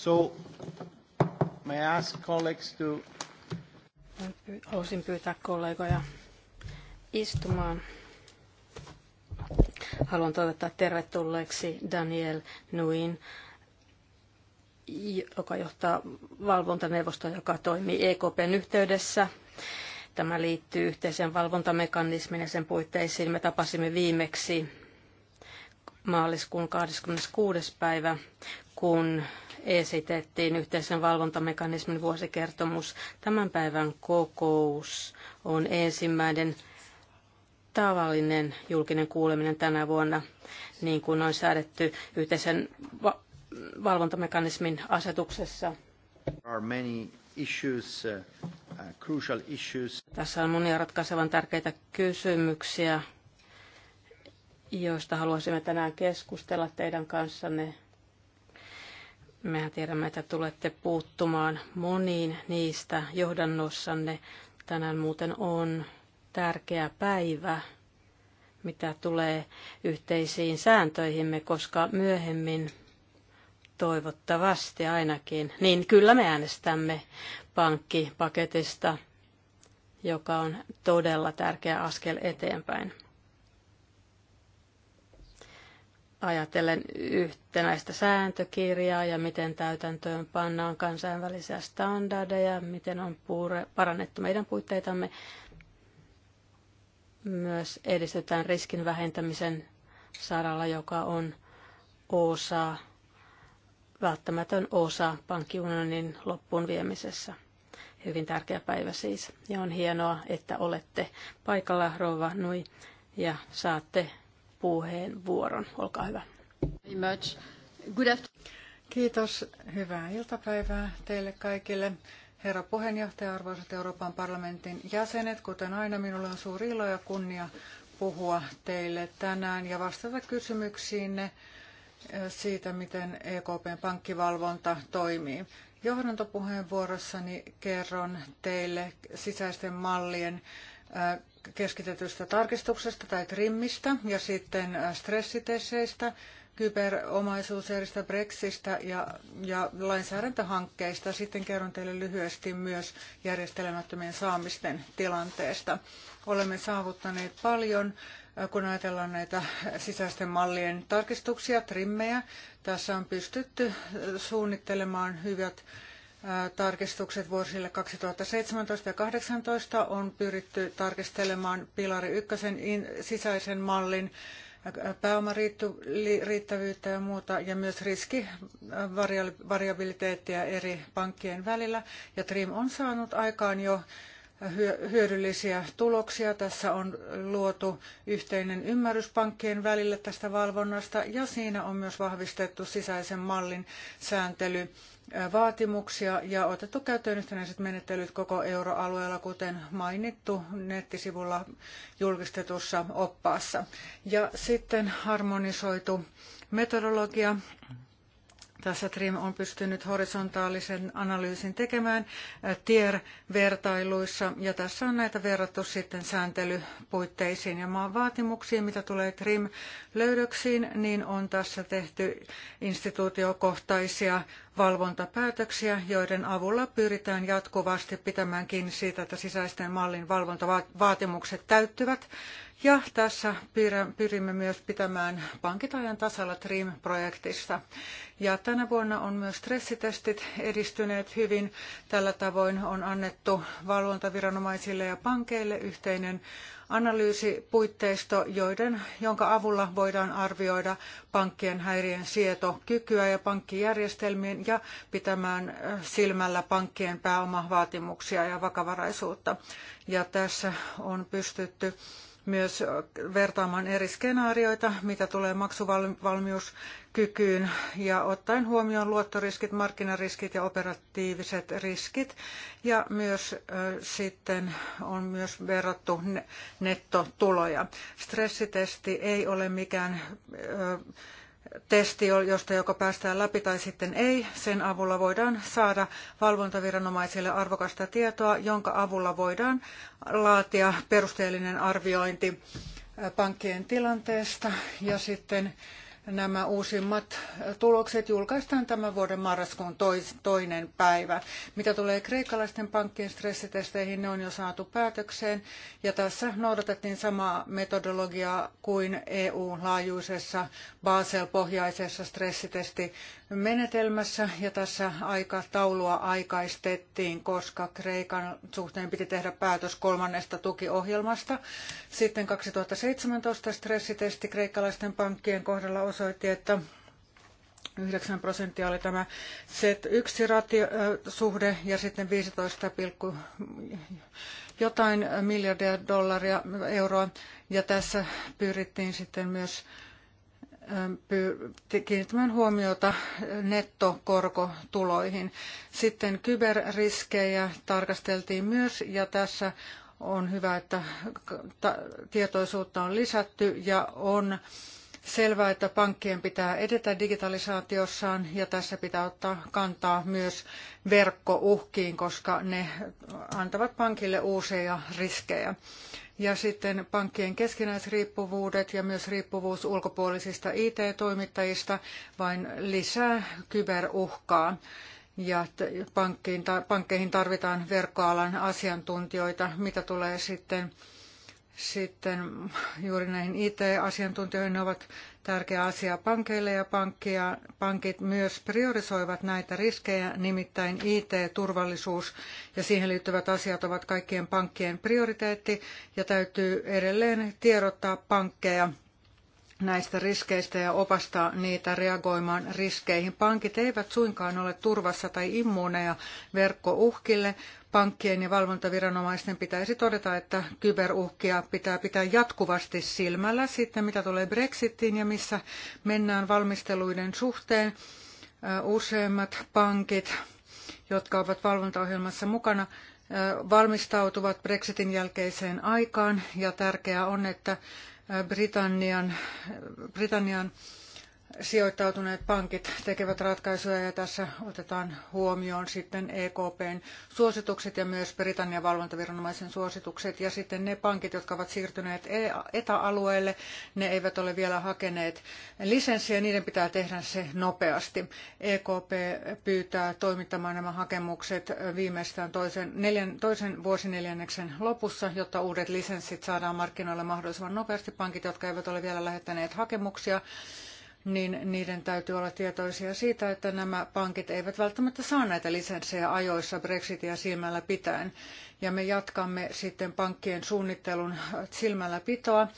So, may I ask colleagues to... Haluaisin pyytää kollegoja istumaan. Haluan toivottaa tervetulleeksi Daniel Nuin, joka johtaa valvontaneuvostoa, joka toimii EKPn yhteydessä. Tämä liittyy yhteisen valvontamekanismin ja sen puitteisiin. Me tapasimme viimeksi maaliskuun 26. päivä, kun esitettiin yhteisen valvontamekanismin vuosikertomus. Tämän päivän kokous on ensimmäinen tavallinen julkinen kuuleminen tänä vuonna, niin kuin on säädetty yhteisen va- valvontamekanismin asetuksessa. Issues, uh, uh issues. Tässä on monia ratkaisevan tärkeitä kysymyksiä, joista haluaisimme tänään keskustella teidän kanssanne. Mehän tiedämme, että tulette puuttumaan moniin niistä johdannossanne. Tänään muuten on tärkeä päivä, mitä tulee yhteisiin sääntöihimme, koska myöhemmin toivottavasti ainakin, niin kyllä me äänestämme pankkipaketista, joka on todella tärkeä askel eteenpäin. ajatellen yhtenäistä sääntökirjaa ja miten täytäntöön pannaan kansainvälisiä standardeja, miten on puure, parannettu meidän puitteitamme. Myös edistetään riskin vähentämisen saralla, joka on osa, välttämätön osa pankkiunionin loppuun viemisessä. Hyvin tärkeä päivä siis. Ja on hienoa, että olette paikalla, Rova Nui, ja saatte puheenvuoron. Olkaa hyvä. Kiitos. Hyvää iltapäivää teille kaikille. Herra puheenjohtaja, arvoisat Euroopan parlamentin jäsenet, kuten aina minulla on suuri ilo ja kunnia puhua teille tänään ja vastata kysymyksiinne eh, siitä, miten EKPn pankkivalvonta toimii. Johdantopuheenvuorossani kerron teille sisäisten mallien keskitetystä tarkistuksesta tai trimmistä ja sitten stressitesseistä, kyberomaisuuseristä, Brexistä ja, ja lainsäädäntöhankkeista. Sitten kerron teille lyhyesti myös järjestelemättömien saamisten tilanteesta. Olemme saavuttaneet paljon, kun ajatellaan näitä sisäisten mallien tarkistuksia, trimmejä. Tässä on pystytty suunnittelemaan hyvät tarkistukset vuosille 2017 ja 2018 on pyritty tarkistelemaan pilari ykkösen sisäisen mallin pääomariittävyyttä ja muuta ja myös riskivariabiliteettia eri pankkien välillä. Ja TRIM on saanut aikaan jo hyödyllisiä tuloksia. Tässä on luotu yhteinen ymmärrys pankkien välille tästä valvonnasta ja siinä on myös vahvistettu sisäisen mallin sääntely vaatimuksia ja otettu käyttöön yhtenäiset menettelyt koko euroalueella, kuten mainittu nettisivulla julkistetussa oppaassa. Ja sitten harmonisoitu metodologia tässä TRIM on pystynyt horisontaalisen analyysin tekemään äh, TIER-vertailuissa ja tässä on näitä verrattu sitten sääntelypuitteisiin ja maan vaatimuksiin, mitä tulee TRIM-löydöksiin, niin on tässä tehty instituutiokohtaisia valvontapäätöksiä, joiden avulla pyritään jatkuvasti pitämään kiinni siitä, että sisäisten mallin valvontavaatimukset täyttyvät ja tässä pyrimme myös pitämään pankit ajan tasalla TRIM-projektissa. Ja tänä vuonna on myös stressitestit edistyneet hyvin. Tällä tavoin on annettu valvontaviranomaisille ja pankeille yhteinen analyysipuitteisto, joiden, jonka avulla voidaan arvioida pankkien häiriön sietokykyä ja pankkijärjestelmien ja pitämään äh, silmällä pankkien pääomavaatimuksia ja vakavaraisuutta. Ja tässä on pystytty myös vertaamaan eri skenaarioita, mitä tulee maksuvalmiuskykyyn ja ottaen huomioon luottoriskit, markkinariskit ja operatiiviset riskit. Ja myös sitten on myös verrattu nettotuloja. Stressitesti ei ole mikään testi, josta joko päästään läpi tai sitten ei. Sen avulla voidaan saada valvontaviranomaisille arvokasta tietoa, jonka avulla voidaan laatia perusteellinen arviointi pankkien tilanteesta ja sitten Nämä uusimmat tulokset julkaistaan tämän vuoden marraskuun toinen päivä. Mitä tulee kreikkalaisten pankkien stressitesteihin, ne on jo saatu päätökseen. Ja tässä noudatettiin samaa metodologiaa kuin EU-laajuisessa Basel-pohjaisessa stressitesti menetelmässä ja tässä aikataulua aikaistettiin, koska Kreikan suhteen piti tehdä päätös kolmannesta tukiohjelmasta. Sitten 2017 stressitesti kreikkalaisten pankkien kohdalla osoitti, että 9 prosenttia oli tämä Z1-suhde ja sitten 15, jotain miljardia dollaria, euroa. Ja tässä pyrittiin sitten myös kiinnittämään huomiota nettokorkotuloihin. Sitten kyberriskejä tarkasteltiin myös ja tässä on hyvä, että tietoisuutta on lisätty ja on selvää, että pankkien pitää edetä digitalisaatiossaan ja tässä pitää ottaa kantaa myös verkkouhkiin, koska ne antavat pankille uusia riskejä. Ja sitten pankkien keskinäisriippuvuudet ja myös riippuvuus ulkopuolisista IT-toimittajista vain lisää kyberuhkaa. Ja pankkiin, pankkeihin tarvitaan verkkoalan asiantuntijoita, mitä tulee sitten sitten juuri näihin IT-asiantuntijoihin ovat tärkeä asia pankeille ja pankkia. pankit myös priorisoivat näitä riskejä, nimittäin IT-turvallisuus ja siihen liittyvät asiat ovat kaikkien pankkien prioriteetti ja täytyy edelleen tiedottaa pankkeja näistä riskeistä ja opastaa niitä reagoimaan riskeihin. Pankit eivät suinkaan ole turvassa tai immuuneja verkkouhkille, pankkien ja valvontaviranomaisten pitäisi todeta, että kyberuhkia pitää pitää jatkuvasti silmällä. Sitten mitä tulee Brexitiin ja missä mennään valmisteluiden suhteen, useimmat pankit, jotka ovat valvontaohjelmassa mukana, valmistautuvat Brexitin jälkeiseen aikaan ja tärkeää on, että Britannian, Britannian sijoittautuneet pankit tekevät ratkaisuja ja tässä otetaan huomioon sitten EKPn suositukset ja myös Britannian valvontaviranomaisen suositukset ja sitten ne pankit, jotka ovat siirtyneet e- etäalueelle, ne eivät ole vielä hakeneet lisenssiä, niiden pitää tehdä se nopeasti. EKP pyytää toimittamaan nämä hakemukset viimeistään toisen, neljän, toisen vuosineljänneksen lopussa, jotta uudet lisenssit saadaan markkinoille mahdollisimman nopeasti. Pankit, jotka eivät ole vielä lähettäneet hakemuksia, niin niiden täytyy olla tietoisia siitä, että nämä pankit eivät välttämättä saa näitä lisenssejä ajoissa Brexitia silmällä pitäen. Ja me jatkamme sitten pankkien suunnittelun silmällä pitoa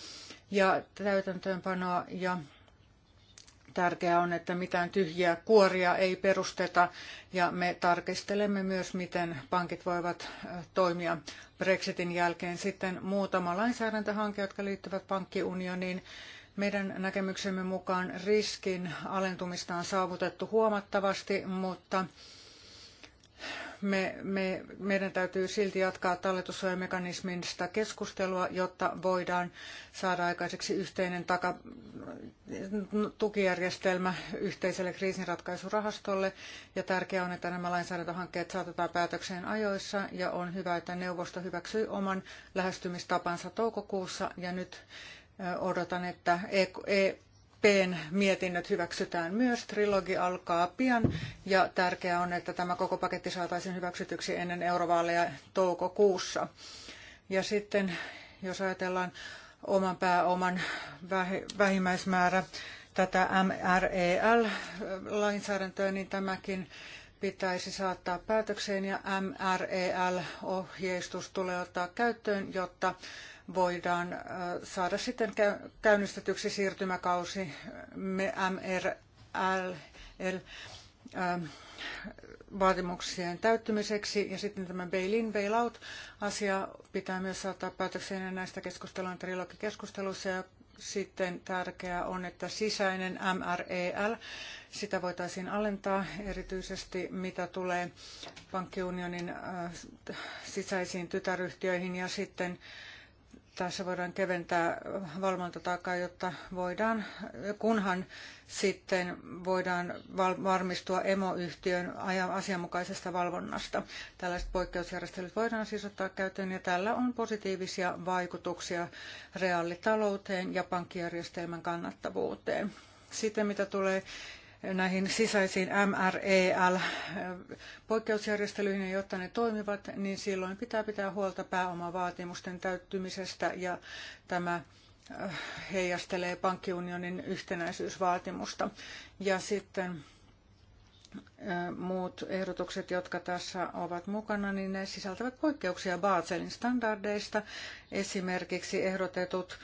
ja täytäntöönpanoa ja Tärkeää on, että mitään tyhjiä kuoria ei perusteta ja me tarkistelemme myös, miten pankit voivat toimia Brexitin jälkeen. Sitten muutama lainsäädäntöhanke, jotka liittyvät pankkiunioniin. Meidän näkemyksemme mukaan riskin alentumista on saavutettu huomattavasti, mutta me, me, meidän täytyy silti jatkaa talletussuojamekanismista keskustelua, jotta voidaan saada aikaiseksi yhteinen taka, tukijärjestelmä yhteiselle kriisinratkaisurahastolle. Ja tärkeää on, että nämä lainsäädäntöhankkeet saatetaan päätökseen ajoissa ja on hyvä, että neuvosto hyväksyi oman lähestymistapansa toukokuussa ja nyt Odotan, että EPn e mietinnöt hyväksytään myös. Trilogi alkaa pian ja tärkeää on, että tämä koko paketti saataisiin hyväksytyksi ennen eurovaaleja toukokuussa. Ja sitten, jos ajatellaan oman pääoman vähimmäismäärä tätä MREL-lainsäädäntöä, niin tämäkin pitäisi saattaa päätökseen ja MREL-ohjeistus tulee ottaa käyttöön, jotta voidaan saada sitten käynnistetyksi siirtymäkausi MRL vaatimuksien täyttymiseksi ja sitten tämä bail-in, bail-out-asia pitää myös saattaa päätökseen ja näistä keskustellaan trilogikeskusteluissa. ja sitten tärkeää on, että sisäinen MREL, sitä voitaisiin alentaa erityisesti mitä tulee pankkiunionin sisäisiin tytäryhtiöihin ja sitten tässä voidaan keventää valvontataakkaa, jotta voidaan, kunhan sitten voidaan varmistua emoyhtiön asianmukaisesta valvonnasta. Tällaiset poikkeusjärjestelyt voidaan siis ottaa käyttöön ja tällä on positiivisia vaikutuksia reaalitalouteen ja pankkijärjestelmän kannattavuuteen. Sitten mitä tulee näihin sisäisiin MREL-poikkeusjärjestelyihin, eh, jotta ne toimivat, niin silloin pitää pitää huolta pääomavaatimusten täyttymisestä ja tämä eh, heijastelee pankkiunionin yhtenäisyysvaatimusta. Ja sitten eh, muut ehdotukset, jotka tässä ovat mukana, niin ne sisältävät poikkeuksia Baselin standardeista. Esimerkiksi ehdotetut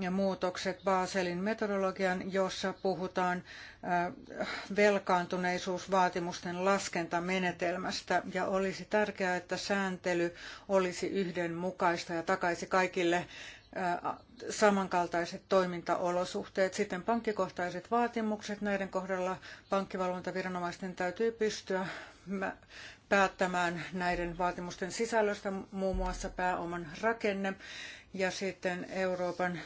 ja muutokset Baselin metodologian, jossa puhutaan äh, velkaantuneisuusvaatimusten laskentamenetelmästä. Ja olisi tärkeää, että sääntely olisi yhdenmukaista ja takaisi kaikille äh, samankaltaiset toimintaolosuhteet. Sitten pankkikohtaiset vaatimukset. Näiden kohdalla pankkivalvontaviranomaisten täytyy pystyä päättämään näiden vaatimusten sisällöstä, muun muassa pääoman rakenne ja sitten Euroopan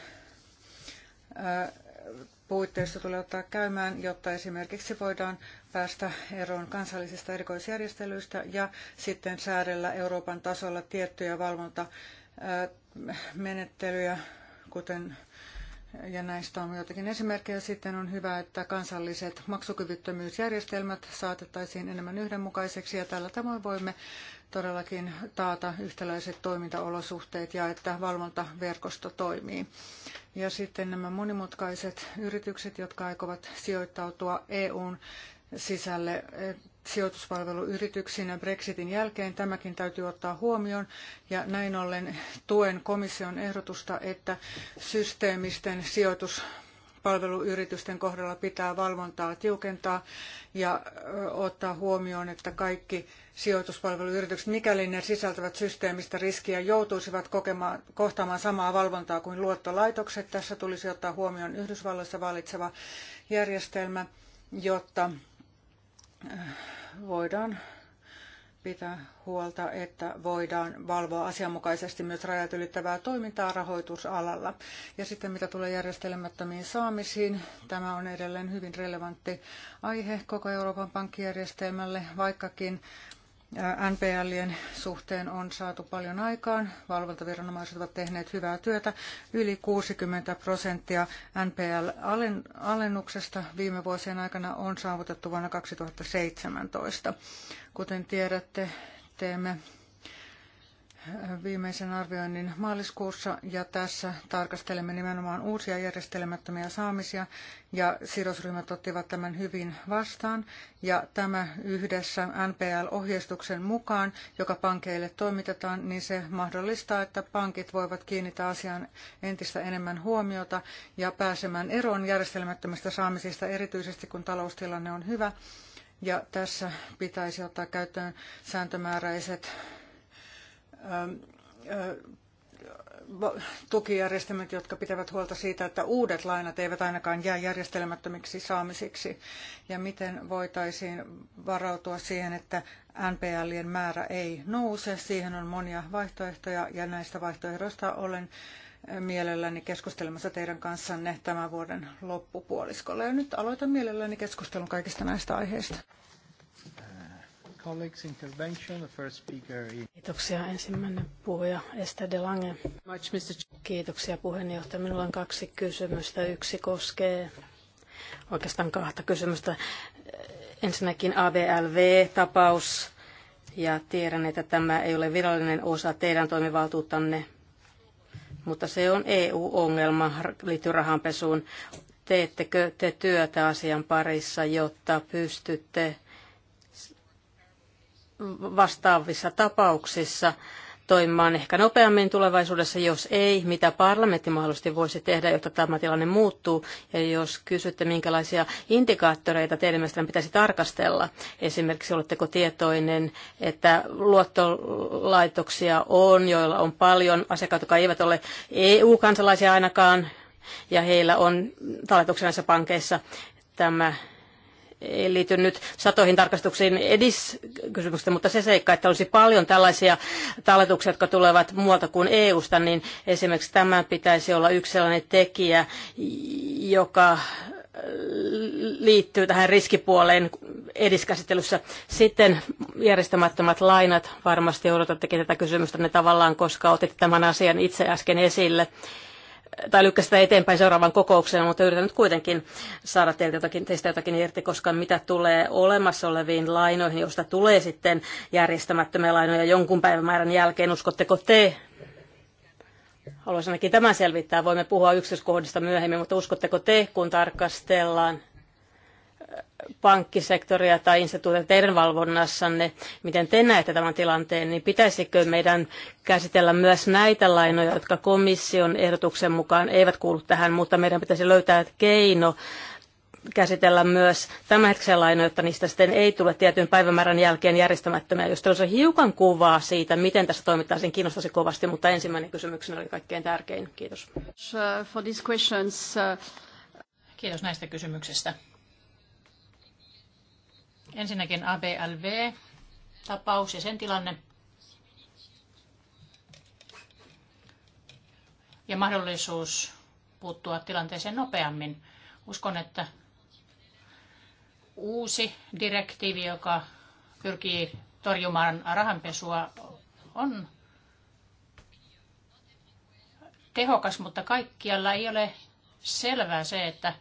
puitteissa tulee ottaa käymään, jotta esimerkiksi voidaan päästä eroon kansallisista erikoisjärjestelyistä ja sitten säädellä Euroopan tasolla tiettyjä valvontamenettelyjä, kuten ja näistä on joitakin esimerkkejä. Sitten on hyvä, että kansalliset maksukyvyttömyysjärjestelmät saatettaisiin enemmän yhdenmukaiseksi ja tällä tavoin voimme todellakin taata yhtäläiset toimintaolosuhteet ja että valvontaverkosto toimii. Ja sitten nämä monimutkaiset yritykset, jotka aikovat sijoittautua EUn sisälle, sijoituspalveluyrityksinä Brexitin jälkeen. Tämäkin täytyy ottaa huomioon ja näin ollen tuen komission ehdotusta, että systeemisten sijoituspalveluyritysten kohdalla pitää valvontaa tiukentaa ja ottaa huomioon, että kaikki sijoituspalveluyritykset, mikäli ne sisältävät systeemistä riskiä, joutuisivat kokemaan, kohtaamaan samaa valvontaa kuin luottolaitokset. Tässä tulisi ottaa huomioon Yhdysvalloissa vallitseva järjestelmä, jotta voidaan pitää huolta, että voidaan valvoa asianmukaisesti myös rajat ylittävää toimintaa rahoitusalalla. Ja sitten mitä tulee järjestelemättömiin saamisiin, tämä on edelleen hyvin relevantti aihe koko Euroopan pankkijärjestelmälle, vaikkakin NPLien suhteen on saatu paljon aikaan. Valvontaviranomaiset ovat tehneet hyvää työtä. Yli 60 prosenttia NPL-alennuksesta viime vuosien aikana on saavutettu vuonna 2017. Kuten tiedätte, teemme viimeisen arvioinnin maaliskuussa ja tässä tarkastelemme nimenomaan uusia järjestelemättömiä saamisia ja sidosryhmät ottivat tämän hyvin vastaan ja tämä yhdessä NPL-ohjeistuksen mukaan, joka pankeille toimitetaan, niin se mahdollistaa, että pankit voivat kiinnittää asiaan entistä enemmän huomiota ja pääsemään eroon järjestelemättömistä saamisista, erityisesti kun taloustilanne on hyvä. Ja tässä pitäisi ottaa käyttöön sääntömääräiset Ähm, äh, äh, tukijärjestelmät, jotka pitävät huolta siitä, että uudet lainat eivät ainakaan jää järjestelemättömiksi saamisiksi, ja miten voitaisiin varautua siihen, että NPLien määrä ei nouse. Siihen on monia vaihtoehtoja, ja näistä vaihtoehdoista olen mielelläni keskustelemassa teidän kanssanne tämän vuoden loppupuoliskolla. Ja nyt aloitan mielelläni keskustelun kaikista näistä aiheista colleagues intervention. The first speaker Kiitoksia ensimmäinen puhuja Esther de Lange. Much, Mr. Kiitoksia puheenjohtaja. Minulla on kaksi kysymystä. Yksi koskee oikeastaan kahta kysymystä. Ensinnäkin ABLV-tapaus. Ja tiedän, että tämä ei ole virallinen osa teidän toimivaltuuttanne, mutta se on EU-ongelma liittyy rahanpesuun. Teettekö te työtä asian parissa, jotta pystytte vastaavissa tapauksissa toimimaan ehkä nopeammin tulevaisuudessa, jos ei, mitä parlamentti mahdollisesti voisi tehdä, jotta tämä tilanne muuttuu. Ja jos kysytte, minkälaisia indikaattoreita teidän mielestänne pitäisi tarkastella, esimerkiksi oletteko tietoinen, että luottolaitoksia on, joilla on paljon asiakkaita, jotka eivät ole EU-kansalaisia ainakaan, ja heillä on talletuksia näissä pankeissa. Tämä ei liity nyt satoihin tarkastuksiin ediskysymystä, mutta se seikka, että olisi paljon tällaisia talletuksia, jotka tulevat muualta kuin EUsta, niin esimerkiksi tämän pitäisi olla yksi sellainen tekijä, joka liittyy tähän riskipuoleen ediskäsittelyssä. Sitten järjestämättömät lainat, varmasti odotattekin tätä kysymystä ne tavallaan, koska otit tämän asian itse äsken esille tai lykkäsi sitä eteenpäin seuraavan kokoukseen, mutta yritän nyt kuitenkin saada teiltä jotakin, teistä jotakin irti, koska mitä tulee olemassa oleviin lainoihin, joista tulee sitten järjestämättömiä lainoja jonkun päivämäärän jälkeen, uskotteko te? Haluaisin ainakin tämän selvittää. Voimme puhua yksityiskohdista myöhemmin, mutta uskotteko te, kun tarkastellaan pankkisektoria tai instituutin teidän valvonnassanne, miten te näette tämän tilanteen, niin pitäisikö meidän käsitellä myös näitä lainoja, jotka komission ehdotuksen mukaan eivät kuulu tähän, mutta meidän pitäisi löytää keino käsitellä myös tämänhetkisen lainoja, jotta niistä sitten ei tule tietyn päivämäärän jälkeen järjestämättömiä. Jos teillä on hiukan kuvaa siitä, miten tässä toimittaisiin, kiinnostaisi kovasti, mutta ensimmäinen kysymykseni oli kaikkein tärkein. Kiitos. Uh, Kiitos näistä kysymyksistä. Ensinnäkin ABLV-tapaus ja sen tilanne. Ja mahdollisuus puuttua tilanteeseen nopeammin. Uskon, että uusi direktiivi, joka pyrkii torjumaan rahanpesua, on tehokas, mutta kaikkialla ei ole selvää se, että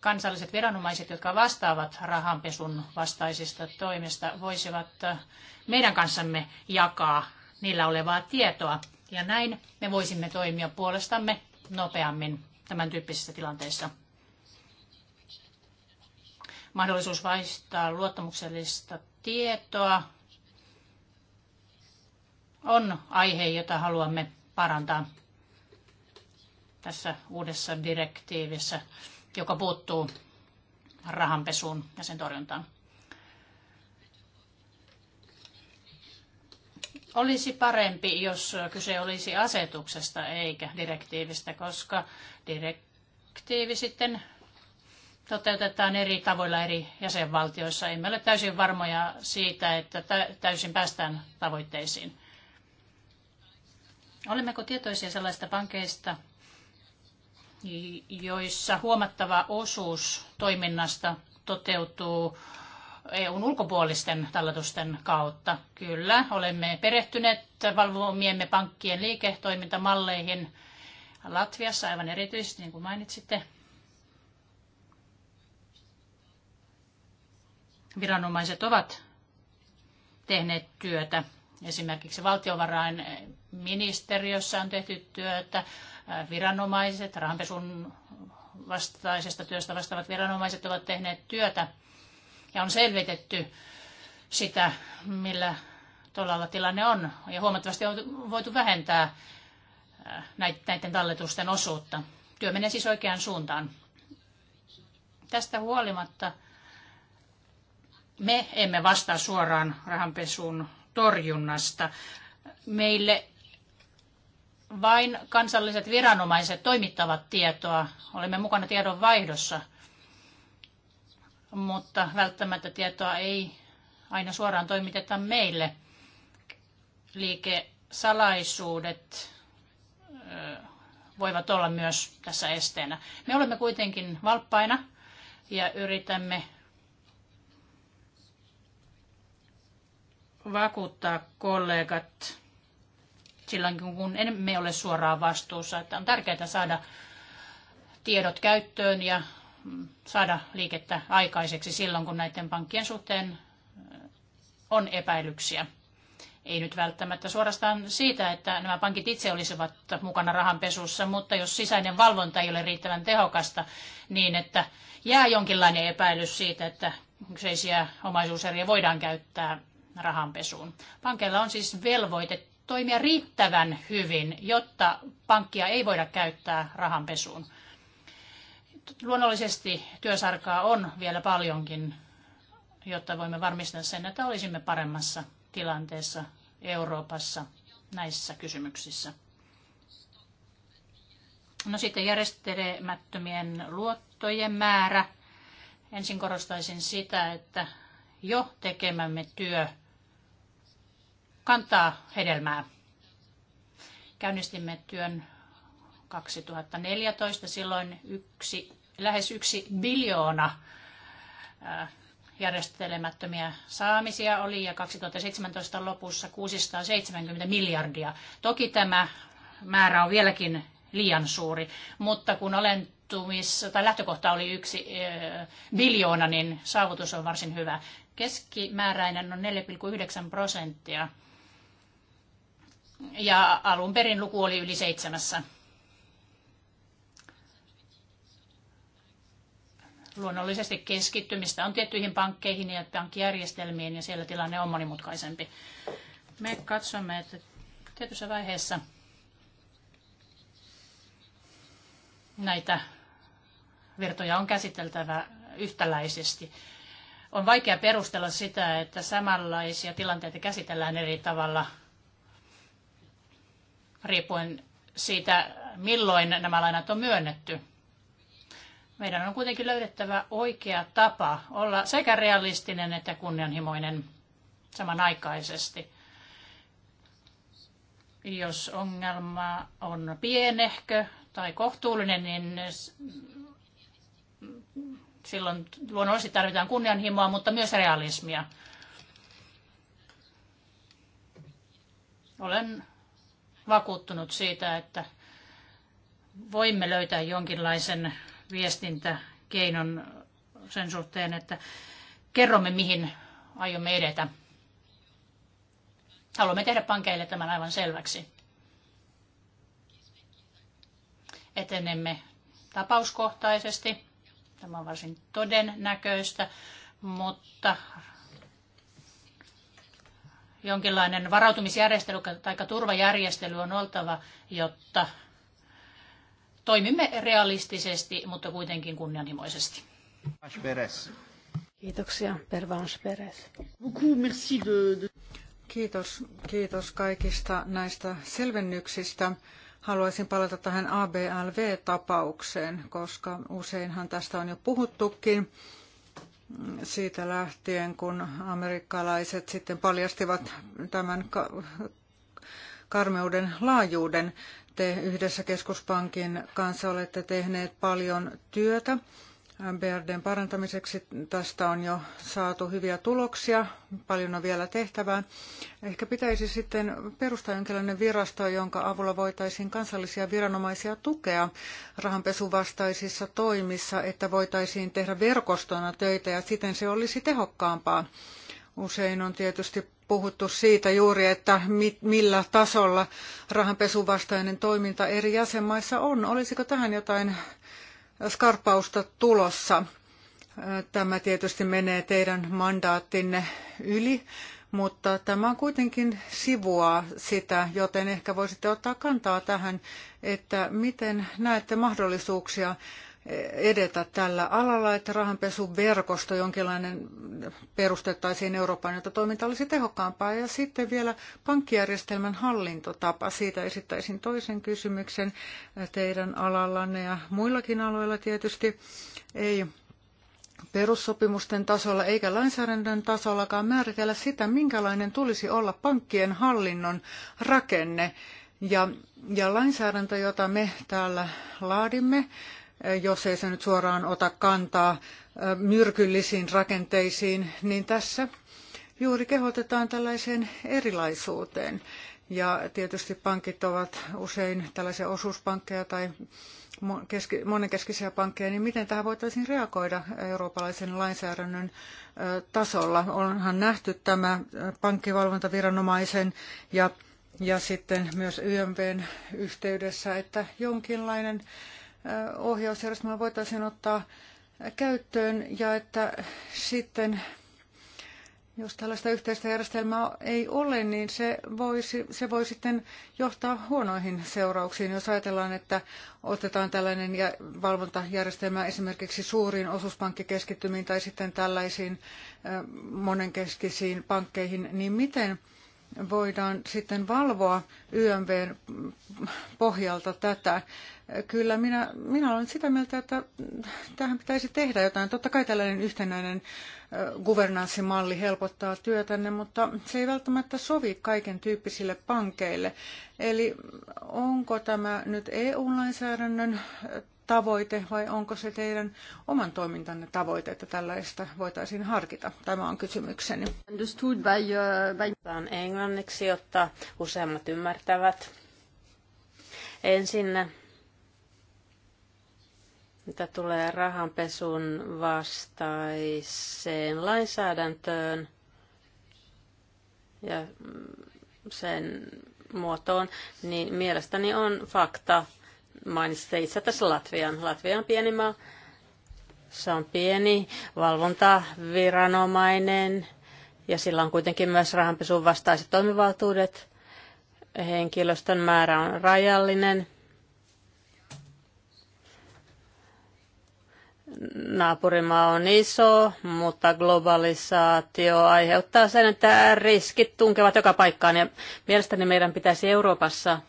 kansalliset viranomaiset, jotka vastaavat rahanpesun vastaisista toimista, voisivat äh, meidän kanssamme jakaa niillä olevaa tietoa. Ja näin me voisimme toimia puolestamme nopeammin tämän tyyppisissä tilanteissa. Mahdollisuus vaihtaa luottamuksellista tietoa on aihe, jota haluamme parantaa tässä uudessa direktiivissä joka puuttuu rahanpesuun ja sen torjuntaan. Olisi parempi, jos kyse olisi asetuksesta eikä direktiivistä, koska direktiivi sitten toteutetaan eri tavoilla eri jäsenvaltioissa. Emme ole täysin varmoja siitä, että täysin päästään tavoitteisiin. Olemmeko tietoisia sellaista pankeista, joissa huomattava osuus toiminnasta toteutuu EUn ulkopuolisten talletusten kautta. Kyllä, olemme perehtyneet valvomiemme pankkien liiketoimintamalleihin Latviassa aivan erityisesti, niin kuin mainitsitte. Viranomaiset ovat tehneet työtä esimerkiksi valtiovarain ministeriössä on tehty työtä, viranomaiset, rahanpesun vastaisesta työstä vastaavat viranomaiset ovat tehneet työtä ja on selvitetty sitä, millä tuolla tilanne on. Ja huomattavasti on voitu vähentää näiden talletusten osuutta. Työ menee siis oikeaan suuntaan. Tästä huolimatta me emme vastaa suoraan rahanpesun torjunnasta. Meille vain kansalliset viranomaiset toimittavat tietoa. Olemme mukana tiedon vaihdossa, mutta välttämättä tietoa ei aina suoraan toimiteta meille. Liikesalaisuudet voivat olla myös tässä esteenä. Me olemme kuitenkin valppaina ja yritämme vakuuttaa kollegat silloin, kun emme ole suoraan vastuussa. Että on tärkeää saada tiedot käyttöön ja mm, saada liikettä aikaiseksi silloin, kun näiden pankkien suhteen on epäilyksiä. Ei nyt välttämättä suorastaan siitä, että nämä pankit itse olisivat mukana rahanpesussa, mutta jos sisäinen valvonta ei ole riittävän tehokasta, niin että jää jonkinlainen epäilys siitä, että kyseisiä omaisuuseriä voidaan käyttää rahanpesuun. Pankeilla on siis velvoite toimia riittävän hyvin, jotta pankkia ei voida käyttää rahanpesuun. Luonnollisesti työsarkaa on vielä paljonkin, jotta voimme varmistaa sen, että olisimme paremmassa tilanteessa Euroopassa näissä kysymyksissä. No sitten järjestelemättömien luottojen määrä. Ensin korostaisin sitä, että jo tekemämme työ – kantaa hedelmää. Käynnistimme työn 2014, silloin yksi, lähes yksi biljoona järjestelemättömiä saamisia oli ja 2017 lopussa 670 miljardia. Toki tämä määrä on vieläkin liian suuri, mutta kun alentumis, tai lähtökohta oli yksi biljoona, niin saavutus on varsin hyvä. Keskimääräinen on 4,9 prosenttia ja alun perin luku oli yli seitsemässä. Luonnollisesti keskittymistä on tiettyihin pankkeihin ja pankkijärjestelmiin ja siellä tilanne on monimutkaisempi. Me katsomme, että tietyssä vaiheessa näitä virtoja on käsiteltävä yhtäläisesti. On vaikea perustella sitä, että samanlaisia tilanteita käsitellään eri tavalla – riippuen siitä, milloin nämä lainat on myönnetty. Meidän on kuitenkin löydettävä oikea tapa olla sekä realistinen että kunnianhimoinen samanaikaisesti. Jos ongelma on pienehkö tai kohtuullinen, niin silloin luonnollisesti tarvitaan kunnianhimoa, mutta myös realismia. Olen vakuuttunut siitä, että voimme löytää jonkinlaisen viestintäkeinon sen suhteen, että kerromme mihin aiomme edetä. Haluamme tehdä pankeille tämän aivan selväksi. Etenemme tapauskohtaisesti. Tämä on varsin todennäköistä, mutta jonkinlainen varautumisjärjestely tai turvajärjestely on oltava, jotta toimimme realistisesti, mutta kuitenkin kunnianhimoisesti. Kiitoksia, Pervans Peres. Kiitos, kiitos kaikista näistä selvennyksistä. Haluaisin palata tähän ABLV-tapaukseen, koska useinhan tästä on jo puhuttukin siitä lähtien, kun amerikkalaiset sitten paljastivat tämän karmeuden laajuuden. Te yhdessä keskuspankin kanssa olette tehneet paljon työtä MBRDn parantamiseksi. Tästä on jo saatu hyviä tuloksia, paljon on vielä tehtävää. Ehkä pitäisi sitten perustaa jonkinlainen virasto, jonka avulla voitaisiin kansallisia viranomaisia tukea vastaisissa toimissa, että voitaisiin tehdä verkostona töitä ja siten se olisi tehokkaampaa. Usein on tietysti puhuttu siitä juuri, että millä tasolla vastainen toiminta eri jäsenmaissa on. Olisiko tähän jotain skarpausta tulossa. Tämä tietysti menee teidän mandaattinne yli, mutta tämä on kuitenkin sivua sitä, joten ehkä voisitte ottaa kantaa tähän, että miten näette mahdollisuuksia edetä tällä alalla, että rahanpesuverkosto jonkinlainen perustettaisiin Eurooppaan, jotta toiminta olisi tehokkaampaa. Ja sitten vielä pankkijärjestelmän hallintotapa. Siitä esittäisin toisen kysymyksen teidän alallanne ja muillakin aloilla tietysti. Ei perussopimusten tasolla eikä lainsäädännön tasollakaan määritellä sitä, minkälainen tulisi olla pankkien hallinnon rakenne. Ja, ja lainsäädäntö, jota me täällä laadimme, jos ei se nyt suoraan ota kantaa myrkyllisiin rakenteisiin, niin tässä juuri kehotetaan tällaiseen erilaisuuteen. Ja tietysti pankit ovat usein tällaisia osuuspankkeja tai keski, monenkeskisiä pankkeja, niin miten tähän voitaisiin reagoida eurooppalaisen lainsäädännön tasolla? Onhan nähty tämä pankkivalvontaviranomaisen ja, ja sitten myös YMVn yhteydessä, että jonkinlainen ohjausjärjestelmä voitaisiin ottaa käyttöön ja että sitten jos tällaista yhteistä järjestelmää ei ole, niin se, voisi, se voi sitten johtaa huonoihin seurauksiin, jos ajatellaan, että otetaan tällainen valvontajärjestelmä esimerkiksi suuriin osuuspankkikeskittymiin tai sitten tällaisiin monenkeskisiin pankkeihin, niin miten voidaan sitten valvoa YMVn pohjalta tätä. Kyllä minä, minä olen sitä mieltä, että tähän pitäisi tehdä jotain. Totta kai tällainen yhtenäinen guvernanssimalli helpottaa työtänne, mutta se ei välttämättä sovi kaiken tyyppisille pankeille. Eli onko tämä nyt EU-lainsäädännön tavoite vai onko se teidän oman toimintanne tavoite, että tällaista voitaisiin harkita? Tämä on kysymykseni. Understood by, uh, by... Tämä on englanniksi, jotta useammat ymmärtävät. Ensin mitä tulee rahanpesun vastaiseen lainsäädäntöön ja sen muotoon, niin mielestäni on fakta, Mainitsitte itse tässä Latvian. Latvia on pieni maa. Se on pieni valvontaviranomainen ja sillä on kuitenkin myös rahanpesun vastaiset toimivaltuudet. Henkilöstön määrä on rajallinen. naapurimaa on iso, mutta globalisaatio aiheuttaa sen, että riskit tunkevat joka paikkaan. Ja mielestäni meidän pitäisi Euroopassa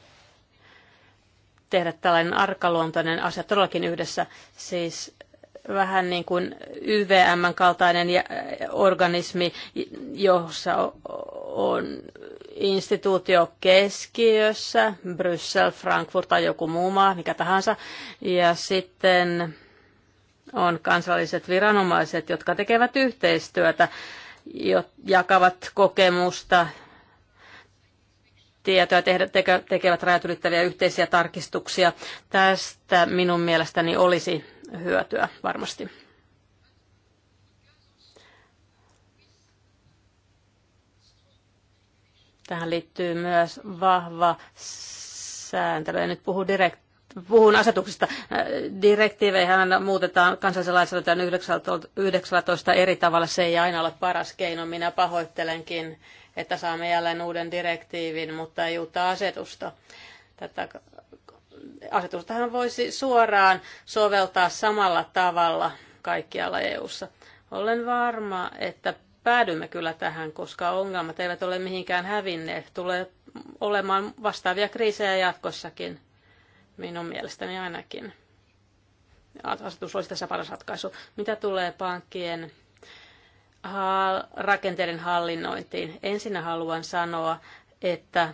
tehdä tällainen arkaluontoinen asia todellakin yhdessä. Siis vähän niin kuin yvm kaltainen äh, organismi, jossa on instituutio keskiössä, Bryssel, Frankfurt tai joku muu maa, mikä tahansa. Ja sitten on kansalliset viranomaiset, jotka tekevät yhteistyötä, jakavat kokemusta tietoja, tekevät rajat ylittäviä yhteisiä tarkistuksia. Tästä minun mielestäni olisi hyötyä varmasti. Tähän liittyy myös vahva sääntely. En nyt puhu direkt, puhun asetuksista. Direktiiveihän muutetaan kansallisen lainsäädäntöön 19 eri tavalla. Se ei aina ole paras keino. Minä pahoittelenkin että saamme jälleen uuden direktiivin, mutta ei uutta asetusta. Tätä asetustahan voisi suoraan soveltaa samalla tavalla kaikkialla EU-ssa. Olen varma, että päädymme kyllä tähän, koska ongelmat eivät ole mihinkään hävinneet. Tulee olemaan vastaavia kriisejä jatkossakin, minun mielestäni ainakin. Asetus olisi tässä paras ratkaisu. Mitä tulee pankkien rakenteiden hallinnointiin. Ensinnä haluan sanoa, että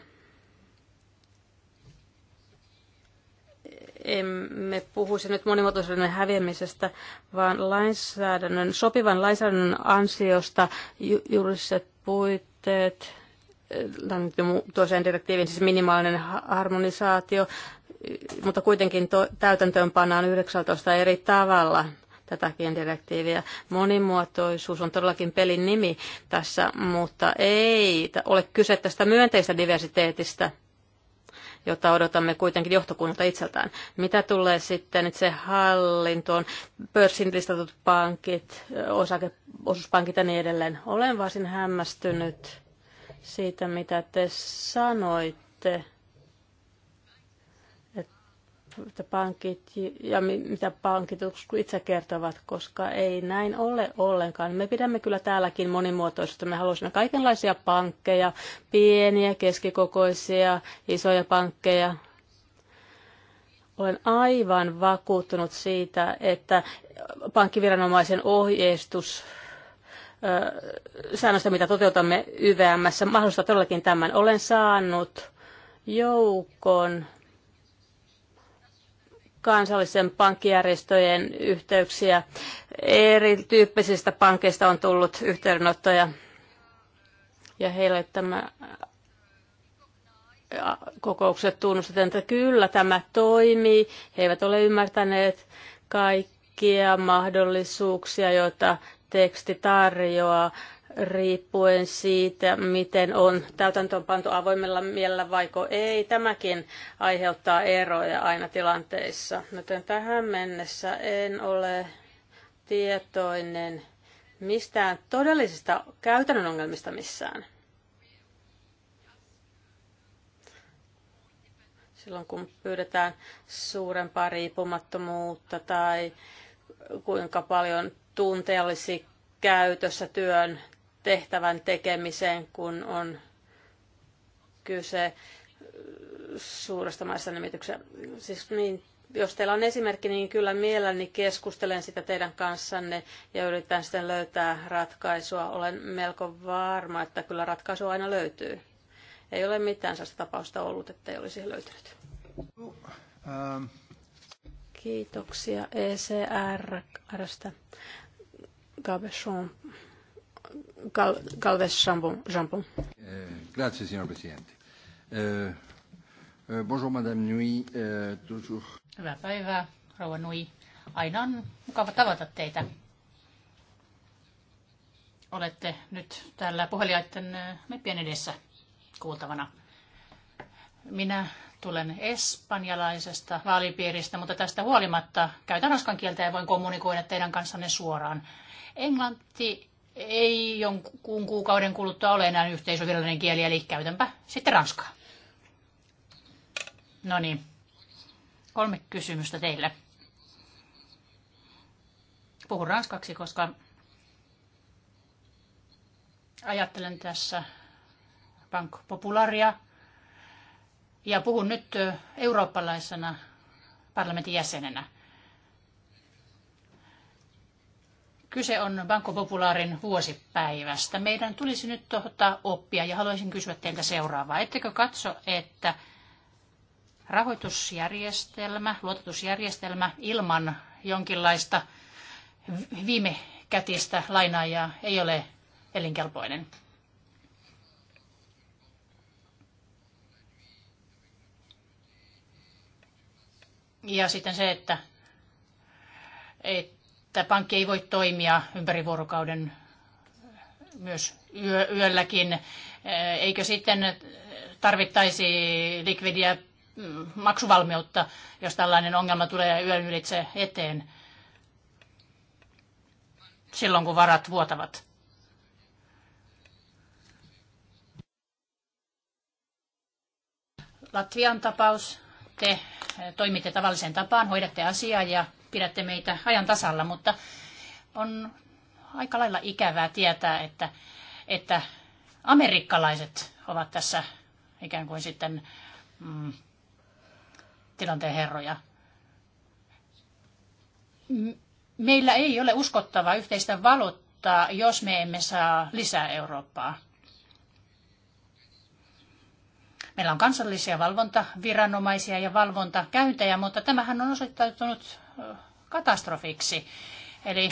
emme puhuisi nyt monimuotoisuuden häviämisestä, vaan lainsäädännön, sopivan lainsäädännön ansiosta ju- juridiset puitteet, eh, toiseen direktiivin siis minimaalinen harmonisaatio, mutta kuitenkin to- täytäntöön pannaan 19 eri tavalla – tätäkin direktiiviä. Monimuotoisuus on todellakin pelin nimi tässä, mutta ei ole kyse tästä myönteistä diversiteetistä, jota odotamme kuitenkin johtokunnalta itseltään. Mitä tulee sitten nyt se hallintoon, pörssin listatut pankit, osakeosuuspankit ja niin edelleen. Olen varsin hämmästynyt siitä, mitä te sanoitte että pankit ja mitä pankit itse kertovat, koska ei näin ole ollenkaan. Me pidämme kyllä täälläkin monimuotoisuutta. Me haluaisimme kaikenlaisia pankkeja, pieniä, keskikokoisia, isoja pankkeja. Olen aivan vakuuttunut siitä, että pankkiviranomaisen ohjeistus säännöstä, mitä toteutamme YVMssä, mahdollistaa todellakin tämän. Olen saanut joukon kansallisen pankkijärjestöjen yhteyksiä. Erityyppisistä pankeista on tullut yhteydenottoja ja heille tämä kokoukset tunnustetaan, että kyllä tämä toimii. He eivät ole ymmärtäneet kaikkia mahdollisuuksia, joita teksti tarjoaa riippuen siitä, miten on pantu avoimella mielellä vaiko ei. Tämäkin aiheuttaa eroja aina tilanteissa. Joten tähän mennessä en ole tietoinen mistään todellisista käytännön ongelmista missään. Silloin kun pyydetään suurempaa riippumattomuutta tai kuinka paljon tunteellisi käytössä työn tehtävän tekemiseen, kun on kyse suuresta maissa nimityksestä. Siis niin, jos teillä on esimerkki, niin kyllä mielelläni keskustelen sitä teidän kanssanne ja yritän sitten löytää ratkaisua. Olen melko varma, että kyllä ratkaisu aina löytyy. Ei ole mitään sellaista tapausta ollut, että ei olisi löytynyt. Ähm. Kiitoksia ECR-stä. Gabeson. Gal- Galves Jampon. Eh, grazie, signor Presidente. Eh, eh, bonjour, Madame Nui. Toujours. Hyvää päivää, rouva Nui. Aina on mukava tavata teitä. Olette nyt täällä puhelijaiden meppien edessä kuultavana. Minä tulen espanjalaisesta vaalipiiristä, mutta tästä huolimatta käytän ranskan kieltä ja voin kommunikoida teidän kanssanne suoraan. Englanti ei jonkun kuukauden kuluttua ole enää yhteisövirallinen kieli, eli käytänpä sitten ranskaa. No niin, kolme kysymystä teille. Puhun ranskaksi, koska ajattelen tässä Bank Popularia ja puhun nyt eurooppalaisena parlamentin jäsenenä. Kyse on Banco Popularin vuosipäivästä. Meidän tulisi nyt ottaa oppia ja haluaisin kysyä teiltä seuraavaa. Ettekö katso, että rahoitusjärjestelmä, luototusjärjestelmä ilman jonkinlaista viime kätistä lainaajaa ei ole elinkelpoinen? Ja sitten se, että että että pankki ei voi toimia ympäri vuorokauden myös yö, yölläkin. Eikö sitten tarvittaisi likvidiä mm, maksuvalmiutta, jos tällainen ongelma tulee yön ylitse eteen silloin, kun varat vuotavat? Latvian tapaus. Te toimitte tavalliseen tapaan, hoidatte asiaa ja pidätte meitä ajan tasalla, mutta on aika lailla ikävää tietää, että, että amerikkalaiset ovat tässä ikään kuin sitten mm, tilanteen herroja. Meillä ei ole uskottavaa yhteistä valuuttaa, jos me emme saa lisää Eurooppaa. Meillä on kansallisia valvontaviranomaisia ja valvontakäyntejä, mutta tämähän on osoittautunut katastrofiksi. Eli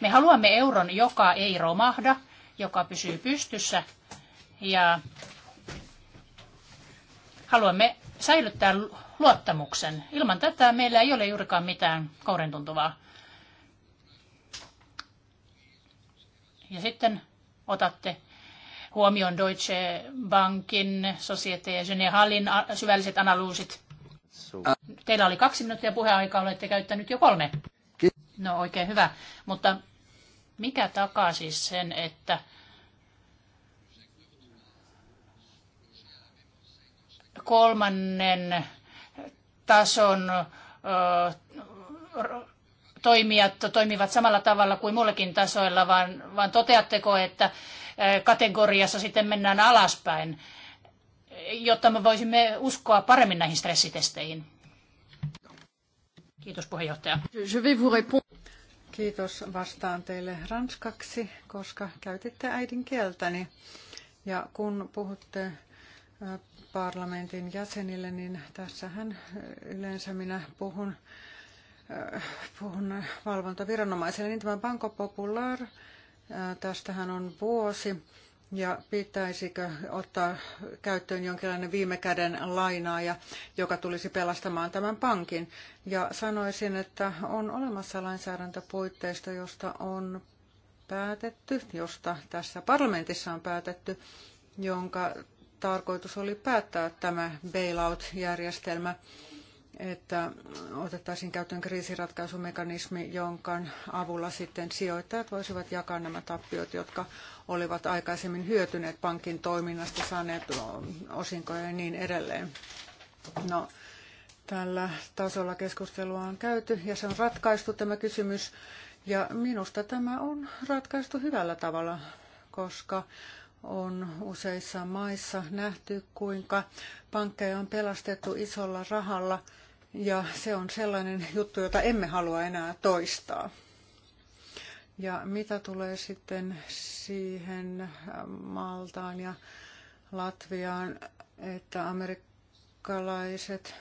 me haluamme euron, joka ei romahda, joka pysyy pystyssä ja haluamme säilyttää luottamuksen. Ilman tätä meillä ei ole juurikaan mitään kourentuntuvaa. Ja sitten otatte huomioon Deutsche Bankin, Societe ja Generalin syvälliset analyysit. Teillä oli kaksi minuuttia puheaikaa, olette käyttänyt jo kolme. No oikein hyvä, mutta mikä takaa siis sen, että kolmannen tason toimijat toimivat samalla tavalla kuin muillakin tasoilla, vaan, vaan toteatteko, että kategoriassa sitten mennään alaspäin? jotta me voisimme uskoa paremmin näihin stressitesteihin. Kiitos puheenjohtaja. Kiitos. Vastaan teille ranskaksi, koska käytitte äidinkieltäni. Ja kun puhutte parlamentin jäsenille, niin tässähän yleensä minä puhun, puhun valvontaviranomaisille. Niin tämä Banco Popular, tästähän on vuosi. Ja pitäisikö ottaa käyttöön jonkinlainen viime käden lainaaja, joka tulisi pelastamaan tämän pankin? Ja sanoisin, että on olemassa lainsäädäntöpuitteista, josta on päätetty, josta tässä parlamentissa on päätetty, jonka tarkoitus oli päättää tämä bailout-järjestelmä että otettaisiin käyttöön kriisiratkaisumekanismi, jonka avulla sitten sijoittajat voisivat jakaa nämä tappiot, jotka olivat aikaisemmin hyötyneet pankin toiminnasta, saaneet osinkoja ja niin edelleen. No, tällä tasolla keskustelua on käyty ja se on ratkaistu tämä kysymys. Ja minusta tämä on ratkaistu hyvällä tavalla, koska on useissa maissa nähty, kuinka pankkeja on pelastettu isolla rahalla ja se on sellainen juttu, jota emme halua enää toistaa. Ja mitä tulee sitten siihen äh, Maltaan ja Latviaan, että amerikkalaiset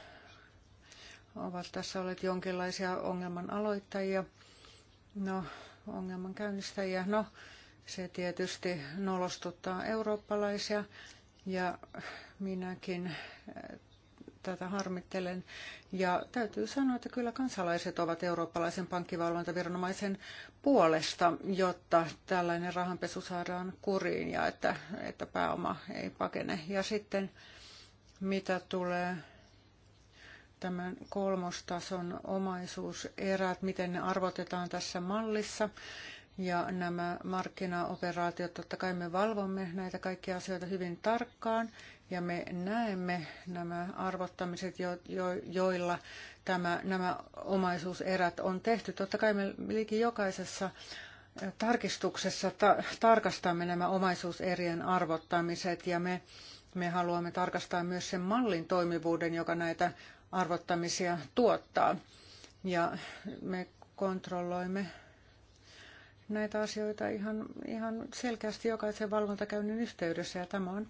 ovat tässä olleet jonkinlaisia ongelman aloittajia, no ongelman käynnistäjiä. No, se tietysti nolostuttaa eurooppalaisia ja minäkin eh, tätä harmittelen. Ja täytyy sanoa, että kyllä kansalaiset ovat eurooppalaisen pankkivalvontaviranomaisen puolesta, jotta tällainen rahanpesu saadaan kuriin ja että, että pääoma ei pakene. Ja sitten mitä tulee tämän kolmostason omaisuuserät, miten ne arvotetaan tässä mallissa, ja nämä markkinaoperaatiot, totta kai me valvomme näitä kaikkia asioita hyvin tarkkaan ja me näemme nämä arvottamiset, jo, jo, joilla tämä, nämä omaisuuserät on tehty. Totta kai me liki jokaisessa eh, tarkistuksessa ta- tarkastamme nämä omaisuuserien arvottamiset ja me, me haluamme tarkastaa myös sen mallin toimivuuden, joka näitä arvottamisia tuottaa. Ja me kontrolloimme näitä asioita ihan, ihan selkeästi jokaisen valvontakäynnin yhteydessä ja tämä on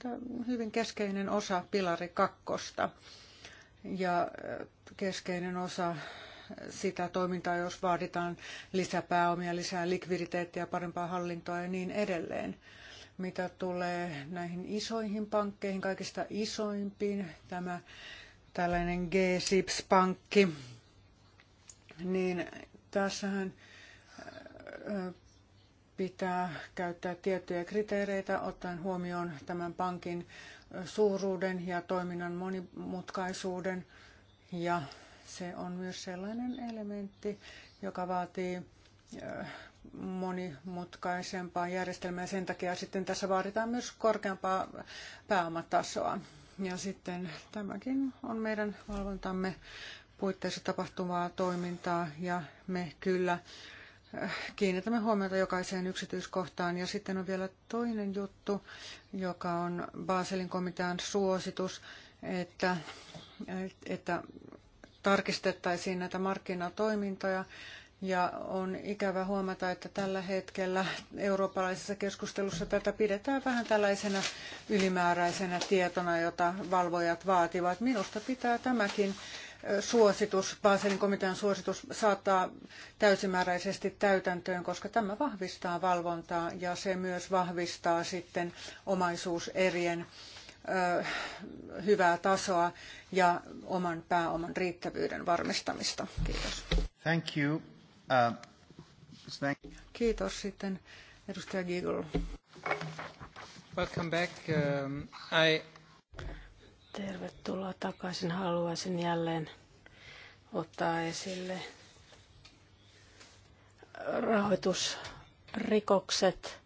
hyvin keskeinen osa pilari kakkosta ja keskeinen osa sitä toimintaa, jos vaaditaan lisäpääomia, lisää likviditeettiä, parempaa hallintoa ja niin edelleen. Mitä tulee näihin isoihin pankkeihin, kaikista isoimpiin, tämä tällainen G-SIPS-pankki, niin tässähän pitää käyttää tiettyjä kriteereitä ottaen huomioon tämän pankin suuruuden ja toiminnan monimutkaisuuden. Ja se on myös sellainen elementti, joka vaatii äh, monimutkaisempaa järjestelmää. Sen takia sitten tässä vaaditaan myös korkeampaa pääomatasoa. Ja sitten tämäkin on meidän valvontamme puitteissa tapahtuvaa toimintaa ja me kyllä Äh, kiinnitämme huomiota jokaiseen yksityiskohtaan. Ja sitten on vielä toinen juttu, joka on Baselin komitean suositus, että, että tarkistettaisiin näitä markkinatoimintoja. Ja on ikävä huomata, että tällä hetkellä eurooppalaisessa keskustelussa tätä pidetään vähän tällaisena ylimääräisenä tietona, jota valvojat vaativat. Minusta pitää tämäkin suositus, Baselin komitean suositus saattaa täysimääräisesti täytäntöön, koska tämä vahvistaa valvontaa ja se myös vahvistaa sitten omaisuuserien hyvää tasoa ja oman pääoman riittävyyden varmistamista. Kiitos. Thank you. Uh, thank you. Kiitos sitten edustaja Giggle. Welcome back. Um, I Tervetuloa takaisin. Haluaisin jälleen ottaa esille rahoitusrikokset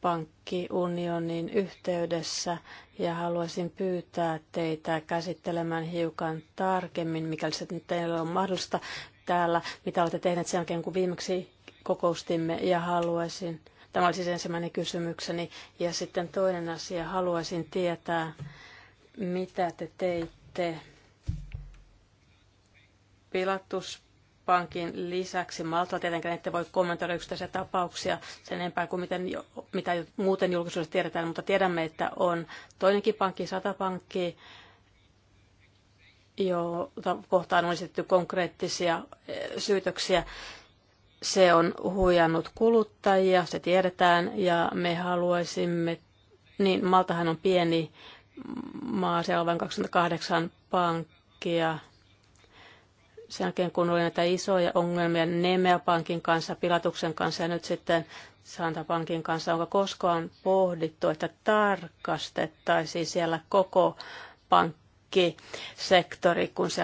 pankkiunionin yhteydessä ja haluaisin pyytää teitä käsittelemään hiukan tarkemmin, mikäli se nyt teillä on mahdollista täällä, mitä olette tehneet sen jälkeen, kun viimeksi kokoustimme ja haluaisin, tämä oli siis ensimmäinen kysymykseni, ja sitten toinen asia, haluaisin tietää, mitä te teitte pilatuspankin lisäksi. Malta tietenkään ette voi kommentoida yksittäisiä tapauksia sen enempää kuin miten, mitä muuten julkisuudessa tiedetään, mutta tiedämme, että on toinenkin pankki, satapankki, jo kohtaan on esitetty konkreettisia eh, syytöksiä. Se on huijannut kuluttajia, se tiedetään, ja me haluaisimme, niin Maltahan on pieni maa, 28 pankkia. Sen jälkeen kun oli näitä isoja ongelmia Nemea pankin kanssa, Pilatuksen kanssa ja nyt sitten Santa pankin kanssa, onko koskaan pohdittu, että tarkastettaisiin siellä koko pankkisektori, kun se,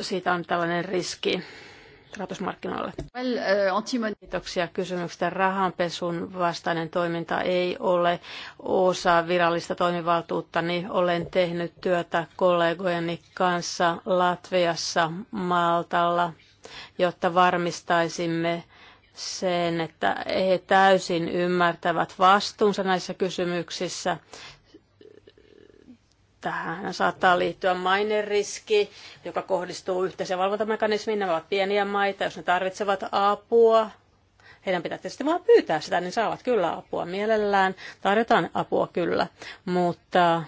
siitä on tällainen riski rahoitusmarkkinoille. Well, uh, Kiitoksia kysymyksestä. Rahanpesun vastainen toiminta ei ole osa virallista toimivaltuutta, niin olen tehnyt työtä kollegojeni kanssa Latviassa, Maltalla, jotta varmistaisimme sen, että he täysin ymmärtävät vastuunsa näissä kysymyksissä. Tähän saattaa liittyä maineriski, joka kohdistuu yhteisen valvontamekanismiin. Nämä ovat pieniä maita, jos ne tarvitsevat apua. Heidän pitää tietysti vaan pyytää sitä, niin saavat kyllä apua mielellään. Tarjotaan apua kyllä, mutta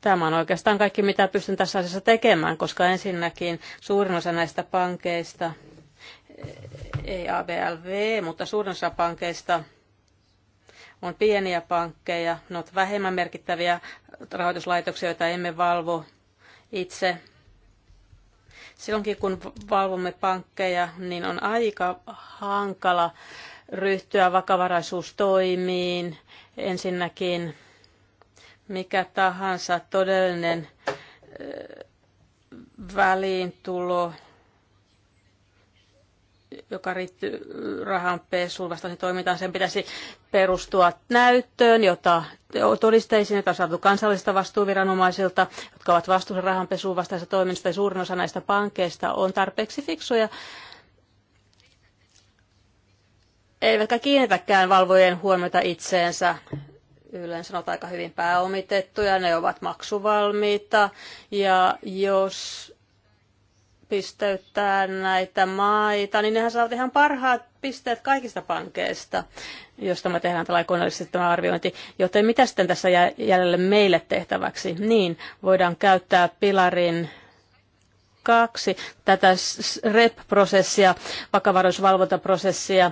tämä on oikeastaan kaikki, mitä pystyn tässä asiassa tekemään, koska ensinnäkin suurin osa näistä pankeista, ei ABLV, mutta suurin osa pankeista – on pieniä pankkeja, ne ovat vähemmän merkittäviä rahoituslaitoksia, joita emme valvo itse. Silloinkin kun valvomme pankkeja, niin on aika hankala ryhtyä vakavaraisuustoimiin. Ensinnäkin mikä tahansa todellinen väliintulo, joka riittyy rahanpesuun vastaisen toimintaan, sen pitäisi perustua näyttöön, jota todisteisiin, jota on saatu kansallisista vastuuviranomaisilta, jotka ovat vastuussa rahanpesuun vastaisesta toiminnasta. Suurin osa näistä pankeista on tarpeeksi fiksuja, eivätkä kiinnitäkään valvojen huomiota itseensä. Yleensä ovat aika hyvin pääomitettuja, ne ovat maksuvalmiita ja jos pisteyttää näitä maita, niin nehän saavat ihan parhaat pisteet kaikista pankeista, josta me tehdään tällainen koneellisesti tämä arviointi. Joten mitä sitten tässä jää jäljelle meille tehtäväksi? Niin, voidaan käyttää pilarin kaksi tätä REP-prosessia, vakavaraisuusvalvontaprosessia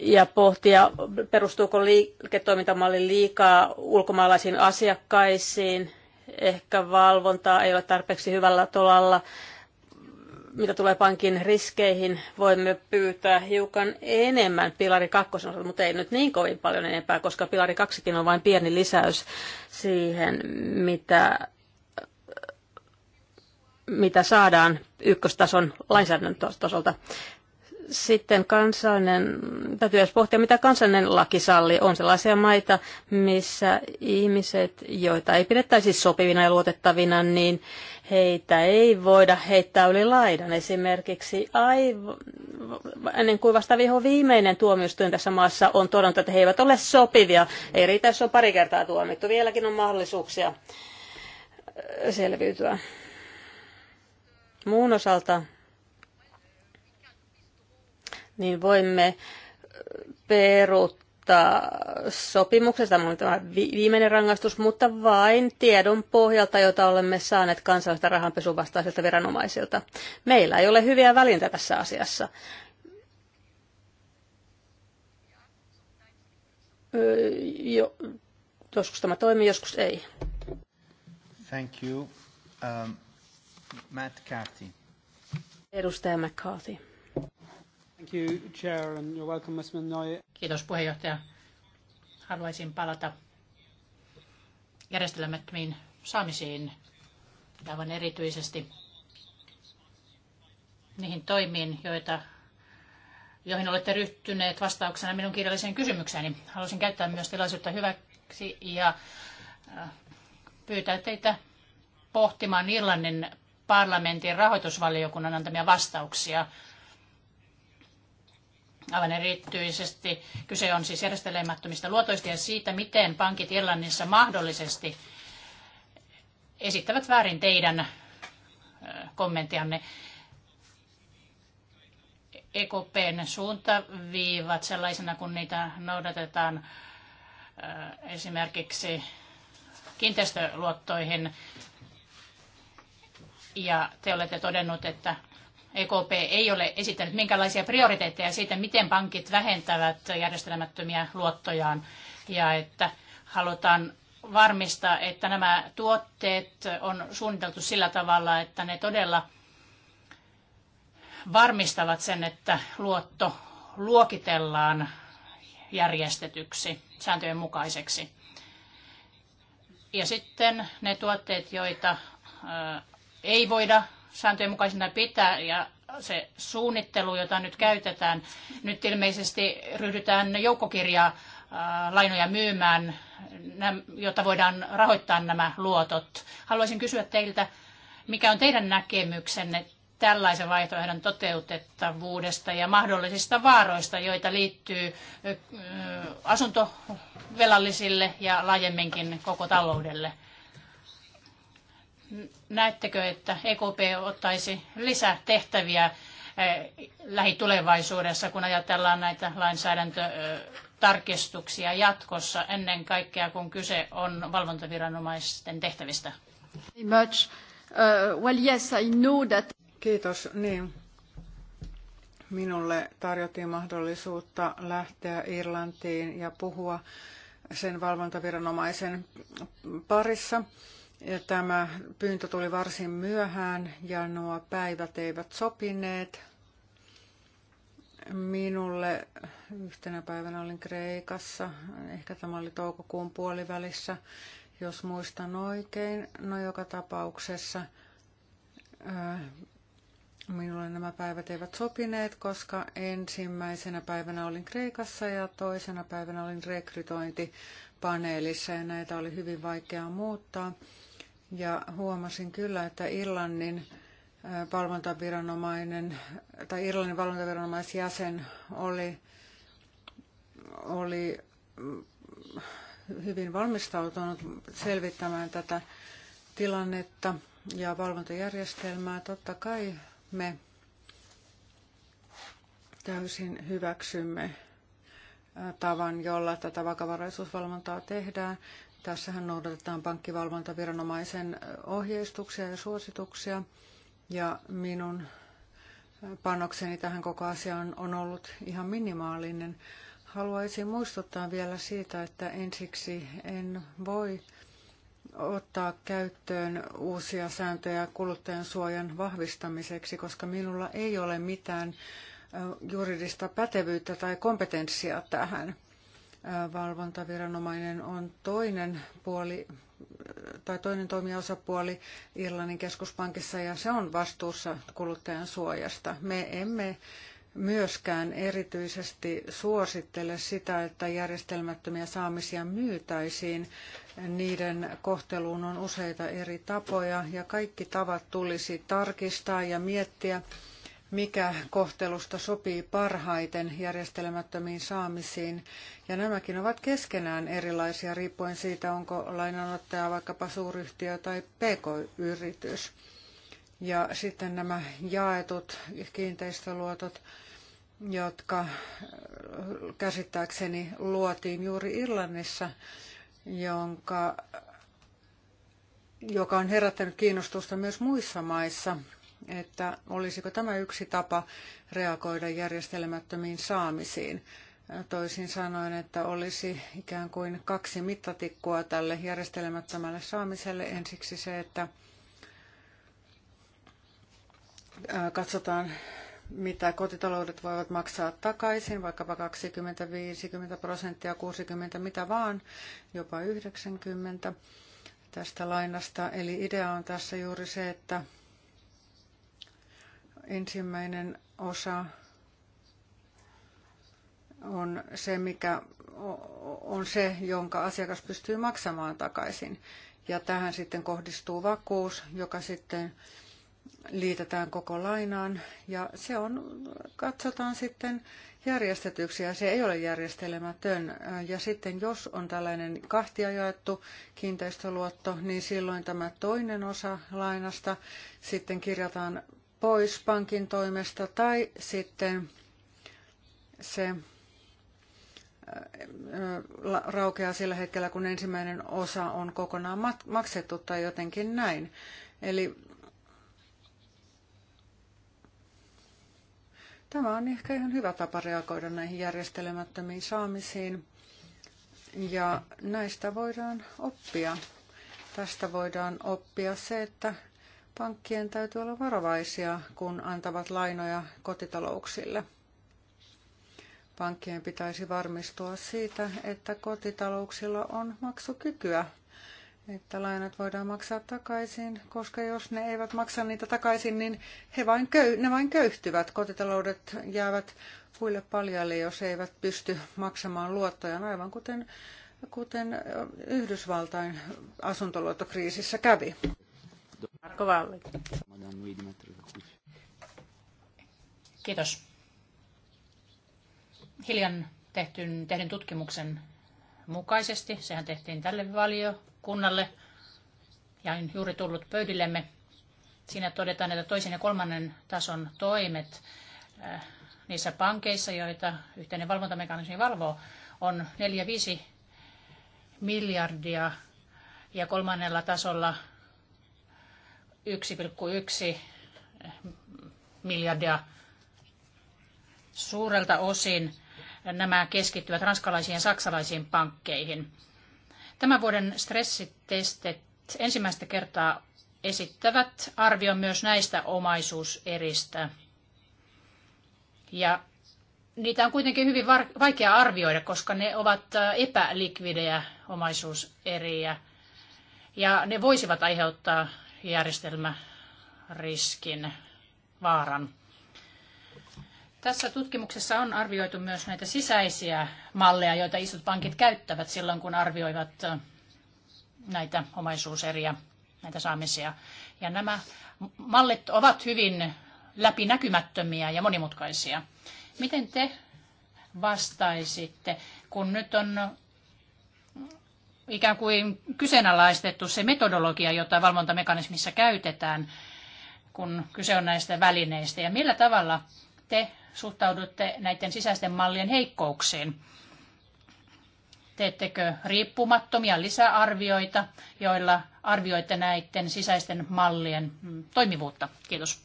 ja pohtia, perustuuko liiketoimintamalli liikaa ulkomaalaisiin asiakkaisiin, ehkä valvontaa ei ole tarpeeksi hyvällä tolalla, mitä tulee pankin riskeihin, voimme pyytää hiukan enemmän pilari kakkosen osalta, mutta ei nyt niin kovin paljon enempää, koska pilari kaksikin on vain pieni lisäys siihen, mitä, mitä saadaan ykköstason tasolta. Sitten kansallinen, täytyy myös pohtia, mitä kansallinen laki sallii. On sellaisia maita, missä ihmiset, joita ei pidettäisi sopivina ja luotettavina, niin heitä ei voida heittää yli laidan. Esimerkiksi aivan, ennen kuin vasta viho viimeinen tuomioistuin tässä maassa on todennut, että he eivät ole sopivia. Ei riitä, jos on pari kertaa tuomittu. Vieläkin on mahdollisuuksia selviytyä. Muun osalta niin voimme peruuttaa sopimuksesta, tämä on tämä viimeinen rangaistus, mutta vain tiedon pohjalta, jota olemme saaneet kansallista vastaisilta viranomaisilta. Meillä ei ole hyviä välintä tässä asiassa. jo, joskus tämä toimii, joskus ei. Thank you. Um, Matt Carthy. Edustaja McCarthy. Kiitos puheenjohtaja. Haluaisin palata järjestelmättömiin saamisiin, aivan erityisesti niihin toimiin, joita, joihin olette ryhtyneet vastauksena minun kirjalliseen kysymykseeni. Haluaisin käyttää myös tilaisuutta hyväksi ja äh, pyytää teitä pohtimaan Irlannin parlamentin rahoitusvaliokunnan antamia vastauksia Aivan erityisesti kyse on siis järjestelemättömistä luotoista ja siitä, miten pankit Irlannissa mahdollisesti esittävät väärin teidän kommenttianne. EKPn suuntaviivat sellaisena, kun niitä noudatetaan esimerkiksi kiinteistöluottoihin. Ja te olette todennut, että EKP ei ole esittänyt minkälaisia prioriteetteja siitä, miten pankit vähentävät järjestelmättömiä luottojaan ja että halutaan varmistaa, että nämä tuotteet on suunniteltu sillä tavalla, että ne todella varmistavat sen, että luotto luokitellaan järjestetyksi sääntöjen mukaiseksi. Ja sitten ne tuotteet, joita ei voida sääntöjen mukaisena pitää ja se suunnittelu, jota nyt käytetään, nyt ilmeisesti ryhdytään joukkokirjaa lainoja myymään, jotta voidaan rahoittaa nämä luotot. Haluaisin kysyä teiltä, mikä on teidän näkemyksenne tällaisen vaihtoehdon toteutettavuudesta ja mahdollisista vaaroista, joita liittyy asuntovelallisille ja laajemminkin koko taloudelle? näettekö, että EKP ottaisi lisää tehtäviä eh, lähitulevaisuudessa, kun ajatellaan näitä lainsäädäntötarkistuksia jatkossa, ennen kaikkea kun kyse on valvontaviranomaisten tehtävistä? Much. Uh, well, yes, I know that... Kiitos. Niin. Minulle tarjottiin mahdollisuutta lähteä Irlantiin ja puhua sen valvontaviranomaisen parissa. Ja tämä pyyntö tuli varsin myöhään ja nuo päivät eivät sopineet. Minulle yhtenä päivänä olin Kreikassa, ehkä tämä oli toukokuun puolivälissä, jos muistan oikein. No joka tapauksessa minulle nämä päivät eivät sopineet, koska ensimmäisenä päivänä olin Kreikassa ja toisena päivänä olin rekrytointipaneelissa ja näitä oli hyvin vaikeaa muuttaa. Ja huomasin kyllä, että Irlannin valvontaviranomainen tai Irlannin valvontaviranomaisjäsen oli, oli mm, hyvin valmistautunut selvittämään tätä tilannetta ja valvontajärjestelmää. Totta kai me täysin hyväksymme tavan, jolla tätä vakavaraisuusvalvontaa tehdään. Tässähän noudatetaan pankkivalvontaviranomaisen ohjeistuksia ja suosituksia. Ja minun panokseni tähän koko asiaan on ollut ihan minimaalinen. Haluaisin muistuttaa vielä siitä, että ensiksi en voi ottaa käyttöön uusia sääntöjä kuluttajan suojan vahvistamiseksi, koska minulla ei ole mitään juridista pätevyyttä tai kompetenssia tähän valvontaviranomainen on toinen puoli tai toinen toimijaosapuoli Irlannin keskuspankissa ja se on vastuussa kuluttajan suojasta. Me emme myöskään erityisesti suosittele sitä, että järjestelmättömiä saamisia myytäisiin. Niiden kohteluun on useita eri tapoja ja kaikki tavat tulisi tarkistaa ja miettiä mikä kohtelusta sopii parhaiten järjestelemättömiin saamisiin. Ja nämäkin ovat keskenään erilaisia riippuen siitä, onko lainanottaja vaikkapa suuryhtiö tai pk-yritys. Ja sitten nämä jaetut kiinteistöluotot, jotka äh, käsittääkseni luotiin juuri Irlannissa, jonka, joka on herättänyt kiinnostusta myös muissa maissa – että olisiko tämä yksi tapa reagoida järjestelemättömiin saamisiin. Toisin sanoen, että olisi ikään kuin kaksi mittatikkua tälle järjestelemättömälle saamiselle. Ensiksi se, että katsotaan, mitä kotitaloudet voivat maksaa takaisin, vaikkapa 20, 50 prosenttia, 60, mitä vaan, jopa 90 tästä lainasta. Eli idea on tässä juuri se, että Ensimmäinen osa on se, mikä on se, jonka asiakas pystyy maksamaan takaisin. Ja tähän sitten kohdistuu vakuus, joka sitten liitetään koko lainaan ja se on, katsotaan sitten järjestetyksi ja se ei ole järjestelemätön. Ja sitten jos on tällainen kahtia jaettu kiinteistöluotto, niin silloin tämä toinen osa lainasta sitten kirjataan pois pankin toimesta tai sitten se raukeaa sillä hetkellä, kun ensimmäinen osa on kokonaan maksettu tai jotenkin näin. Eli tämä on ehkä ihan hyvä tapa reagoida näihin järjestelemättömiin saamisiin. Ja näistä voidaan oppia. Tästä voidaan oppia se, että pankkien täytyy olla varovaisia, kun antavat lainoja kotitalouksille. Pankkien pitäisi varmistua siitä, että kotitalouksilla on maksukykyä, että lainat voidaan maksaa takaisin, koska jos ne eivät maksa niitä takaisin, niin he vain köy, ne vain köyhtyvät. Kotitaloudet jäävät puille paljalle, jos eivät pysty maksamaan luottoja, aivan kuten, kuten Yhdysvaltain asuntoluottokriisissä kävi. Kiitos. Hiljan tehtyn, tehdyn tutkimuksen mukaisesti, sehän tehtiin tälle valiokunnalle ja on juuri tullut pöydillemme. Siinä todetaan, että toisen ja kolmannen tason toimet äh, niissä pankeissa, joita yhteinen valvontamekanismi valvoo, on 4-5 miljardia ja kolmannella tasolla 1,1 miljardia suurelta osin nämä keskittyvät ranskalaisiin ja saksalaisiin pankkeihin. Tämän vuoden stressitestit ensimmäistä kertaa esittävät arvion myös näistä omaisuuseristä. Ja niitä on kuitenkin hyvin vaikea arvioida, koska ne ovat äh, epälikvidejä omaisuuseriä. Ja ne voisivat aiheuttaa järjestelmäriskin vaaran. Tässä tutkimuksessa on arvioitu myös näitä sisäisiä malleja, joita isot pankit käyttävät silloin, kun arvioivat näitä omaisuuseriä, näitä saamisia. Ja nämä mallit ovat hyvin läpinäkymättömiä ja monimutkaisia. Miten te vastaisitte, kun nyt on ikään kuin kyseenalaistettu se metodologia, jota valvontamekanismissa käytetään, kun kyse on näistä välineistä. Ja millä tavalla te suhtaudutte näiden sisäisten mallien heikkouksiin? Teettekö riippumattomia lisäarvioita, joilla arvioitte näiden sisäisten mallien mm, toimivuutta? Kiitos.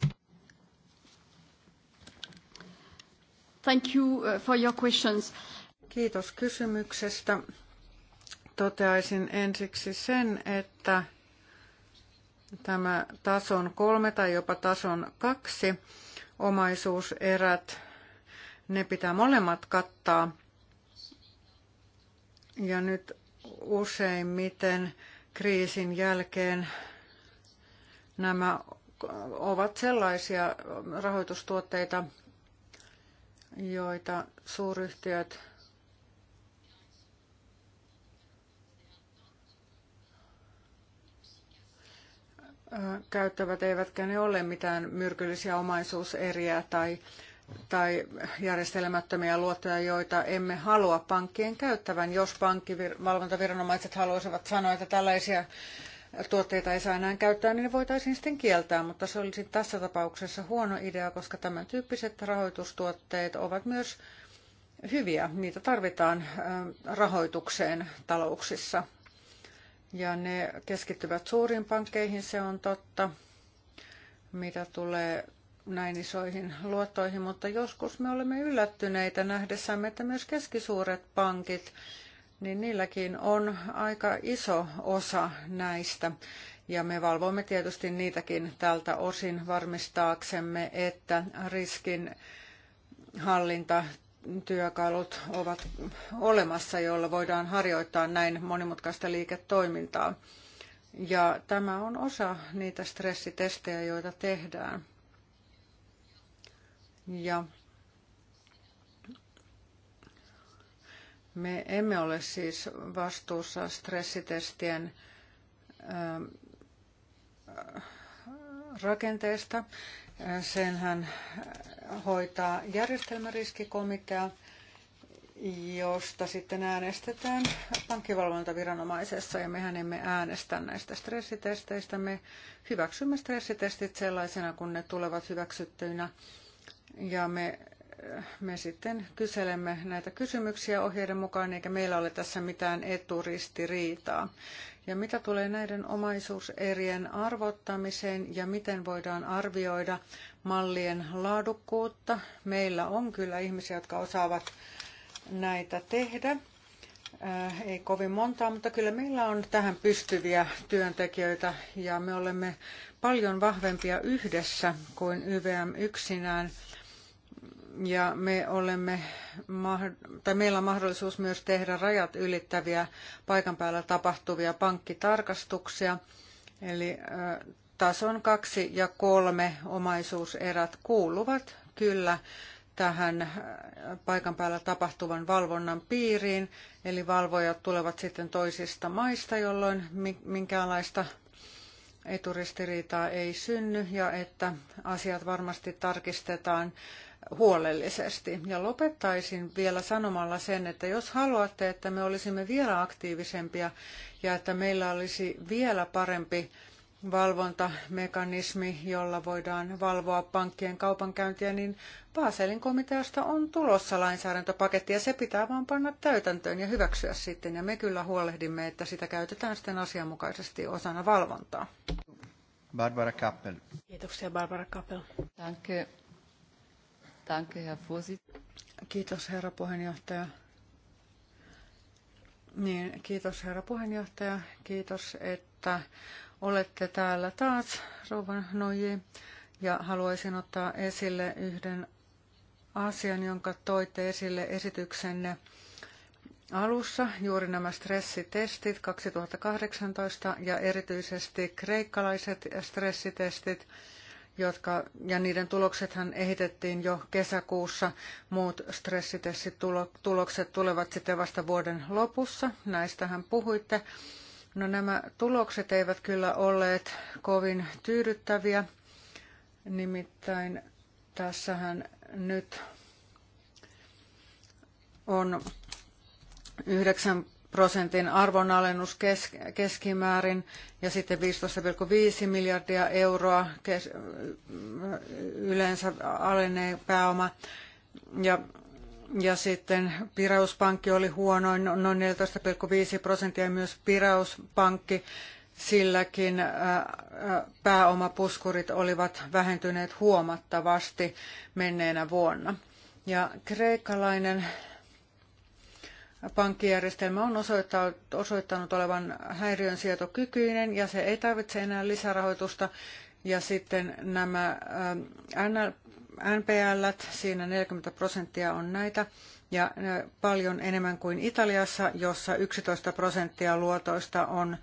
Thank you uh, for your questions. Kiitos kysymyksestä toteaisin ensiksi sen, että tämä tason kolme tai jopa tason kaksi omaisuuserät, ne pitää molemmat kattaa. Ja nyt useimmiten kriisin jälkeen nämä ovat sellaisia rahoitustuotteita, joita suuryhtiöt käyttävät, eivätkä ne ole mitään myrkyllisiä omaisuuseriä tai, tai järjestelemättömiä luottoja, joita emme halua pankkien käyttävän, jos pankkivalvontaviranomaiset haluaisivat sanoa, että tällaisia tuotteita ei saa enää käyttää, niin ne voitaisiin sitten kieltää, mutta se olisi tässä tapauksessa huono idea, koska tämän tyyppiset rahoitustuotteet ovat myös hyviä. Niitä tarvitaan rahoitukseen talouksissa ja ne keskittyvät suuriin pankkeihin, se on totta, mitä tulee näin isoihin luottoihin, mutta joskus me olemme yllättyneitä nähdessämme, että myös keskisuuret pankit, niin niilläkin on aika iso osa näistä. Ja me valvomme tietysti niitäkin tältä osin varmistaaksemme, että riskin hallinta työkalut ovat olemassa, joilla voidaan harjoittaa näin monimutkaista liiketoimintaa. Ja tämä on osa niitä stressitestejä, joita tehdään. Ja me emme ole siis vastuussa stressitestien ähm, rakenteesta. Senhän hoitaa järjestelmäriskikomitea, josta sitten äänestetään pankkivalvontaviranomaisessa ja mehän emme äänestä näistä stressitesteistä. Me hyväksymme stressitestit sellaisena, kun ne tulevat hyväksyttyinä ja me, me sitten kyselemme näitä kysymyksiä ohjeiden mukaan, eikä meillä ole tässä mitään eturistiriitaa. Ja mitä tulee näiden omaisuuserien arvottamiseen ja miten voidaan arvioida mallien laadukkuutta. Meillä on kyllä ihmisiä, jotka osaavat näitä tehdä. Äh, ei kovin montaa, mutta kyllä meillä on tähän pystyviä työntekijöitä ja me olemme paljon vahvempia yhdessä kuin YVM yksinään. Ja me olemme, tai meillä on mahdollisuus myös tehdä rajat ylittäviä paikan päällä tapahtuvia pankkitarkastuksia. Eli äh, tason kaksi ja kolme omaisuuserät kuuluvat kyllä tähän äh, paikan päällä tapahtuvan valvonnan piiriin, eli valvojat tulevat sitten toisista maista, jolloin minkäänlaista eturistiriitaa ei synny ja että asiat varmasti tarkistetaan huolellisesti. Ja lopettaisin vielä sanomalla sen, että jos haluatte, että me olisimme vielä aktiivisempia ja että meillä olisi vielä parempi valvontamekanismi, jolla voidaan valvoa pankkien kaupankäyntiä, niin Baselin komiteasta on tulossa lainsäädäntöpaketti ja se pitää vaan panna täytäntöön ja hyväksyä sitten. Ja me kyllä huolehdimme, että sitä käytetään sitten asianmukaisesti osana valvontaa. Barbara Kappel. Kiitoksia Barbara Kappel. Danke. Danke, Herr Kiitos herra puheenjohtaja. Niin, kiitos herra puheenjohtaja. Kiitos, että Olette täällä taas, Rouva Noji, ja haluaisin ottaa esille yhden asian, jonka toitte esille esityksenne alussa, juuri nämä stressitestit 2018 ja erityisesti kreikkalaiset stressitestit, jotka, ja niiden tuloksethan ehitettiin jo kesäkuussa. Muut stressitestitulokset tulokset tulevat sitten vasta vuoden lopussa. Näistähän puhuitte. No nämä tulokset eivät kyllä olleet kovin tyydyttäviä, nimittäin tässähän nyt on 9 prosentin arvonalennus keskimäärin ja sitten 15,5 miljardia euroa yleensä alenee pääoma. Ja ja sitten Pirauspankki oli huonoin, no, noin 14,5 prosenttia myös Pirauspankki. Silläkin pääomapuskurit olivat vähentyneet huomattavasti menneenä vuonna. Ja kreikkalainen pankkijärjestelmä on osoittanut olevan häiriönsietokykyinen ja se ei tarvitse enää lisärahoitusta. Ja sitten nämä NPL, siinä 40 prosenttia on näitä, ja paljon enemmän kuin Italiassa, jossa 11 prosenttia luotoista on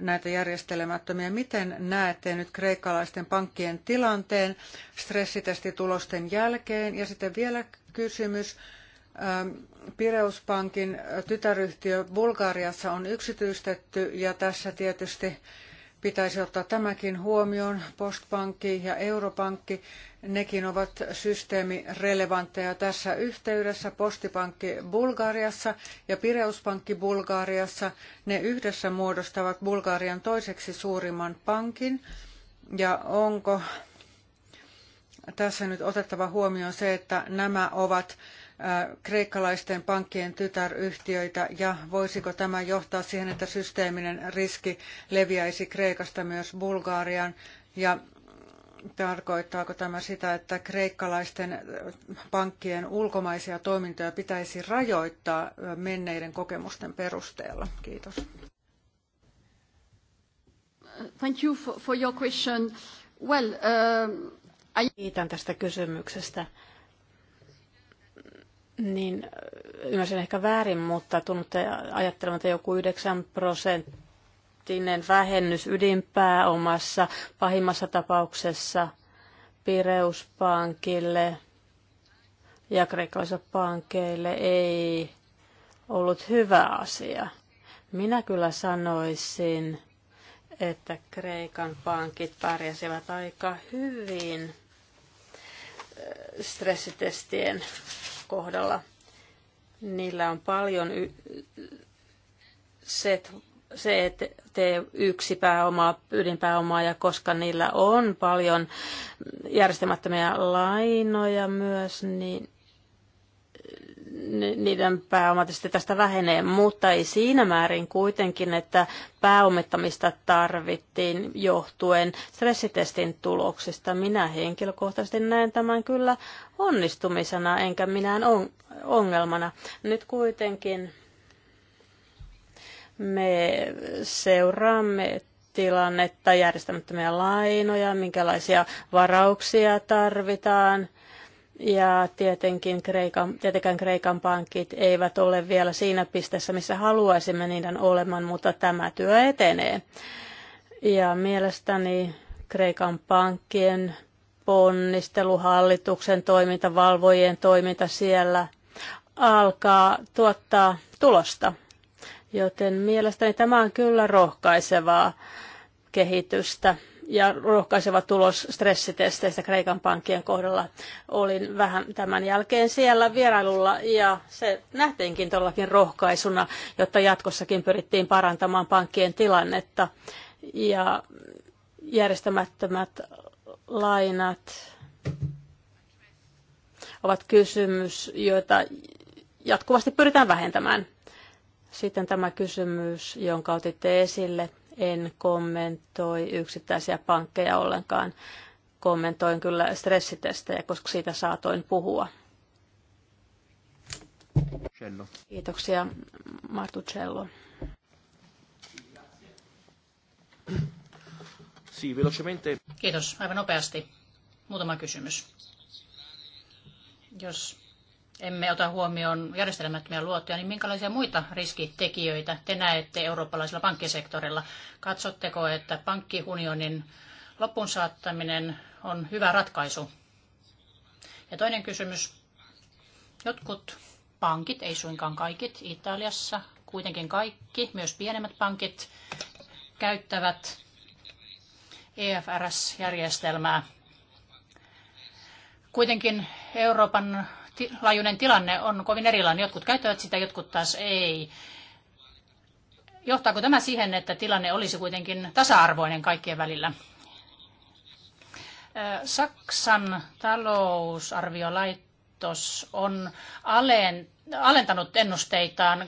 näitä järjestelemättömiä. Miten näette nyt kreikkalaisten pankkien tilanteen stressitestitulosten jälkeen? Ja sitten vielä kysymys. Pireuspankin tytäryhtiö Bulgariassa on yksityistetty ja tässä tietysti Pitäisi ottaa tämäkin huomioon. Postpankki ja Europankki, nekin ovat systeemirelevantteja tässä yhteydessä. Postipankki Bulgariassa ja Pireuspankki Bulgariassa, ne yhdessä muodostavat Bulgarian toiseksi suurimman pankin. Ja onko tässä nyt otettava huomioon se, että nämä ovat kreikkalaisten pankkien tytäryhtiöitä ja voisiko tämä johtaa siihen, että systeeminen riski leviäisi Kreikasta myös Bulgariaan ja tarkoittaako tämä sitä, että kreikkalaisten pankkien ulkomaisia toimintoja pitäisi rajoittaa menneiden kokemusten perusteella? Kiitos. Thank you for, your question. Well, uh, I... Kiitän tästä kysymyksestä. Niin, äh, ymmärsin ehkä väärin, mutta tunnutte ajattelemaan, että joku 9 prosenttinen vähennys ydinpääomassa pahimmassa tapauksessa Pireuspankille ja kreikkalaisille pankeille ei ollut hyvä asia. Minä kyllä sanoisin, että Kreikan pankit pärjäsivät aika hyvin äh, stressitestien kohdalla. Niillä on paljon y- se, että tee yksi pääomaa, ydinpääomaa, ja koska niillä on paljon järjestämättömiä lainoja myös, niin niiden pääoma tästä vähenee, mutta ei siinä määrin kuitenkin, että pääomittamista tarvittiin johtuen stressitestin tuloksista. Minä henkilökohtaisesti näen tämän kyllä onnistumisena, enkä minään ongelmana. Nyt kuitenkin me seuraamme tilannetta, järjestämättömiä lainoja, minkälaisia varauksia tarvitaan – ja tietenkin Kreikan, tietenkään Kreikan pankit eivät ole vielä siinä pisteessä, missä haluaisimme niiden olevan, mutta tämä työ etenee. Ja mielestäni Kreikan pankkien ponnistelu, hallituksen toiminta, valvojien toiminta siellä alkaa tuottaa tulosta. Joten mielestäni tämä on kyllä rohkaisevaa kehitystä ja rohkaiseva tulos stressitesteistä Kreikan pankkien kohdalla. Olin vähän tämän jälkeen siellä vierailulla ja se nähtiinkin todellakin rohkaisuna, jotta jatkossakin pyrittiin parantamaan pankkien tilannetta ja järjestämättömät lainat ovat kysymys, joita jatkuvasti pyritään vähentämään. Sitten tämä kysymys, jonka otitte esille en kommentoi yksittäisiä pankkeja ollenkaan. Kommentoin kyllä stressitestejä, koska siitä saatoin puhua. Cello. Kiitoksia, Cello. Kiitos, aivan nopeasti. Muutama kysymys. Jos emme ota huomioon järjestelmättömiä luottoja, niin minkälaisia muita riskitekijöitä te näette eurooppalaisella pankkisektorilla? Katsotteko, että pankkiunionin loppuun saattaminen on hyvä ratkaisu? Ja toinen kysymys. Jotkut pankit, ei suinkaan kaikit, Italiassa kuitenkin kaikki, myös pienemmät pankit, käyttävät EFRS-järjestelmää. Kuitenkin Euroopan laajuinen tilanne on kovin erilainen. Jotkut käyttävät sitä, jotkut taas ei. Johtaako tämä siihen, että tilanne olisi kuitenkin tasa-arvoinen kaikkien välillä? Saksan talousarviolaitos on alentanut ennusteitaan 2,8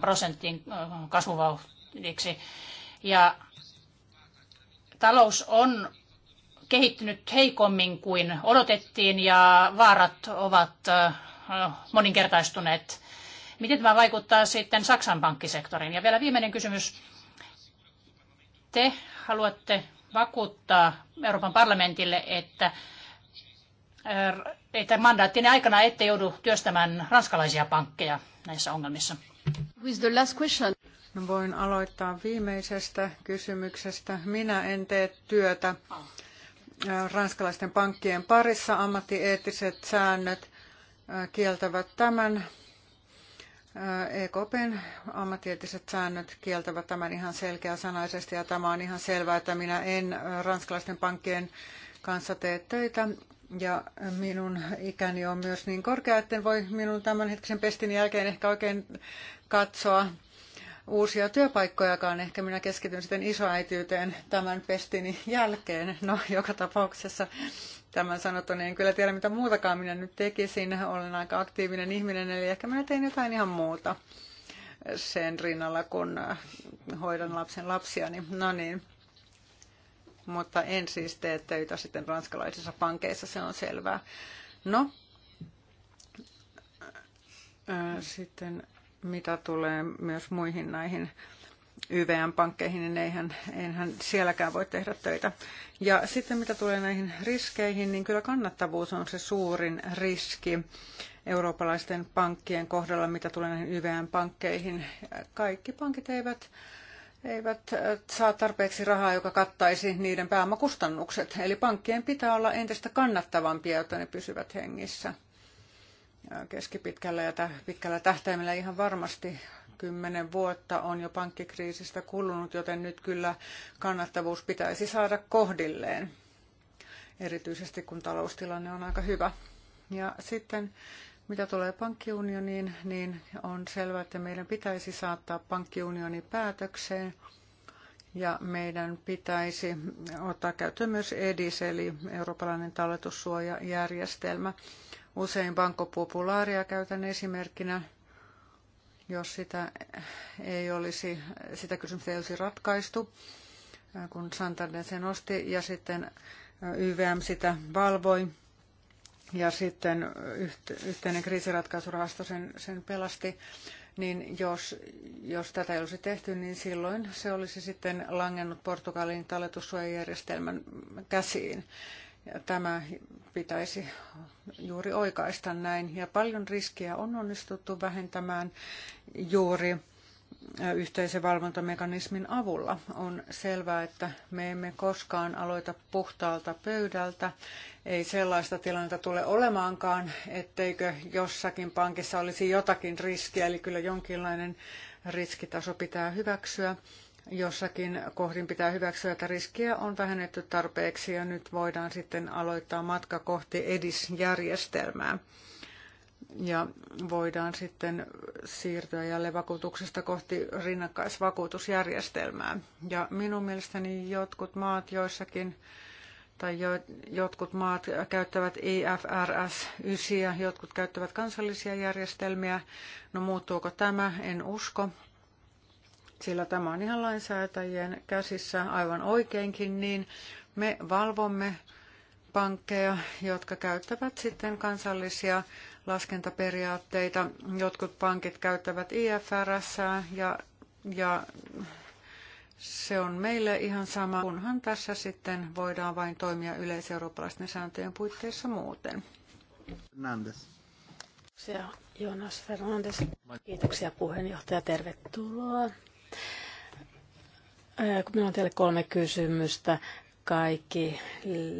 prosentin kasvuvauhdiksi. Ja talous on kehittynyt heikommin kuin odotettiin ja vaarat ovat moninkertaistuneet. Miten tämä vaikuttaa sitten Saksan pankkisektoriin? Ja vielä viimeinen kysymys. Te haluatte vakuuttaa Euroopan parlamentille, että että mandaattinen aikana ette joudu työstämään ranskalaisia pankkeja näissä ongelmissa. With the last question. No, voin aloittaa viimeisestä kysymyksestä. Minä en tee työtä ah ranskalaisten pankkien parissa. Ammattieettiset säännöt kieltävät tämän. EKPn ammattieettiset säännöt kieltävät tämän ihan selkeäsanaisesti ja tämä on ihan selvää, että minä en ranskalaisten pankkien kanssa tee töitä. Ja minun ikäni on myös niin korkea, että voi minun tämänhetkisen pestin jälkeen ehkä oikein katsoa uusia työpaikkojakaan. Ehkä minä keskityn sitten isoäityyteen tämän pestini jälkeen. No, joka tapauksessa tämän sanottu, niin en kyllä tiedä mitä muutakaan minä nyt tekisin. Olen aika aktiivinen ihminen, eli ehkä minä tein jotain ihan muuta sen rinnalla, kun äh, hoidan lapsen lapsiani. No niin. Mutta en siis tee töitä sitten ranskalaisissa pankeissa, se on selvää. No, äh, sitten mitä tulee myös muihin näihin YVM-pankkeihin, niin eihän, eihän sielläkään voi tehdä töitä. Ja sitten mitä tulee näihin riskeihin, niin kyllä kannattavuus on se suurin riski eurooppalaisten pankkien kohdalla, mitä tulee näihin YVM-pankkeihin. Kaikki pankit eivät, eivät äh, saa tarpeeksi rahaa, joka kattaisi niiden pääomakustannukset. Eli pankkien pitää olla entistä kannattavampia, jotta ne pysyvät hengissä keskipitkällä ja pitkällä tähtäimellä ihan varmasti kymmenen vuotta on jo pankkikriisistä kulunut, joten nyt kyllä kannattavuus pitäisi saada kohdilleen, erityisesti kun taloustilanne on aika hyvä. Ja sitten mitä tulee pankkiunioniin, niin on selvää, että meidän pitäisi saattaa pankkiunioni päätökseen ja meidän pitäisi ottaa käyttöön myös EDIS, eli eurooppalainen talletussuojajärjestelmä. järjestelmä Usein Banco Popularia käytän esimerkkinä, jos sitä, ei olisi, sitä kysymystä ei olisi ratkaistu, kun Santander sen osti ja sitten YVM sitä valvoi ja sitten yhteinen kriisiratkaisurahasto sen, sen pelasti, niin jos, jos tätä ei olisi tehty, niin silloin se olisi sitten langennut Portugalin talletussuojajärjestelmän käsiin. Ja tämä pitäisi juuri oikaista näin. Ja paljon riskejä on onnistuttu vähentämään juuri yhteisen valvontamekanismin avulla. On selvää, että me emme koskaan aloita puhtaalta pöydältä. Ei sellaista tilannetta tule olemaankaan, etteikö jossakin pankissa olisi jotakin riskiä, eli kyllä jonkinlainen riskitaso pitää hyväksyä jossakin kohdin pitää hyväksyä, että riskiä on vähennetty tarpeeksi ja nyt voidaan sitten aloittaa matka kohti EDIS-järjestelmää. Ja voidaan sitten siirtyä jälleen vakuutuksesta kohti rinnakkaisvakuutusjärjestelmää. Ja minun mielestäni jotkut maat joissakin tai jo, jotkut maat käyttävät IFRS e 9, jotkut käyttävät kansallisia järjestelmiä. No muuttuuko tämä? En usko sillä tämä on ihan lainsäätäjien käsissä aivan oikeinkin, niin me valvomme pankkeja, jotka käyttävät sitten kansallisia laskentaperiaatteita. Jotkut pankit käyttävät IFRS ja, ja se on meille ihan sama, kunhan tässä sitten voidaan vain toimia yleiseurooppalaisten sääntöjen puitteissa muuten. Fernandes. Se on Jonas Fernandes. Kiitoksia puheenjohtaja, tervetuloa. Minulla on teille kolme kysymystä. Kaikki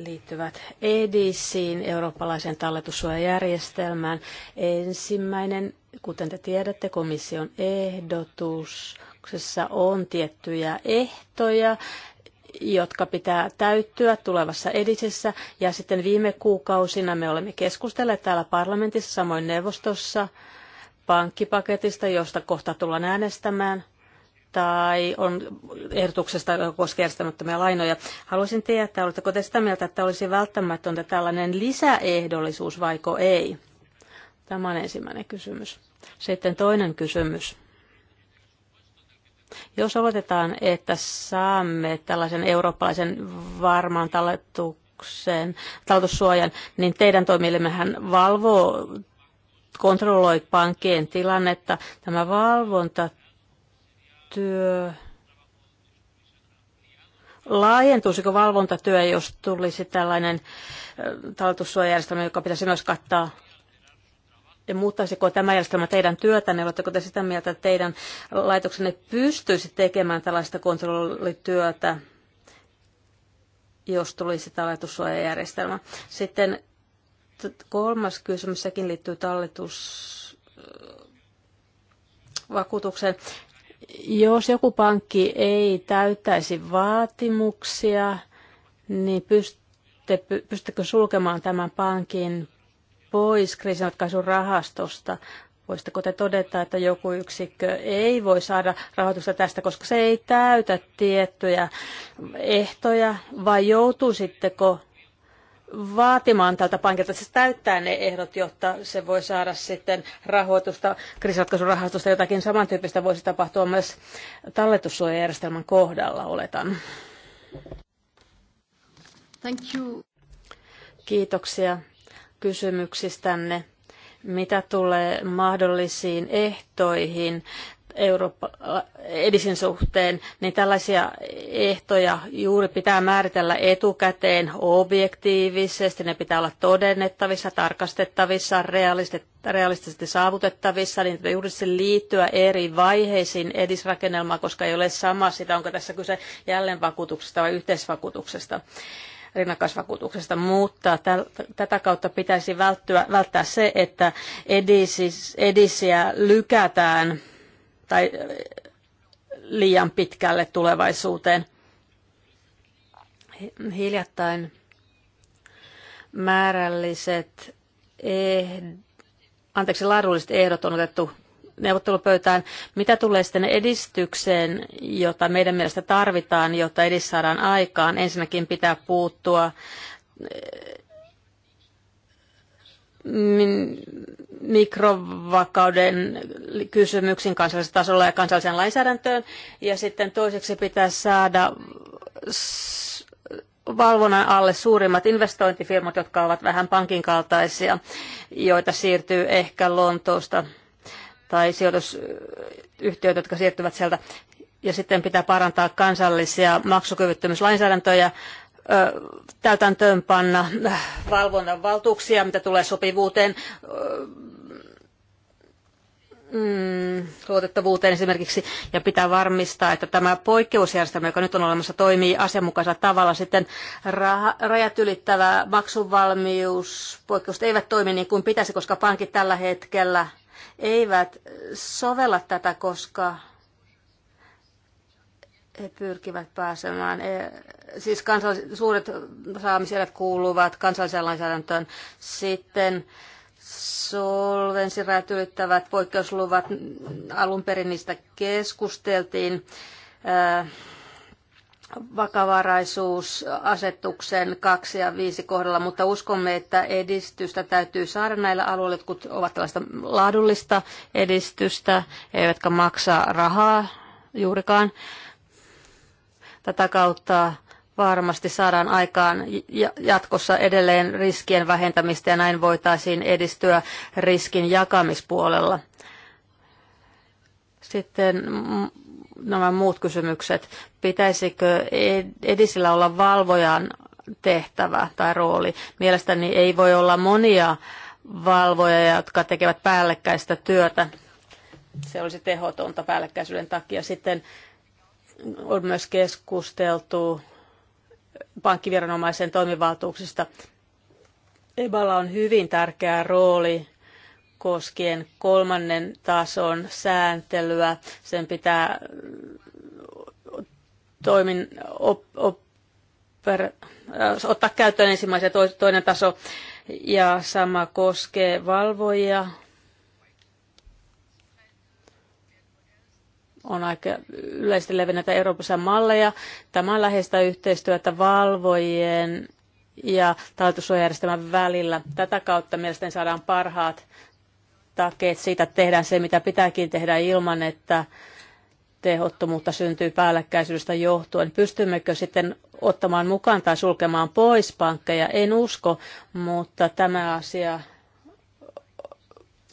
liittyvät EDISiin, eurooppalaiseen talletussuojajärjestelmään. Ensimmäinen, kuten te tiedätte, komission ehdotuksessa on tiettyjä ehtoja, jotka pitää täyttyä tulevassa edisessä. Ja sitten viime kuukausina me olemme keskustelleet täällä parlamentissa, samoin neuvostossa, pankkipaketista, josta kohta tullaan äänestämään tai on ehdotuksesta, joka koskee järjestämättömiä lainoja. Haluaisin tietää, oletteko te sitä mieltä, että olisi välttämätöntä tällainen lisäehdollisuus vaiko ei? Tämä on ensimmäinen kysymys. Sitten toinen kysymys. Jos oletetaan, että saamme tällaisen eurooppalaisen varmaan talletuksen, talletussuojan, niin teidän toimielimehän valvoo kontrolloi pankkien tilannetta. Tämä valvonta valvontatyö. laajentuisiko valvontatyö, jos tulisi tällainen talletussuojajärjestelmä, joka pitäisi myös kattaa? Ja muuttaisiko tämä järjestelmä teidän työtänne? Oletteko te sitä mieltä, että teidän laitoksenne pystyisi tekemään tällaista kontrollityötä, jos tulisi talletussuojajärjestelmä? Sitten kolmas kysymys, sekin liittyy talletus vakuutukseen. Jos joku pankki ei täyttäisi vaatimuksia, niin pystyttekö sulkemaan tämän pankin pois kriisinratkaisun rahastosta? Voisitteko te todeta, että joku yksikkö ei voi saada rahoitusta tästä, koska se ei täytä tiettyjä ehtoja, vai joutuisitteko vaatimaan tältä pankilta, se täyttää ne ehdot, jotta se voi saada sitten rahoitusta, kriisiratkaisurahastosta, jotakin samantyyppistä voisi tapahtua myös talletussuojajärjestelmän kohdalla, oletan. Thank you. Kiitoksia kysymyksistänne. Mitä tulee mahdollisiin ehtoihin Eurooppa, edisin suhteen, niin tällaisia ehtoja juuri pitää määritellä etukäteen objektiivisesti. Ne pitää olla todennettavissa, tarkastettavissa, realistisesti saavutettavissa, niin juuri se liittyä eri vaiheisiin edisrakennelmaa, koska ei ole sama sitä, onko tässä kyse jälleenvakuutuksesta vai yhteisvakuutuksesta rinnakkaisvakuutuksesta, mutta tätä kautta pitäisi välttää se, että edisiä lykätään tai liian pitkälle tulevaisuuteen. Hiljattain määrälliset ehd, anteeksi, laadulliset ehdot on otettu neuvottelupöytään. Mitä tulee sitten edistykseen, jota meidän mielestä tarvitaan, jotta edissä saadaan aikaan? Ensinnäkin pitää puuttua mikrovakauden kysymyksiin kansallisella tasolla ja kansalliseen lainsäädäntöön. Ja sitten toiseksi pitää saada valvonnan alle suurimmat investointifirmat, jotka ovat vähän pankin kaltaisia, joita siirtyy ehkä Lontoosta tai sijoitusyhtiöitä, jotka siirtyvät sieltä. Ja sitten pitää parantaa kansallisia maksukyvyttömyyslainsäädäntöjä täytäntöönpanna valvonnan valtuuksia, mitä tulee sopivuuteen, mm, luotettavuuteen esimerkiksi, ja pitää varmistaa, että tämä poikkeusjärjestelmä, joka nyt on olemassa, toimii asianmukaisella tavalla. Sitten rajat ylittävä maksuvalmius, poikkeukset eivät toimi niin kuin pitäisi, koska pankit tällä hetkellä eivät sovella tätä, koska he pyrkivät pääsemään. E, siis kansallis- suuret saamiserät kuuluvat kansalliseen lainsäädäntöön. Sitten solvensirajat ylittävät poikkeusluvat, alun perin niistä keskusteltiin vakavaraisuusasetuksen 2 ja 5 kohdalla, mutta uskomme, että edistystä täytyy saada näillä alueilla, jotka ovat tällaista laadullista edistystä, eivätkä maksa rahaa juurikaan. Tätä kautta varmasti saadaan aikaan jatkossa edelleen riskien vähentämistä ja näin voitaisiin edistyä riskin jakamispuolella. Sitten nämä muut kysymykset. Pitäisikö edisillä olla valvojan tehtävä tai rooli? Mielestäni ei voi olla monia valvoja, jotka tekevät päällekkäistä työtä. Se olisi tehotonta päällekkäisyyden takia. Sitten on myös keskusteltu pankkiviranomaisen toimivaltuuksista. EBAlla on hyvin tärkeä rooli koskien kolmannen tason sääntelyä. Sen pitää toimin, op, op, per, ottaa käyttöön ensimmäisen ja toinen taso. Ja sama koskee valvojia, on aika yleisesti levinnetä Euroopassa malleja. Tämä lähestää läheistä yhteistyötä valvojien ja talletussuojajärjestelmän välillä. Tätä kautta mielestäni saadaan parhaat takeet siitä, että tehdään se, mitä pitääkin tehdä ilman, että tehottomuutta syntyy päällekkäisyydestä johtuen. Pystymmekö sitten ottamaan mukaan tai sulkemaan pois pankkeja? En usko, mutta tämä asia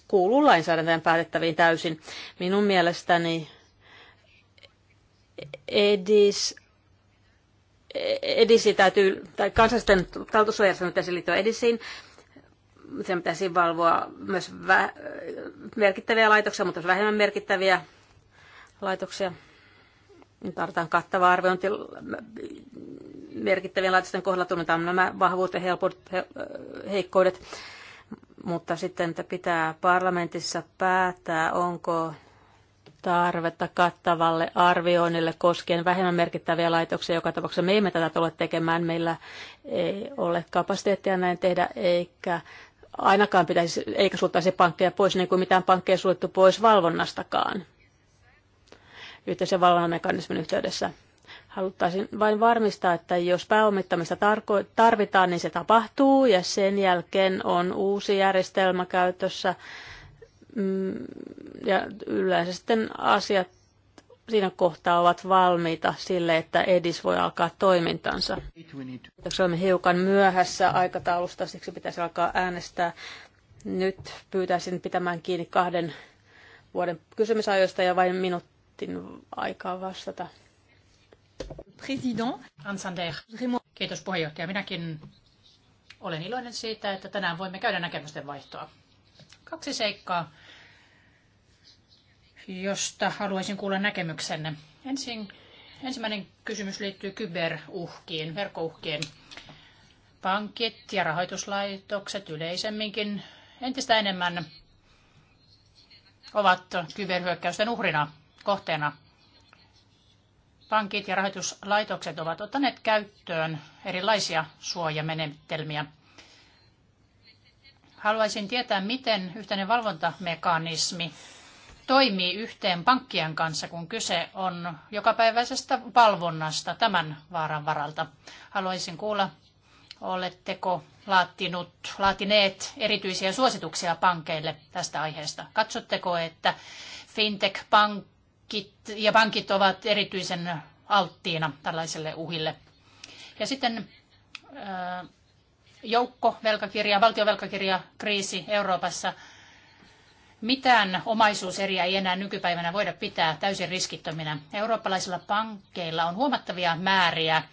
kuuluu lainsäädäntöön päätettäviin täysin. Minun mielestäni edis, edisi täytyy, tai kansallisten taltussuojelmien pitäisi liittyä edisiin. Sen pitäisi valvoa myös vä- merkittäviä laitoksia, mutta myös vähemmän merkittäviä laitoksia. Tarvitaan kattava arviointi merkittävien laitosten kohdalla tunnetaan nämä vahvuudet ja helpot, he, heikkoudet, mutta sitten että pitää parlamentissa päättää, onko tarvetta kattavalle arvioinnille koskien vähemmän merkittäviä laitoksia. Joka tapauksessa me emme tätä tule tekemään. Meillä ei ole kapasiteettia näin tehdä, eikä ainakaan pitäisi, eikä suuttaisi pankkeja pois, niin kuin mitään pankkeja suljettu pois valvonnastakaan yhteisen valvonnan mekanismin yhteydessä. Haluttaisin vain varmistaa, että jos pääomittamista tarvitaan, niin se tapahtuu ja sen jälkeen on uusi järjestelmä käytössä, Mm, ja yleensä sitten asiat siinä kohtaa ovat valmiita sille, että EDIS voi alkaa toimintansa. Jos olemme hiukan myöhässä aikataulusta, siksi pitäisi alkaa äänestää. Nyt pyytäisin pitämään kiinni kahden vuoden kysymysajoista ja vain minuutin aikaa vastata. President Ansander. Kiitos puheenjohtaja. Minäkin olen iloinen siitä, että tänään voimme käydä näkemysten vaihtoa. Kaksi seikkaa, josta haluaisin kuulla näkemyksenne. Ensin, ensimmäinen kysymys liittyy kyberuhkiin, verkkouhkiin. Pankit ja rahoituslaitokset yleisemminkin entistä enemmän ovat kyberhyökkäysten uhrina, kohteena. Pankit ja rahoituslaitokset ovat ottaneet käyttöön erilaisia suojamenetelmiä – Haluaisin tietää, miten yhteinen valvontamekanismi toimii yhteen pankkien kanssa, kun kyse on jokapäiväisestä valvonnasta tämän vaaran varalta. Haluaisin kuulla, oletteko laatinut, laatineet erityisiä suosituksia pankeille tästä aiheesta? Katsotteko, että fintech-pankit ja pankit ovat erityisen alttiina tällaiselle uhille? Ja sitten äh, joukko velkakirja, valtiovelkakirja kriisi Euroopassa. Mitään omaisuuseriä ei enää nykypäivänä voida pitää täysin riskittöminä. Eurooppalaisilla pankkeilla on huomattavia määriä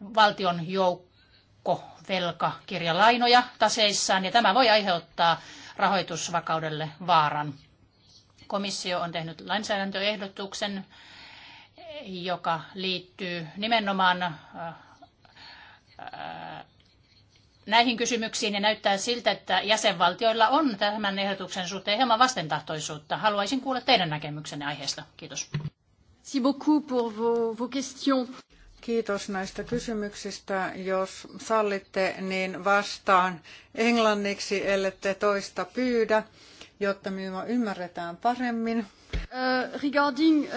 valtion joukko velkakirjalainoja taseissaan ja tämä voi aiheuttaa rahoitusvakaudelle vaaran. Komissio on tehnyt lainsäädäntöehdotuksen, joka liittyy nimenomaan äh, äh, näihin kysymyksiin ja näyttää siltä, että jäsenvaltioilla on tämän ehdotuksen suhteen hieman vastentahtoisuutta. Haluaisin kuulla teidän näkemyksenne aiheesta. Kiitos. Kiitos näistä kysymyksistä. Jos sallitte, niin vastaan englanniksi, ellette toista pyydä, jotta minua ymmärretään paremmin. Uh, regarding uh,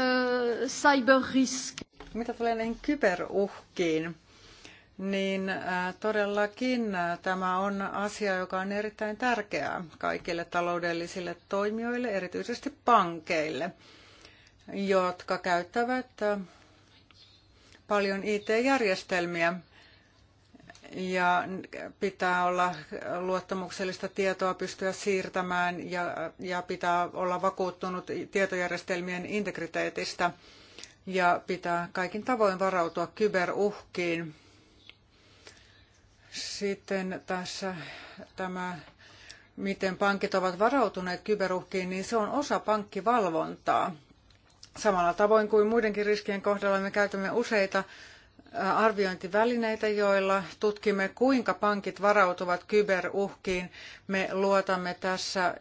cyber risk. Mitä tulee näihin kyberuhkiin? niin äh, todellakin äh, tämä on asia, joka on erittäin tärkeää kaikille taloudellisille toimijoille, erityisesti pankeille, jotka käyttävät äh, paljon IT-järjestelmiä ja pitää olla luottamuksellista tietoa pystyä siirtämään ja, ja pitää olla vakuuttunut tietojärjestelmien integriteetistä ja pitää kaikin tavoin varautua kyberuhkiin sitten tässä tämä, miten pankit ovat varautuneet kyberuhkiin, niin se on osa pankkivalvontaa. Samalla tavoin kuin muidenkin riskien kohdalla me käytämme useita arviointivälineitä, joilla tutkimme, kuinka pankit varautuvat kyberuhkiin. Me luotamme tässä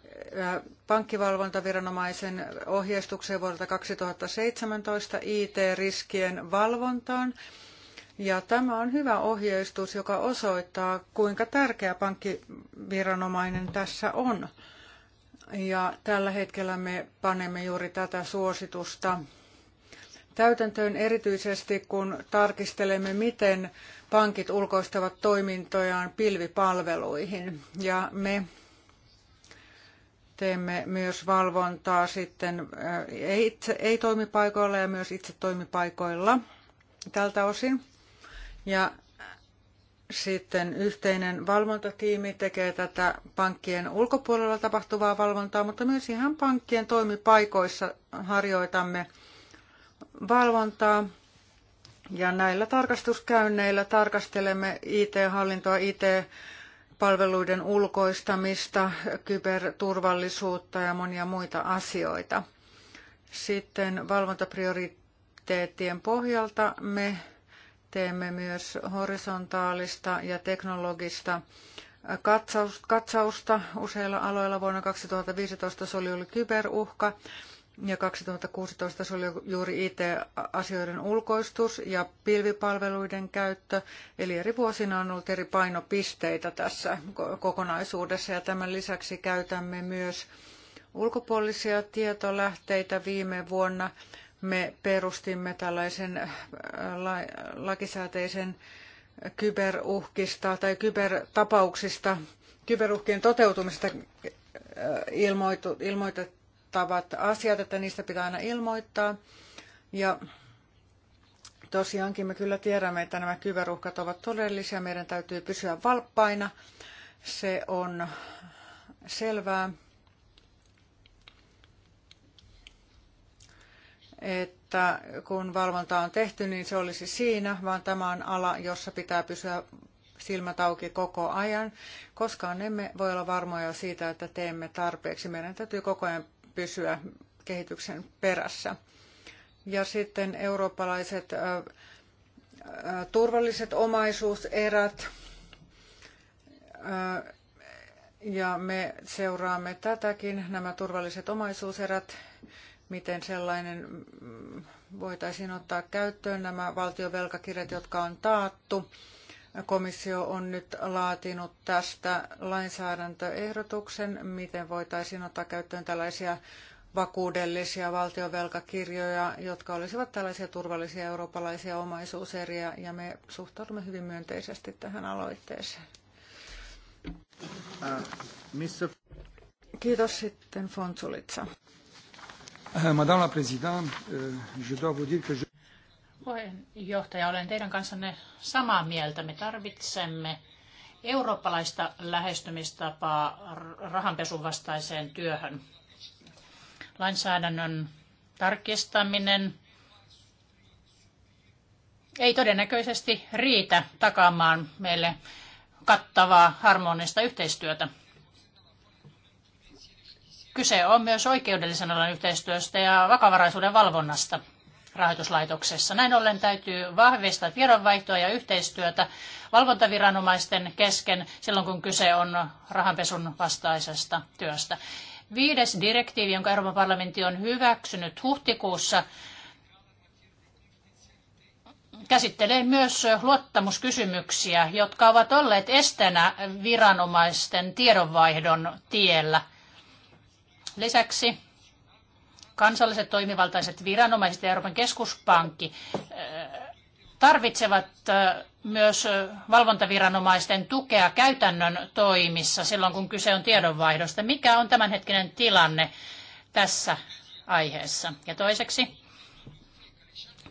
pankkivalvontaviranomaisen ohjeistukseen vuodelta 2017 IT-riskien valvontaan ja tämä on hyvä ohjeistus, joka osoittaa, kuinka tärkeä pankkiviranomainen tässä on. Ja tällä hetkellä me panemme juuri tätä suositusta täytäntöön erityisesti, kun tarkistelemme, miten pankit ulkoistavat toimintojaan pilvipalveluihin. Ja me teemme myös valvontaa sitten ei-toimipaikoilla ei ja myös itse toimipaikoilla tältä osin. Ja sitten yhteinen valvontatiimi tekee tätä pankkien ulkopuolella tapahtuvaa valvontaa, mutta myös ihan pankkien toimipaikoissa harjoitamme valvontaa. Ja näillä tarkastuskäynneillä tarkastelemme IT-hallintoa, IT-palveluiden ulkoistamista, kyberturvallisuutta ja monia muita asioita. Sitten valvontaprioriteettien pohjalta me Teemme myös horisontaalista ja teknologista katsausta useilla aloilla. Vuonna 2015 se oli ollut kyberuhka ja 2016 se oli juuri IT-asioiden ulkoistus ja pilvipalveluiden käyttö. Eli eri vuosina on ollut eri painopisteitä tässä kokonaisuudessa ja tämän lisäksi käytämme myös ulkopuolisia tietolähteitä viime vuonna me perustimme tällaisen äh, lakisääteisen kyberuhkista tai kybertapauksista, kyberuhkien toteutumisesta äh, ilmoitu, ilmoitettavat asiat, että niistä pitää aina ilmoittaa. Ja tosiaankin me kyllä tiedämme, että nämä kyberuhkat ovat todellisia. Meidän täytyy pysyä valppaina. Se on selvää. että kun valvonta on tehty, niin se olisi siinä, vaan tämä on ala, jossa pitää pysyä silmät auki koko ajan. Koskaan emme voi olla varmoja siitä, että teemme tarpeeksi. Meidän täytyy koko ajan pysyä kehityksen perässä. Ja sitten eurooppalaiset turvalliset omaisuuserät. Ja me seuraamme tätäkin. Nämä turvalliset omaisuuserät miten sellainen mm, voitaisiin ottaa käyttöön nämä valtiovelkakirjat, jotka on taattu. Komissio on nyt laatinut tästä lainsäädäntöehdotuksen, miten voitaisiin ottaa käyttöön tällaisia vakuudellisia valtiovelkakirjoja, jotka olisivat tällaisia turvallisia eurooppalaisia omaisuuseriä, ja me suhtaudumme hyvin myönteisesti tähän aloitteeseen. Äh, Kiitos sitten Fonsulitsa. Euh, Madame la Présidente, euh, je dois vous dire que je... Puheenjohtaja, olen teidän kanssanne samaa mieltä. Me tarvitsemme eurooppalaista lähestymistapaa rahanpesun vastaiseen työhön. Lainsäädännön tarkistaminen ei todennäköisesti riitä takaamaan meille kattavaa harmonista yhteistyötä. Kyse on myös oikeudellisen alan yhteistyöstä ja vakavaraisuuden valvonnasta rahoituslaitoksessa. Näin ollen täytyy vahvistaa tiedonvaihtoa ja yhteistyötä valvontaviranomaisten kesken silloin, kun kyse on rahanpesun vastaisesta työstä. Viides direktiivi, jonka Euroopan parlamentti on hyväksynyt huhtikuussa, käsittelee myös luottamuskysymyksiä, jotka ovat olleet esteenä viranomaisten tiedonvaihdon tiellä – Lisäksi kansalliset toimivaltaiset viranomaiset ja Euroopan keskuspankki eh, tarvitsevat eh, myös valvontaviranomaisten tukea käytännön toimissa silloin, kun kyse on tiedonvaihdosta. Mikä on tämänhetkinen tilanne tässä aiheessa? Ja toiseksi,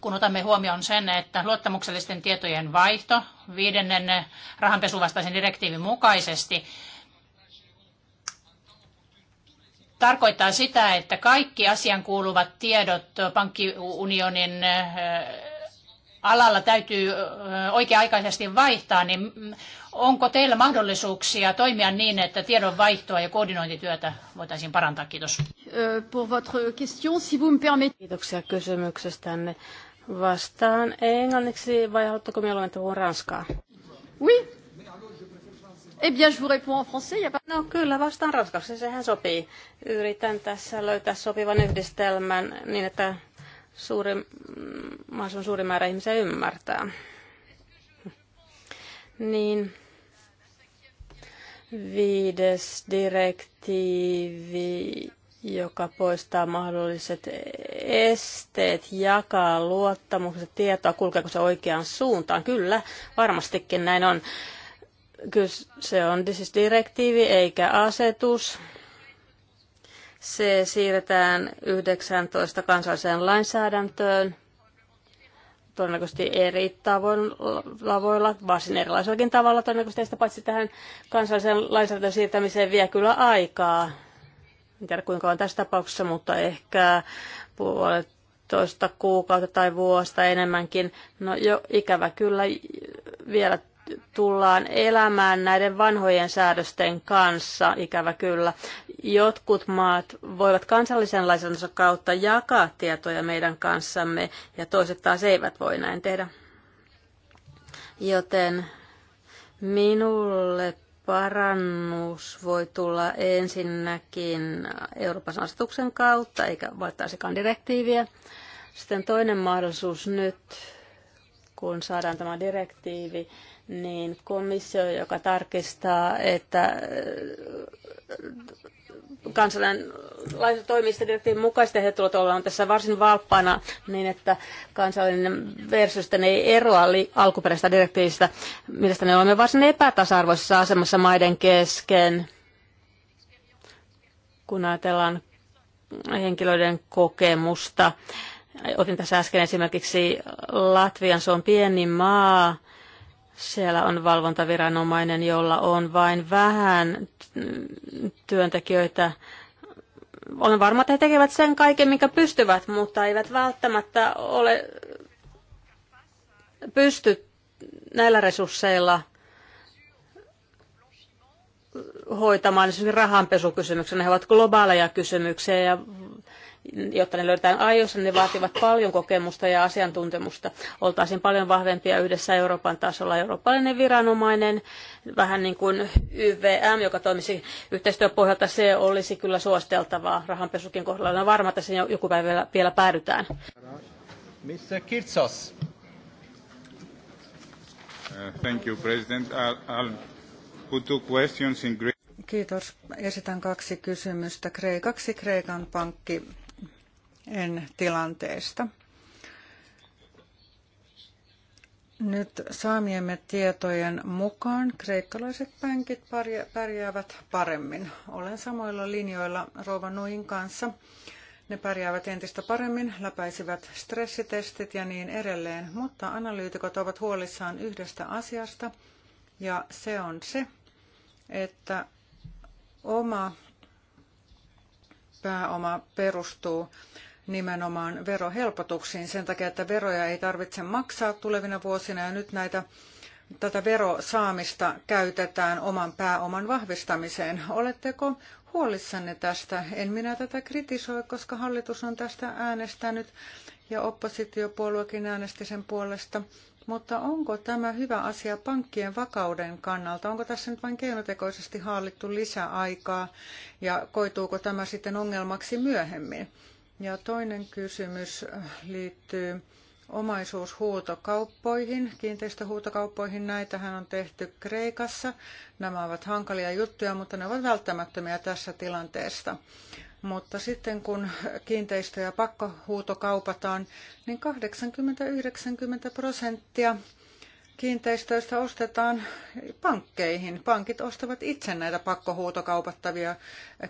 kun otamme huomioon sen, että luottamuksellisten tietojen vaihto viidennen rahanpesuvastaisen direktiivin mukaisesti tarkoittaa sitä, että kaikki asian kuuluvat tiedot pankkiunionin eh, alalla täytyy eh, oikea-aikaisesti vaihtaa, niin onko teillä mahdollisuuksia toimia niin, että tiedonvaihtoa ja koordinointityötä voitaisiin parantaa? Kiitos. Eh, pour votre question, si vous me Kiitoksia kysymyksestänne. Vastaan englanniksi vai haluatteko mieluummin puhua ranskaa? Oui, Eh bien, je vous réponds en français. Y a pas... No kyllä, vastaan ranskaksi, sehän sopii. Yritän tässä löytää sopivan yhdistelmän niin, että suuri, mm, mahdollisimman suuri määrä ihmisiä ymmärtää. Niin, viides direktiivi, joka poistaa mahdolliset esteet, jakaa luottamuksen tietoa, kulkeeko se oikeaan suuntaan. Kyllä, varmastikin näin on. Se on siis direktiivi eikä asetus. Se siirretään 19 kansalliseen lainsäädäntöön todennäköisesti eri tavoilla, varsin erilaisellakin tavalla todennäköisesti, sitä paitsi tähän kansalliseen lainsäädäntöön siirtämiseen vie kyllä aikaa. En tiedä kuinka on tässä tapauksessa, mutta ehkä puolitoista kuukautta tai vuosta enemmänkin. No jo ikävä kyllä vielä tullaan elämään näiden vanhojen säädösten kanssa, ikävä kyllä. Jotkut maat voivat kansallisen lainsäädännön kautta jakaa tietoja meidän kanssamme ja toiset taas eivät voi näin tehdä. Joten minulle parannus voi tulla ensinnäkin Euroopan asetuksen kautta, eikä valittaisikaan direktiiviä. Sitten toinen mahdollisuus nyt, kun saadaan tämä direktiivi, niin komissio, joka tarkistaa, että äh, kansallinen toimista direktiivin mukaisesti he tulot olemaan tässä varsin valppaana niin, että kansallinen versusten ei eroa li- alkuperäisestä direktiivistä. Mielestäni olemme varsin epätasa-arvoisessa asemassa maiden kesken, kun ajatellaan henkilöiden kokemusta. Otin tässä äsken esimerkiksi Latvian, se on pieni maa, siellä on valvontaviranomainen, jolla on vain vähän työntekijöitä. Olen varma, että he tekevät sen kaiken, mikä pystyvät, mutta eivät välttämättä ole pysty näillä resursseilla hoitamaan esimerkiksi rahanpesukysymyksen. He ovat globaaleja kysymyksiä ja jotta ne löydetään ajoissa, ne vaativat paljon kokemusta ja asiantuntemusta. Oltaisiin paljon vahvempia yhdessä Euroopan tasolla. Eurooppalainen viranomainen, vähän niin kuin YVM, joka toimisi yhteistyöpohjalta, se olisi kyllä suositeltavaa rahanpesukin kohdalla. Olen varma, että sen joku päivä vielä, päädytään. Mr. Kirtsos. Uh, thank you, President. Uh, I'll put two questions in Greek. Kiitos. Esitän kaksi kysymystä kreikaksi Kreikan pankki en tilanteesta. Nyt saamiemme tietojen mukaan kreikkalaiset pankit pärjäävät paremmin. Olen samoilla linjoilla Rova Nuin kanssa. Ne pärjäävät entistä paremmin, läpäisivät stressitestit ja niin edelleen, mutta analyytikot ovat huolissaan yhdestä asiasta, ja se on se, että oma pääoma perustuu nimenomaan verohelpotuksiin sen takia, että veroja ei tarvitse maksaa tulevina vuosina ja nyt näitä tätä verosaamista käytetään oman pääoman vahvistamiseen. Oletteko huolissanne tästä? En minä tätä kritisoi, koska hallitus on tästä äänestänyt ja oppositiopuoluekin äänesti sen puolesta. Mutta onko tämä hyvä asia pankkien vakauden kannalta? Onko tässä nyt vain keinotekoisesti hallittu lisäaikaa ja koituuko tämä sitten ongelmaksi myöhemmin? Ja toinen kysymys liittyy omaisuushuutokauppoihin, kiinteistöhuutokauppoihin. Näitähän on tehty Kreikassa. Nämä ovat hankalia juttuja, mutta ne ovat välttämättömiä tässä tilanteessa. Mutta sitten kun kiinteistöjä pakkohuutokaupataan, niin 80-90 prosenttia kiinteistöistä ostetaan pankkeihin. Pankit ostavat itse näitä pakkohuutokaupattavia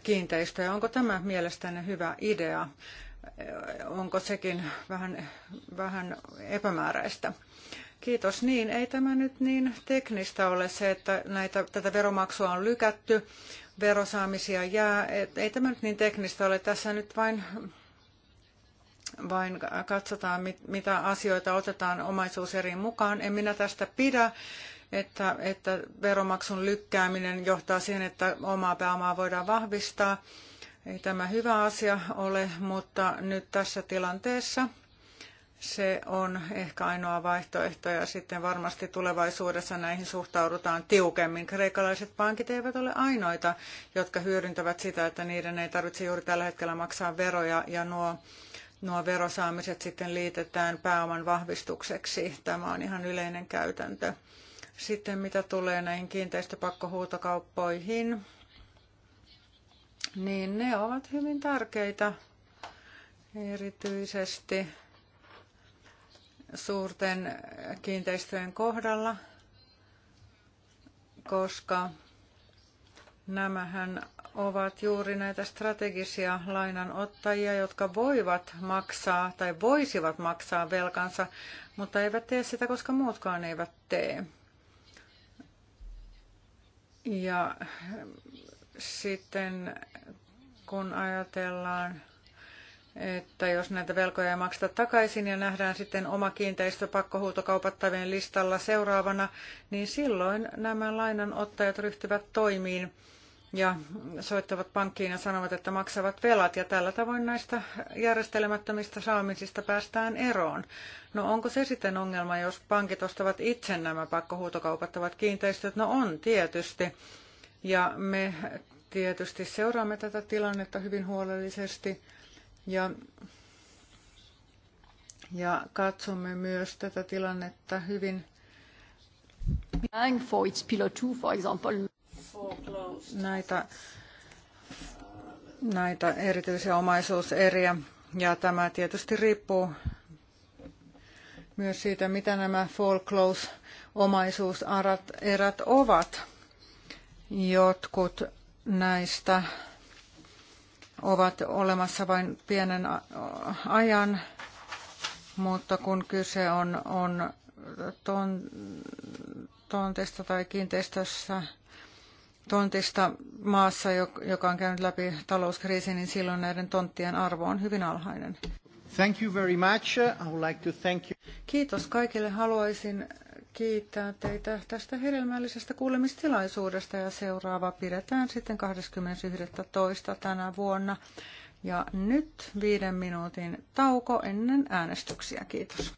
kiinteistöjä. Onko tämä mielestänne hyvä idea? Onko sekin vähän, vähän epämääräistä? Kiitos. Niin, ei tämä nyt niin teknistä ole se, että näitä, tätä veromaksua on lykätty, verosaamisia jää. Ei tämä nyt niin teknistä ole. Tässä nyt vain vain katsotaan, mitä asioita otetaan omaisuuseriin mukaan. En minä tästä pidä, että, että veromaksun lykkääminen johtaa siihen, että omaa pääomaa voidaan vahvistaa. Ei tämä hyvä asia ole, mutta nyt tässä tilanteessa se on ehkä ainoa vaihtoehto ja sitten varmasti tulevaisuudessa näihin suhtaudutaan tiukemmin. Kreikalaiset pankit eivät ole ainoita, jotka hyödyntävät sitä, että niiden ei tarvitse juuri tällä hetkellä maksaa veroja ja nuo nuo verosaamiset sitten liitetään pääoman vahvistukseksi. Tämä on ihan yleinen käytäntö. Sitten mitä tulee näihin kiinteistöpakkohuutokauppoihin, niin ne ovat hyvin tärkeitä erityisesti suurten kiinteistöjen kohdalla, koska nämähän ovat juuri näitä strategisia lainanottajia, jotka voivat maksaa tai voisivat maksaa velkansa, mutta eivät tee sitä, koska muutkaan eivät tee. Ja sitten kun ajatellaan, että jos näitä velkoja ei makseta takaisin ja nähdään sitten oma kiinteistö pakkohuutokaupattavien listalla seuraavana, niin silloin nämä lainanottajat ryhtyvät toimiin ja soittavat pankkiin ja sanovat, että maksavat velat ja tällä tavoin näistä järjestelemättömistä saamisista päästään eroon. No onko se sitten ongelma, jos pankit ostavat itse nämä pakkohuutokaupattavat kiinteistöt? No on tietysti. Ja me tietysti seuraamme tätä tilannetta hyvin huolellisesti ja, ja katsomme myös tätä tilannetta hyvin. For its pillar two, for example näitä, näitä erityisiä omaisuuseriä. Ja tämä tietysti riippuu myös siitä, mitä nämä foreclose erät ovat. Jotkut näistä ovat olemassa vain pienen ajan, mutta kun kyse on, on ton, tonteista tai kiinteistössä tontista maassa, joka on käynyt läpi talouskriisin, niin silloin näiden tonttien arvo on hyvin alhainen. Thank you very much. I would like to thank you. Kiitos kaikille. Haluaisin kiittää teitä tästä hedelmällisestä kuulemistilaisuudesta ja seuraava pidetään sitten 21. tänä vuonna. Ja nyt viiden minuutin tauko ennen äänestyksiä. Kiitos.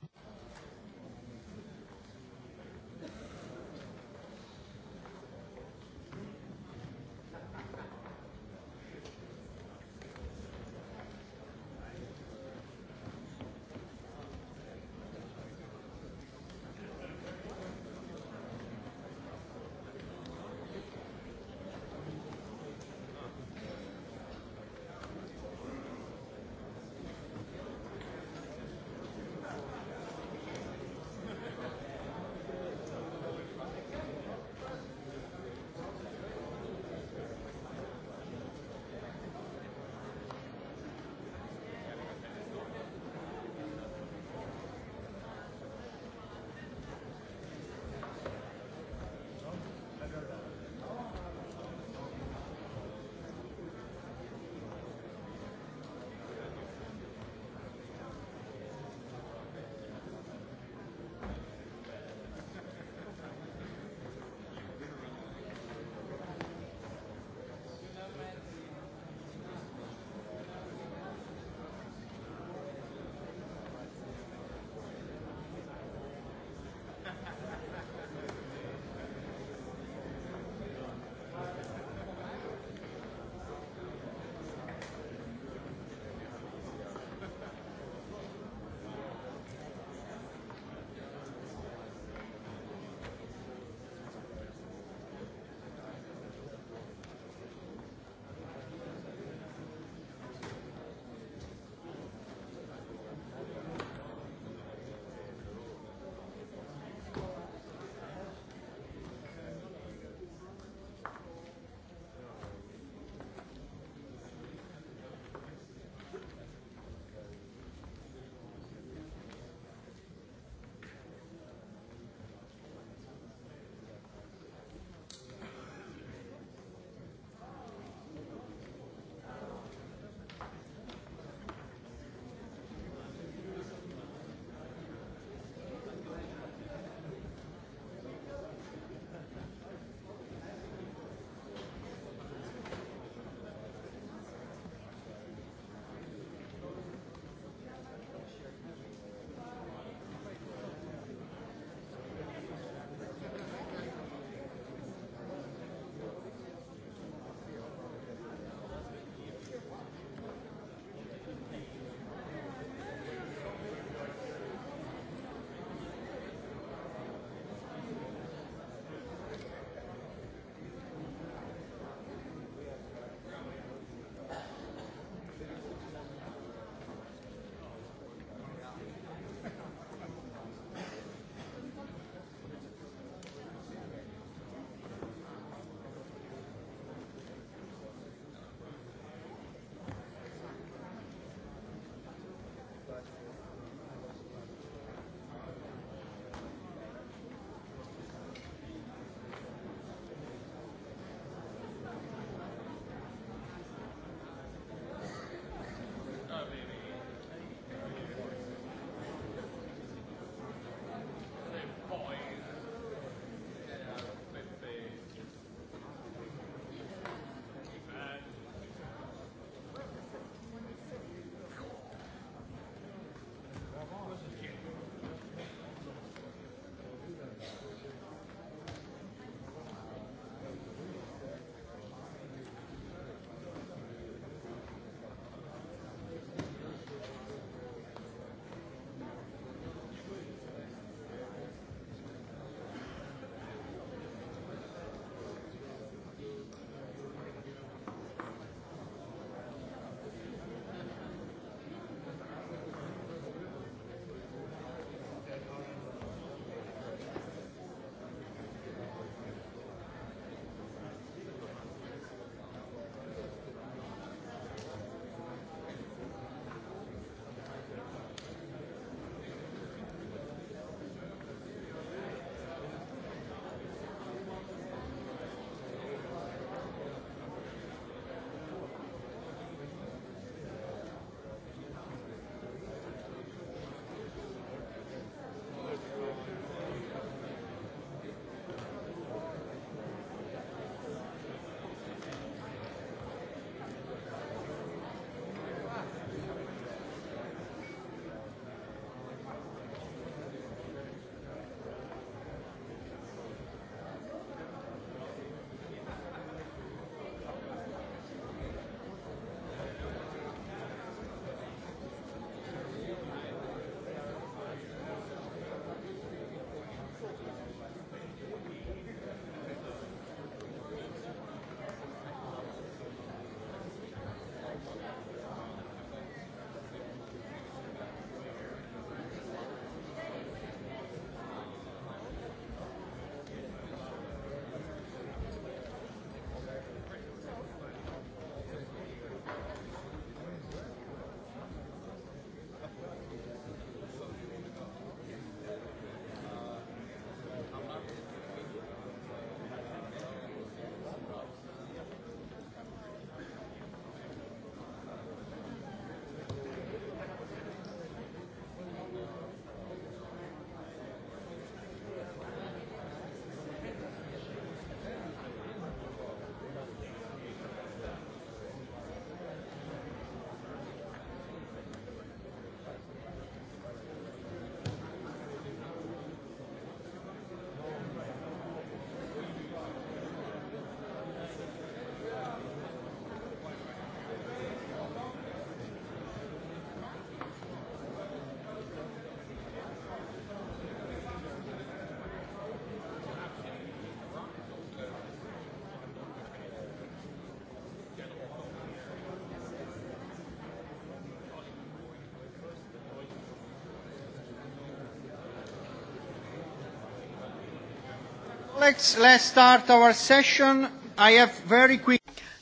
Let's, let's start our session. I have very quick...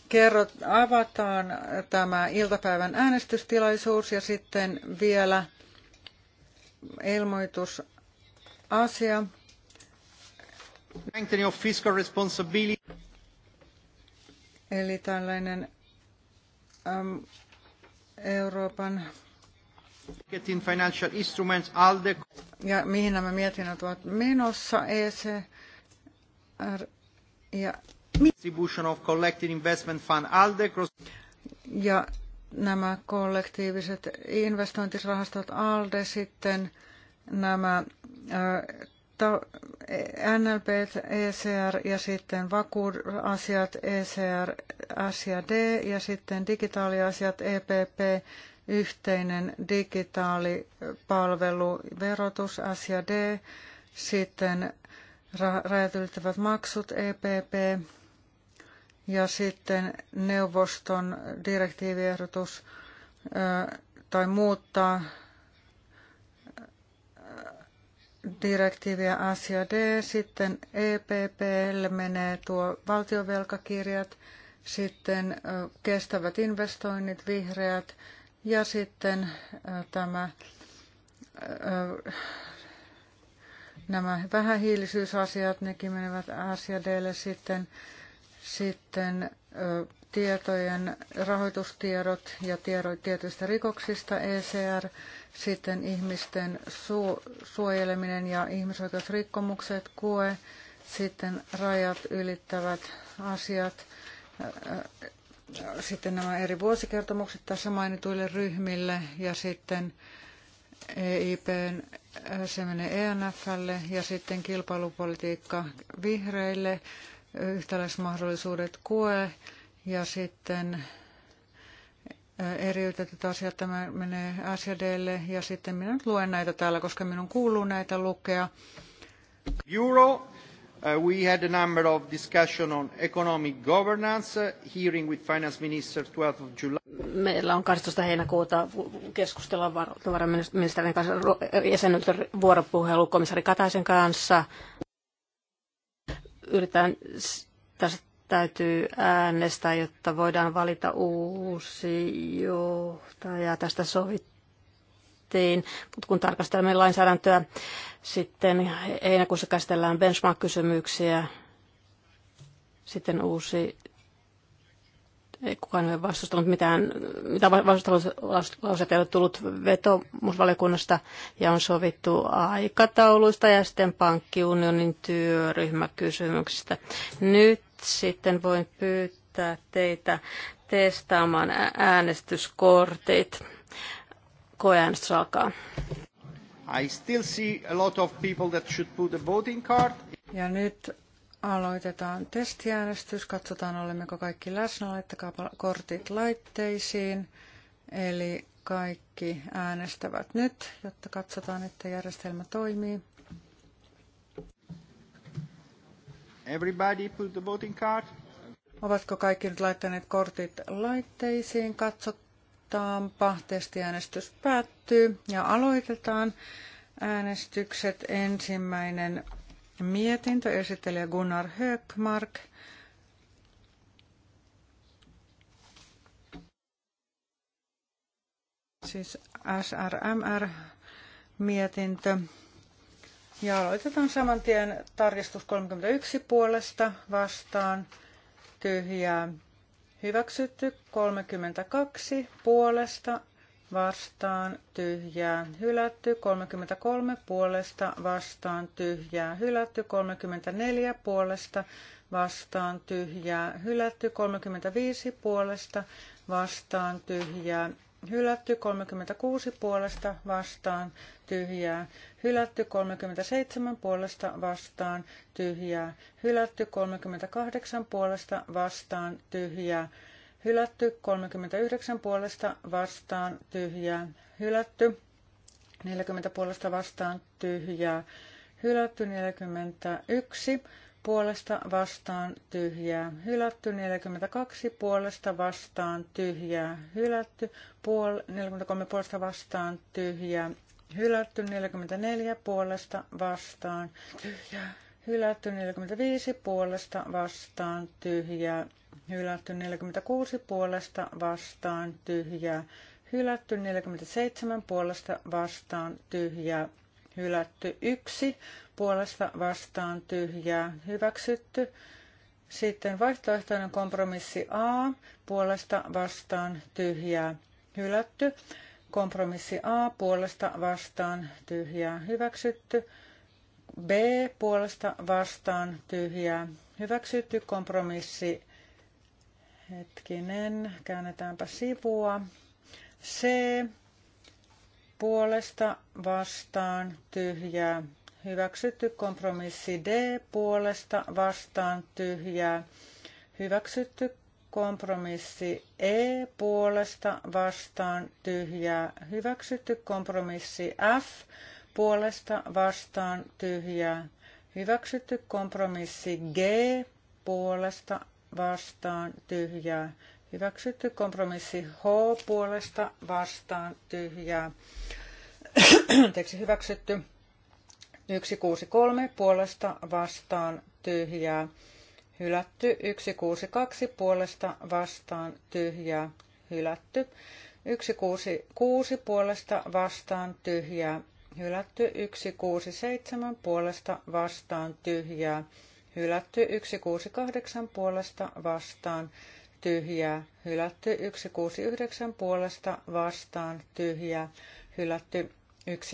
Kerrot, avataan tämä iltapäivän äänestystilaisuus ja sitten vielä ilmoitusasia. Strengthening of fiscal responsibility. Eli tällainen äm, Euroopan Getting financial instruments, ALDE. Ja mihin nämä mietinnöt ovat menossa, EC, ja, Distribution of collected Investment Fund ALDE. Ja nämä kollektiiviset investointirahastot ALDE sitten nämä NLP, ECR ja sitten vakuusasiat ECR, S ja D ja sitten digitaaliasiat EPP, yhteinen digitaalipalvelu, verotus S ja D, sitten rajat ylittävät maksut, EPP, ja sitten neuvoston direktiiviehdotus tai muuttaa direktiiviä S ja D, sitten EPPlle menee tuo valtiovelkakirjat, sitten kestävät investoinnit, vihreät ja sitten tämä Nämä vähähiilisyysasiat, nekin menevät SJDlle sitten, sitten ö, tietojen rahoitustiedot ja tiedo, tietyistä rikoksista, ECR, sitten ihmisten su- suojeleminen ja ihmisoikeusrikkomukset, KUE, sitten rajat ylittävät asiat, sitten nämä eri vuosikertomukset tässä mainituille ryhmille ja sitten EIPn se menee ENFlle ja sitten kilpailupolitiikka vihreille, yhtäläismahdollisuudet koe ja sitten eriytetyt asiat, tämä menee SDlle ja sitten minä nyt luen näitä täällä, koska minun kuuluu näitä lukea. Euro Uh, we had a number of discussion on economic governance, uh, hearing with finance minister 12 July. Meillä on 12. heinäkuuta keskustella varaministerin kanssa jäsenyyden vuoropuhelu komissaari Kataisen kanssa. Yritetään, tässä täytyy äänestää, jotta voidaan valita uusi johtaja tästä sovittaa tehtiin, kun tarkastelemme lainsäädäntöä. Sitten heinäkuussa käsitellään benchmark-kysymyksiä. Sitten uusi ei kukaan ole vastustanut mitään, mitä vastustelulauset ei ole tullut vetomusvaliokunnasta ja on sovittu aikatauluista ja sitten pankkiunionin työryhmäkysymyksistä. Nyt sitten voin pyytää teitä testaamaan äänestyskortit koeäänestysalkaa. I still see a lot of people that should put a voting card. Ja nyt aloitetaan testiäänestys. Katsotaan, olemmeko kaikki läsnä. Laittakaa kortit laitteisiin. Eli kaikki äänestävät nyt, jotta katsotaan, että järjestelmä toimii. Everybody put the voting card. Ovatko kaikki nyt laittaneet kortit laitteisiin? Katsotaan. Tampa. Testiäänestys päättyy ja aloitetaan äänestykset. Ensimmäinen mietintö esittelee Gunnar Hökmark, Siis SRMR mietintö. Ja aloitetaan saman tien tarkistus 31 puolesta vastaan tyhjää Hyväksytty 32 puolesta vastaan tyhjää hylätty, 33 puolesta vastaan tyhjää hylätty, 34 puolesta vastaan tyhjää hylätty, 35 puolesta vastaan tyhjää hylätty 36 puolesta vastaan tyhjää, hylätty 37 puolesta vastaan tyhjää, hylätty 38 puolesta vastaan tyhjää, hylätty 39 puolesta vastaan tyhjää, hylätty 40 puolesta vastaan tyhjää, hylätty 41 puolesta vastaan tyhjää hylätty, 42 puolesta vastaan tyhjää hylätty, puol- 43 puolesta vastaan tyhjää hylätty, 44 puolesta vastaan tyhjää hylätty, 45 puolesta vastaan tyhjää hylätty, 46 puolesta vastaan tyhjää hylätty, 47 puolesta vastaan tyhjää hylätty. Yksi puolesta vastaan tyhjää hyväksytty. Sitten vaihtoehtoinen kompromissi A puolesta vastaan tyhjää hylätty. Kompromissi A puolesta vastaan tyhjää hyväksytty. B puolesta vastaan tyhjää hyväksytty. Kompromissi hetkinen, käännetäänpä sivua. C puolesta vastaan tyhjää. Hyväksytty kompromissi D puolesta vastaan tyhjää. Hyväksytty kompromissi E puolesta vastaan tyhjää. Hyväksytty kompromissi F puolesta vastaan tyhjää. Hyväksytty kompromissi G puolesta vastaan tyhjää. Hyväksytty kompromissi H puolesta vastaan tyhjää. Anteeksi, hyväksytty 163 puolesta vastaan tyhjää. Hylätty 162 puolesta vastaan tyhjää. Hylätty 166 puolesta vastaan tyhjää. Hylätty 167 puolesta vastaan tyhjää. Hylätty 168 puolesta vastaan tyhjää tyhjää, hylätty 169 puolesta vastaan tyhjää, hylätty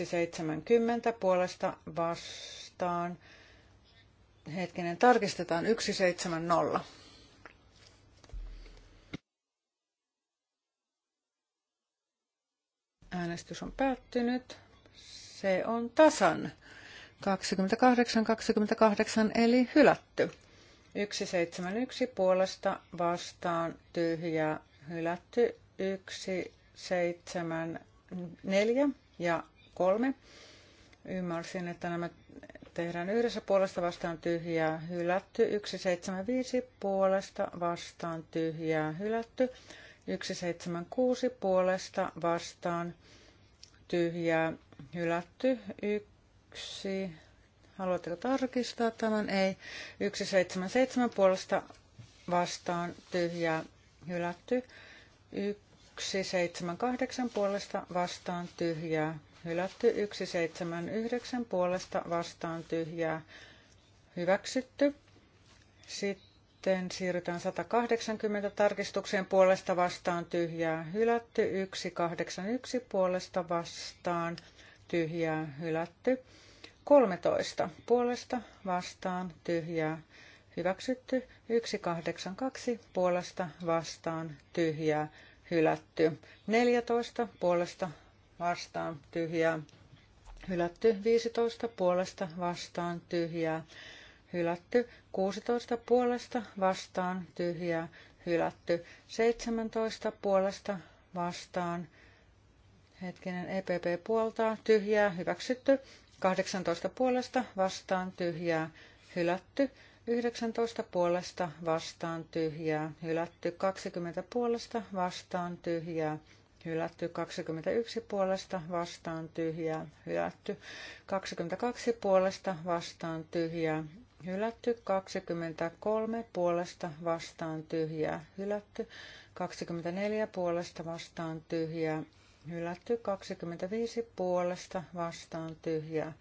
170 puolesta vastaan. Hetkinen, tarkistetaan 170. Äänestys on päättynyt. Se on tasan. 28-28 eli hylätty. 171 puolesta vastaan tyhjää hylätty. 174 ja 3. Ymmärsin, että nämä tehdään yhdessä puolesta vastaan tyhjää hylätty. 175 puolesta vastaan tyhjää hylätty. 176 puolesta vastaan tyhjää hylätty. 1 Haluatteko tarkistaa tämän? Ei. 177 puolesta vastaan tyhjää hylätty. 178 puolesta vastaan tyhjää hylätty. 179 puolesta vastaan tyhjää hyväksytty. Sitten siirrytään 180 tarkistukseen puolesta vastaan tyhjää hylätty. 181 puolesta vastaan tyhjää hylätty. 13 puolesta vastaan tyhjää hyväksytty. 182 puolesta vastaan tyhjää hylätty. 14 puolesta vastaan tyhjää hylätty. 15 puolesta vastaan tyhjää hylätty. 16 puolesta vastaan tyhjää hylätty. 17 puolesta vastaan Hetkinen, EPP puoltaa, tyhjää, hyväksytty. 18 puolesta vastaan tyhjää hylätty. 19 puolesta vastaan tyhjää hylätty. 20 puolesta vastaan tyhjää hylätty 21 puolesta vastaan tyhjää, hylätty 22 puolesta vastaan tyhjää, hylätty 23 puolesta vastaan tyhjää, hylätty 24 puolesta vastaan tyhjää, Hylätty 25 puolesta vastaan tyhjää.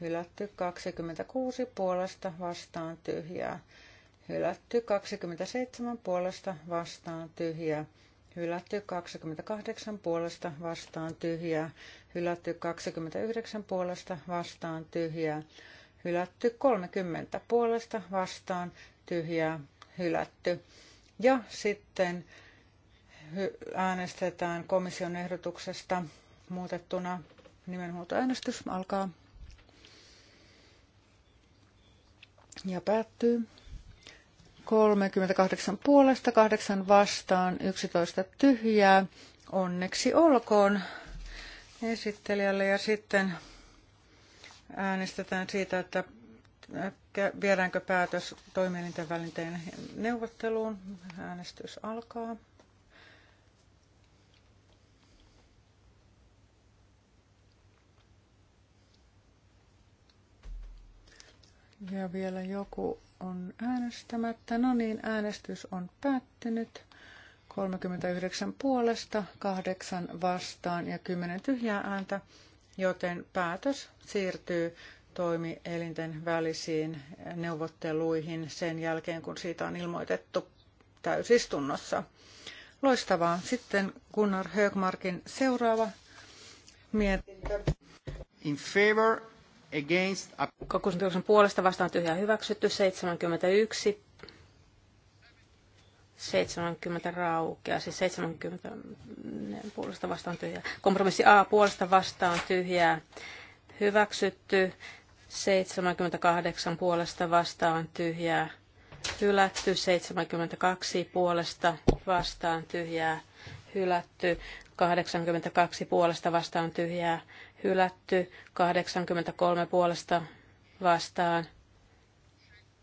Hylätty 26 puolesta vastaan tyhjää. Hylätty 27 puolesta vastaan tyhjää. Hylätty 28 puolesta vastaan tyhjää. Hylätty 29 puolesta vastaan tyhjää. Hylätty 30 puolesta vastaan tyhjää. Hylätty. Ja sitten äänestetään komission ehdotuksesta muutettuna. Nimenhuutoäänestys alkaa ja päättyy. 38 puolesta, 8 vastaan, 11 tyhjää. Onneksi olkoon esittelijälle ja sitten äänestetään siitä, että viedäänkö päätös toimielinten välinteen neuvotteluun. Äänestys alkaa. Ja vielä joku on äänestämättä. No niin, äänestys on päättynyt. 39 puolesta, 8 vastaan ja 10 tyhjää ääntä, joten päätös siirtyy toimielinten välisiin neuvotteluihin sen jälkeen, kun siitä on ilmoitettu täysistunnossa. Loistavaa. Sitten Gunnar Högmarkin seuraava mietintö. In favor against... 69 puolesta vastaan tyhjää hyväksytty, 71. 70 raukea, siis 70 puolesta vastaan tyhjää. Kompromissi A puolesta vastaan tyhjää hyväksytty, 78 puolesta vastaan tyhjää hylätty, 72 puolesta vastaan tyhjää hylätty, 82 puolesta vastaan tyhjää hylätty, 83 puolesta vastaan.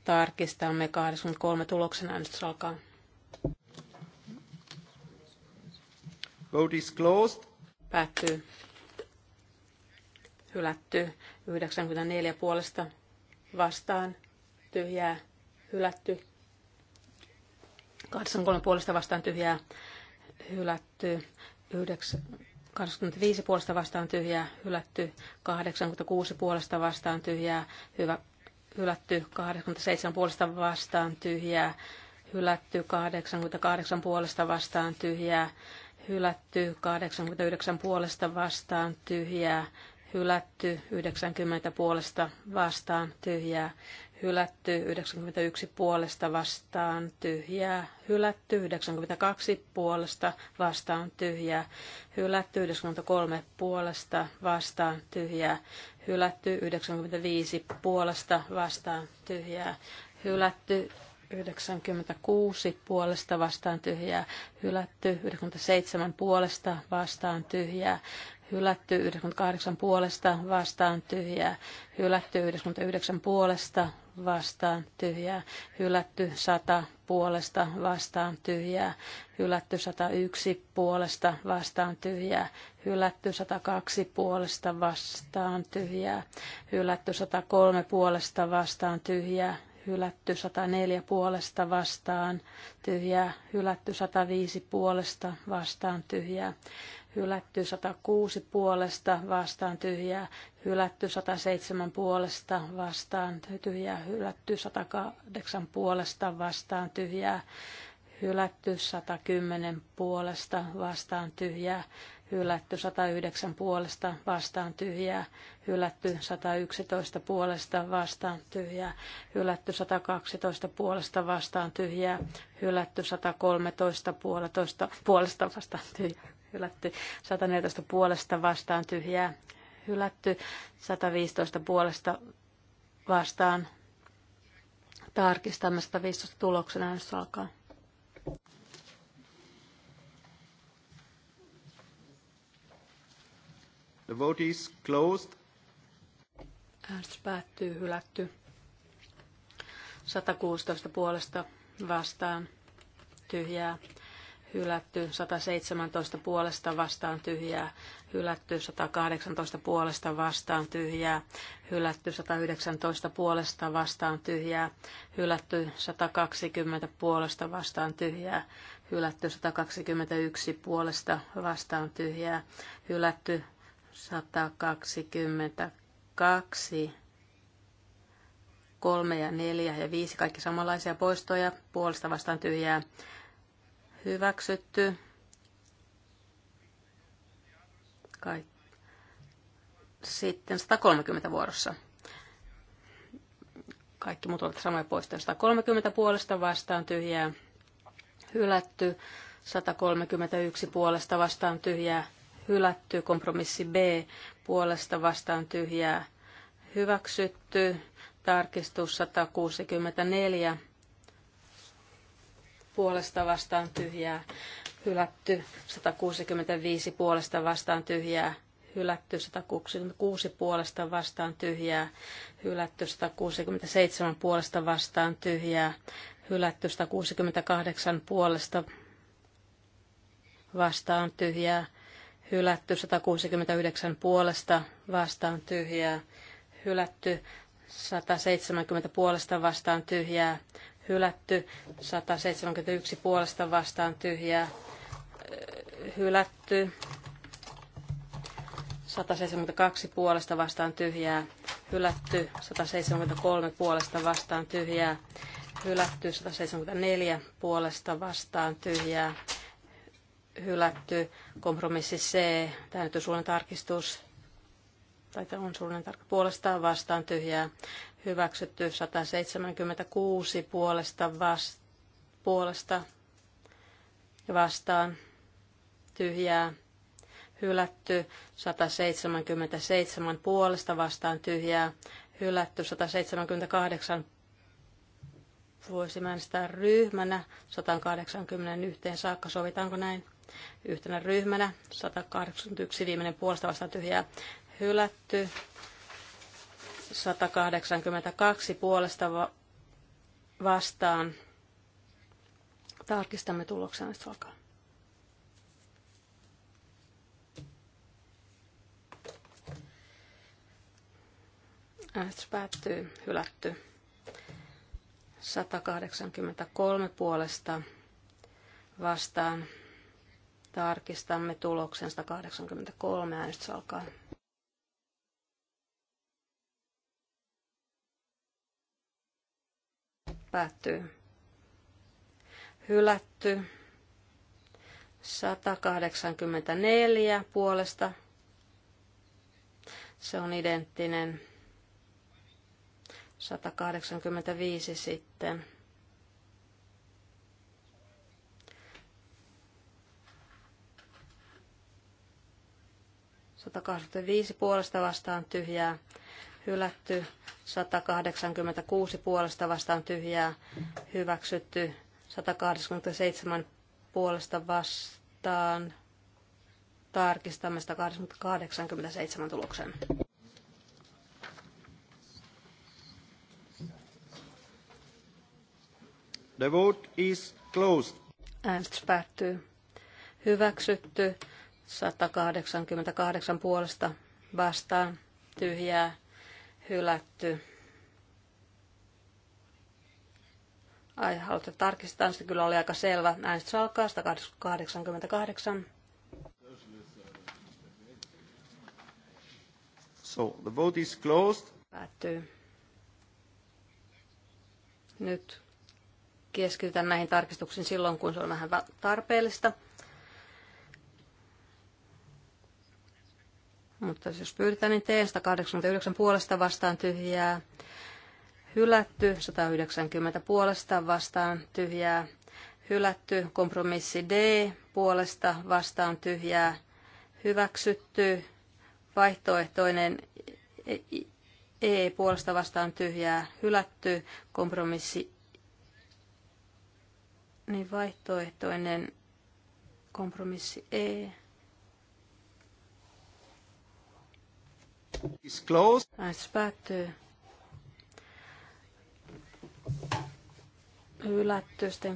Tarkistamme 83 tuloksen äänestys alkaa. Vote is closed. Päättyy. Hylätty 94 puolesta vastaan. Tyhjää. Hylätty. 83 puolesta vastaan tyhjää. Hylätty. 9, 25 puolesta vastaan tyhjää, hylätty 86 puolesta vastaan tyhjää, hyvä, hylätty 87 puolesta vastaan tyhjää, hylätty 88 puolesta vastaan tyhjää, hylätty 89 puolesta vastaan tyhjää, hylätty 90 puolesta vastaan tyhjää, hylätty 91 puolesta vastaan tyhjää, hylätty 92 puolesta vastaan tyhjää, hylätty 93 puolesta vastaan tyhjää, hylätty 95 puolesta vastaan tyhjää, hylätty 96 puolesta vastaan tyhjää, hylätty 97 puolesta vastaan tyhjää, hylätty 98 puolesta vastaan tyhjää, hylätty 99 puolesta vastaan tyhjää, hylätty 100 puolesta vastaan tyhjää, hylätty 101 puolesta vastaan tyhjää, hylätty 102 puolesta vastaan tyhjää, hylätty 103 puolesta vastaan tyhjää, hylätty 104 puolesta vastaan tyhjää, hylätty 105 puolesta vastaan tyhjää, hylätty 106 puolesta vastaan tyhjää, hylätty 107 puolesta vastaan tyhjää, hylätty 108 puolesta vastaan tyhjää, hylätty 110 puolesta vastaan tyhjää, hylätty 109 puolesta vastaan tyhjää, hylätty 111 puolesta vastaan tyhjää, hylätty 112 puolesta vastaan tyhjää, hylätty 113 puolesta, vastaan tyhjää, hylätty, 114 puolesta vastaan tyhjää, hylätty, 115 puolesta vastaan. Tarkistamme 115 tuloksen äänestys alkaa. The vote is closed. Äänestys päättyy, hylätty. 116 puolesta vastaan, tyhjää, hylätty, 117 puolesta vastaan tyhjää, hylätty, 118 puolesta vastaan tyhjää, hylätty, 119 puolesta vastaan tyhjää, hylätty, 120 puolesta vastaan tyhjää, hylätty, 121 puolesta vastaan tyhjää, hylätty, 122 kolme ja neljä ja viisi, kaikki samanlaisia poistoja, puolesta vastaan tyhjää, hyväksytty. Kai. Sitten 130 vuorossa. Kaikki muut ovat samoja poistoja. 130 puolesta vastaan tyhjää hylätty. 131 puolesta vastaan tyhjää hylätty. Kompromissi B puolesta vastaan tyhjää hyväksytty. Tarkistus 164 puolesta vastaan tyhjää, hylätty 165 puolesta vastaan tyhjää, hylätty 166 puolesta vastaan tyhjää, hylätty 167 puolesta vastaan tyhjää, hylätty 168 puolesta vastaan tyhjää, hylätty 169 puolesta vastaan tyhjää, hylätty 170 puolesta vastaan tyhjää, hylätty, 171 äh, puolesta vastaan tyhjää, hylätty, 172 puolesta vastaan tyhjää, hylätty, 173 puolesta vastaan tyhjää, hylätty, 174 puolesta vastaan tyhjää, hylätty, kompromissi C, täytyy tarkistus tai on suurin tarkka, puolestaan vastaan tyhjää hyväksytty 176 puolesta, vast, puolesta vastaan tyhjää hylätty 177 puolesta vastaan tyhjää hylätty 178 voisimme äänestää ryhmänä 181 saakka, sovitaanko näin? Yhtenä ryhmänä 181 viimeinen puolesta vastaan tyhjää hylätty. 182 puolesta vastaan. Tarkistamme tuloksen, että alkaa. Äänestys päättyy, hylätty. 183 puolesta vastaan. Tarkistamme tuloksen 183. Äänestys alkaa. Päättyy. Hylätty. 184 puolesta. Se on identtinen. 185 sitten. Satakahdeksankymmentäviisi puolesta vastaan tyhjää hylätty, 186 puolesta vastaan tyhjää hyväksytty, 187 puolesta vastaan tarkistamme 187 tuloksen. The vote is closed. Äänestys päättyy. Hyväksytty 188 puolesta vastaan tyhjää hylätty. Ai, haluatte tarkistaa, se kyllä oli aika selvä. Äänestys alkaa 188. So, the vote is closed. Päättyy. Nyt keskitytään näihin tarkistuksiin silloin, kun se on vähän tarpeellista. Mutta jos pyydetään, niin teen 189 puolesta vastaan tyhjää. Hylätty 190 puolesta vastaan tyhjää. Hylätty kompromissi D puolesta vastaan tyhjää. Hyväksytty vaihtoehtoinen E puolesta vastaan tyhjää. Hylätty kompromissi niin vaihtoehtoinen kompromissi E. Äänestys päättyy.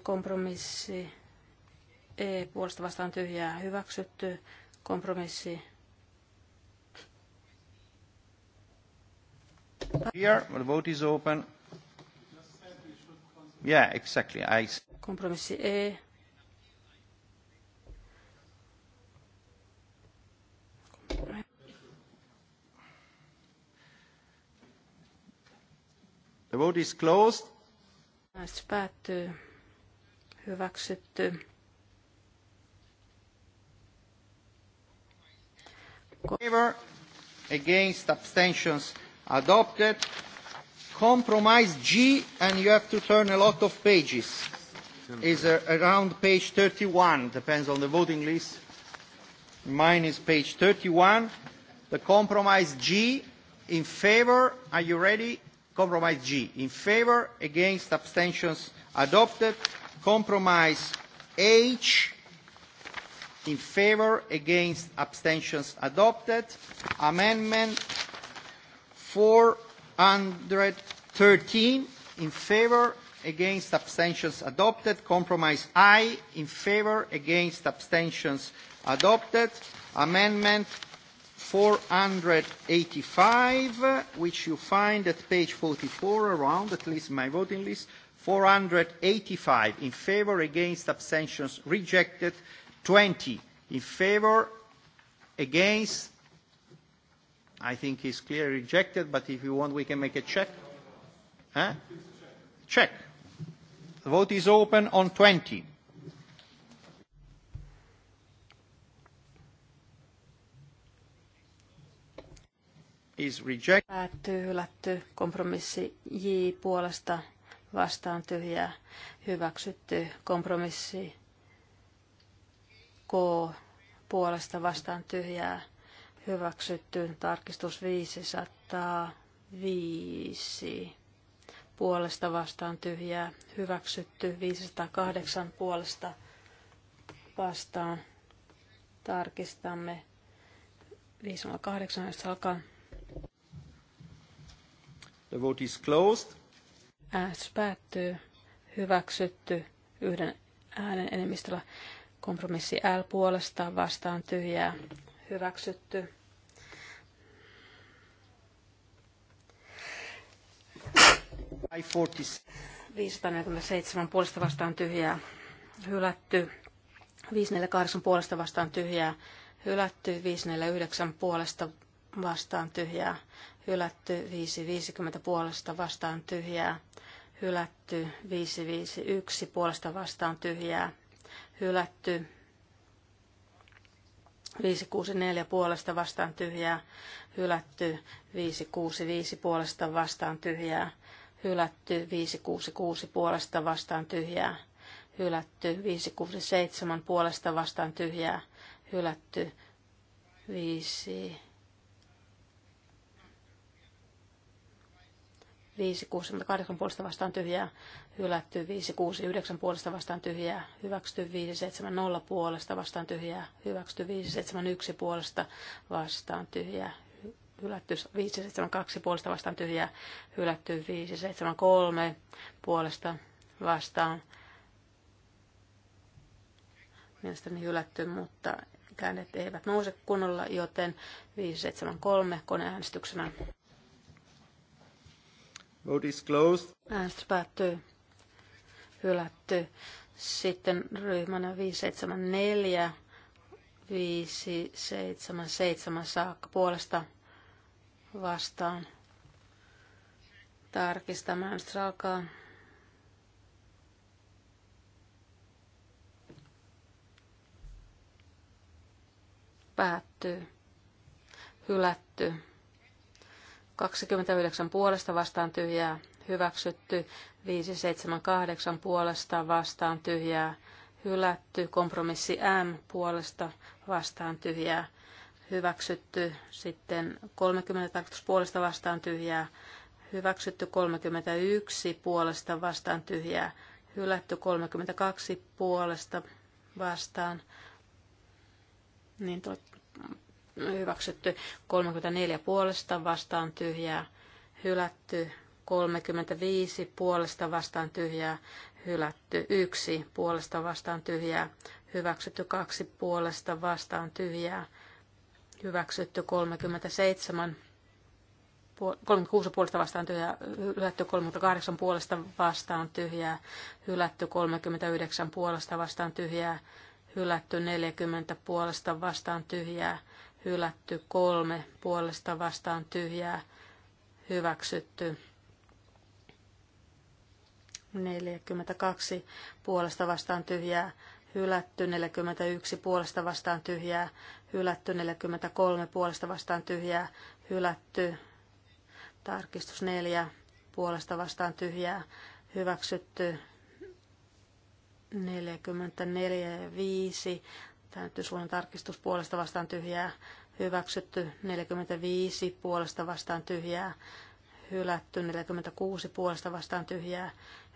kompromissi. E puolesta vastaan tyhjää hyväksytty. Kompromissi. Here, the vote is open. Yeah, exactly. I... Kompromissi E The vote is closed. Äänestys päättyy. Hyväksytty. Favor against abstentions adopted. Compromise G and you have to turn a lot of pages. Is around page 31, depends on the voting list. Mine is page 31. The compromise G in favor. Are you ready? Compromise G in favor, against abstentions adopted. Compromise H in favor, against abstentions adopted. Amendment 413 in favor, against abstentions adopted. Compromise I in favor, against abstentions adopted. Amendment 485, which you find at page 44, around, at least my voting list, 485 in favor, against, abstentions rejected, 20 in favor, against, I think is clearly rejected, but if you want, we can make a check. Huh? Check. The vote is open on 20. is reject. Päättyy, hylätty, kompromissi J puolesta vastaan tyhjää, hyväksytty, kompromissi K puolesta vastaan tyhjää, hyväksytty, tarkistus 505 puolesta vastaan tyhjää, hyväksytty, 508 puolesta vastaan, tarkistamme 508, jos alkaa The vote is closed. Äänestys päättyy. Hyväksytty yhden äänen enemmistöllä. Kompromissi L puolesta vastaan tyhjää. Hyväksytty. I 547 puolesta vastaan tyhjää. Hylätty. 548 puolesta vastaan tyhjää. Hylätty. 549 puolesta vastaan tyhjää hylätty 550 puolesta vastaan tyhjää, hylätty 551 puolesta vastaan tyhjää, hylätty 564 puolesta vastaan tyhjää, hylätty 565 puolesta vastaan tyhjää, hylätty 566 puolesta vastaan tyhjää, hylätty 567 puolesta vastaan tyhjää, hylätty 5 568 puolesta vastaan tyhjää, hylätty 569 puolesta vastaan tyhjää, hyväksytty 570 puolesta vastaan tyhjää, hyväksytty 571 puolesta vastaan tyhjää, hylätty 572 puolesta vastaan tyhjää, hylätty 573 puolesta vastaan. Mielestäni hylätty, mutta käännet eivät nouse kunnolla, joten 573 koneäänestyksenä. Vote is closed. Äänestys päättyy. Hylätty. Sitten ryhmänä 574, 577 saakka puolesta vastaan. Tarkistamaan alkaa. Päättyy. Hylätty. 29 puolesta vastaan tyhjää hyväksytty, 578 puolesta vastaan tyhjää hylätty, kompromissi M puolesta vastaan tyhjää hyväksytty, sitten 30 tarkoitus puolesta vastaan tyhjää hyväksytty, 31 puolesta vastaan tyhjää hylätty, 32 puolesta vastaan niin hyväksytty 34 puolesta vastaan tyhjää, hylätty 35 puolesta vastaan tyhjää, hylätty 1 puolesta vastaan tyhjää, hyväksytty 2 puolesta vastaan tyhjää, hyväksytty 37 36 puolesta vastaan tyhjää, hylätty 38 puolesta vastaan tyhjää, hylätty 39 puolesta vastaan tyhjää, hylätty 40 puolesta vastaan tyhjää, hylätty kolme puolesta vastaan tyhjää hyväksytty. 42 puolesta vastaan tyhjää hylätty, 41 puolesta vastaan tyhjää hylätty, 43 puolesta vastaan tyhjää hylätty, tarkistus 4 puolesta vastaan tyhjää hyväksytty, 44 ja 5 Täyttösuunnan tarkistus puolesta vastaan tyhjää hyväksytty, 45 puolesta vastaan tyhjää hylätty, 46 puolesta vastaan tyhjää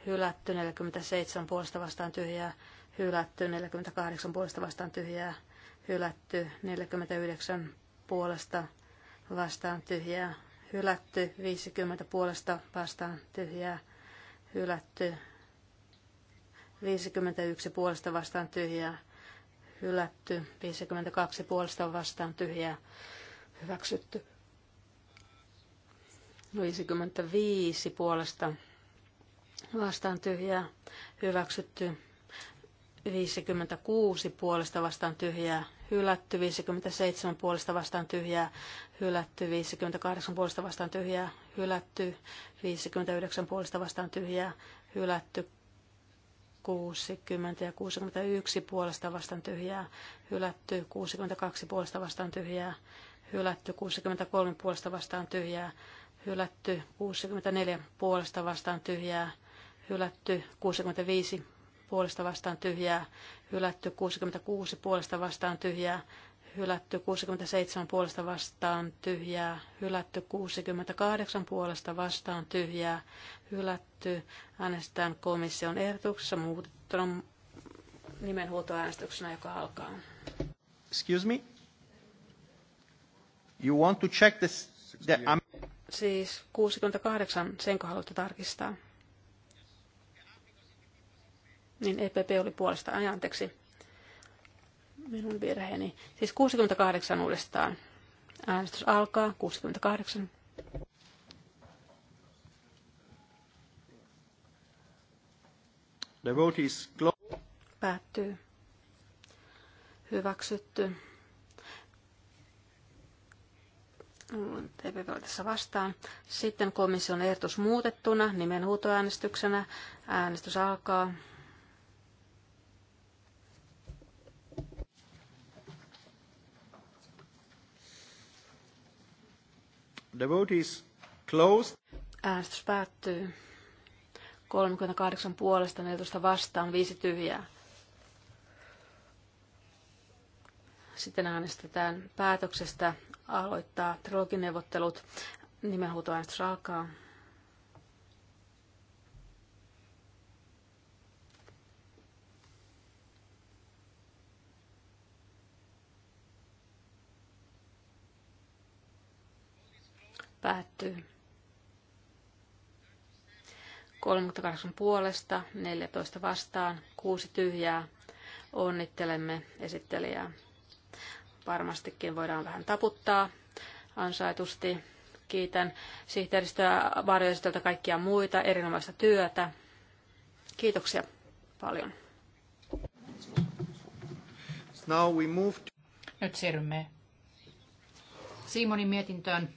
hylätty, 47 puolesta vastaan tyhjää hylätty, 48 puolesta vastaan tyhjää hylätty, 49 puolesta vastaan tyhjää hylätty, 50 puolesta vastaan tyhjää hylätty, 51 puolesta vastaan tyhjää hylätty, 52 puolesta vastaan tyhjää hyväksytty, 55 puolesta vastaan tyhjää hyväksytty, 56 puolesta vastaan tyhjää hylätty, 57 puolesta vastaan tyhjää hylätty, 58 puolesta vastaan tyhjää hylätty, 59 puolesta vastaan tyhjää hylätty, 60 ja 61 puolesta vastaan tyhjää, hylätty 62 puolesta vastaan tyhjää, hylätty 63 puolesta vastaan tyhjää, hylätty 64 puolesta vastaan tyhjää, hylätty 65 puolesta vastaan tyhjää, hylätty 66 puolesta vastaan tyhjää, hylätty 67 puolesta vastaan tyhjää, hylätty 68 puolesta vastaan tyhjää, hylätty. Äänestetään komission ehdotuksessa muutettuna nimenhuutoäänestyksenä, joka alkaa. Excuse me? You want to check this? The... Siis 68, senko haluatte tarkistaa? Niin EPP oli puolesta, Ai, anteeksi minun virheeni. Siis 68 uudestaan. Äänestys alkaa 68. The vote is closed. Päättyy. Hyväksytty. Mm, TPP tässä vastaan. Sitten komission ehdotus muutettuna nimenhuutoäänestyksenä. Äänestys alkaa. The vote is closed. Äänestys päättyy. 38 puolesta, 14 vastaan, 5 tyhjää. Sitten äänestetään päätöksestä aloittaa trilogineuvottelut. Nimenhuutoäänestys alkaa. Päättyy. 38 puolesta, 14 vastaan, 6 tyhjää. Onnittelemme esittelijää. Varmastikin voidaan vähän taputtaa ansaitusti. Kiitän sihteeristöä, varjoisitelta kaikkia muita, erinomaista työtä. Kiitoksia paljon. Now we move to... Nyt siirrymme Simonin mietintöön.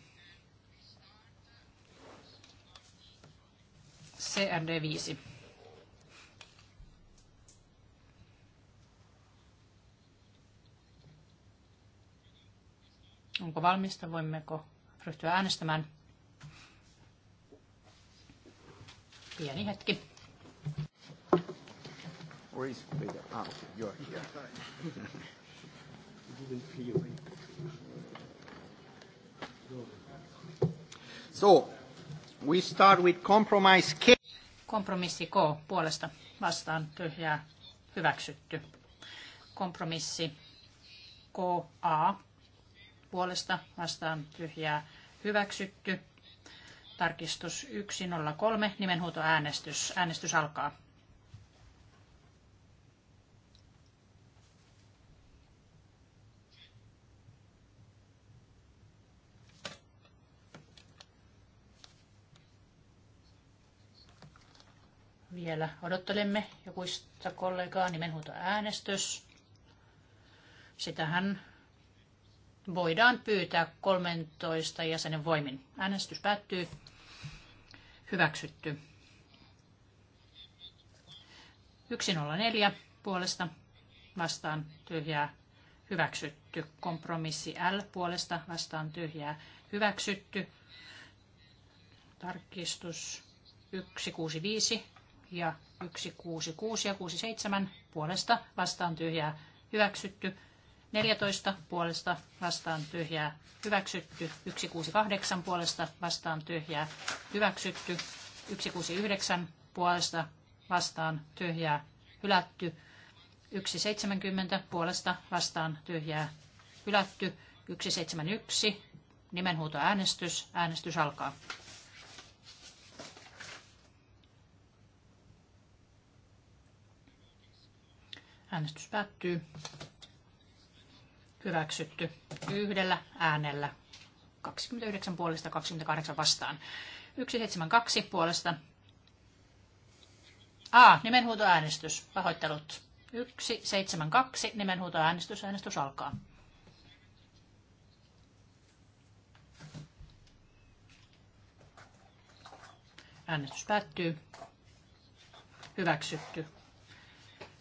CRD 5. Onko valmista? Voimmeko ryhtyä äänestämään? Pieni hetki. Ah, so, we start with compromise case. Kompromissi K puolesta vastaan tyhjää hyväksytty. Kompromissi KA puolesta vastaan tyhjää hyväksytty. Tarkistus 103, nimenhuutoäänestys. Äänestys alkaa. Vielä odottelemme jokuista kollegaa äänestys. Sitähän voidaan pyytää 13 jäsenen voimin. Äänestys päättyy. Hyväksytty. 104 puolesta vastaan tyhjää hyväksytty. Kompromissi L puolesta vastaan tyhjää hyväksytty. Tarkistus 165 ja 166 ja 67 puolesta vastaan tyhjää hyväksytty. 14 puolesta vastaan tyhjää hyväksytty. 168 puolesta vastaan tyhjää hyväksytty. 169 puolesta vastaan tyhjää hylätty. 170 puolesta vastaan tyhjää hylätty. 171 nimenhuutoäänestys. Äänestys alkaa. Äänestys päättyy. Hyväksytty yhdellä äänellä. 29 puolesta 28 vastaan. 172 puolesta. A, nimenhuutoäänestys. Pahoittelut. 172 nimenhuutoäänestys. Äänestys alkaa. Äänestys päättyy. Hyväksytty.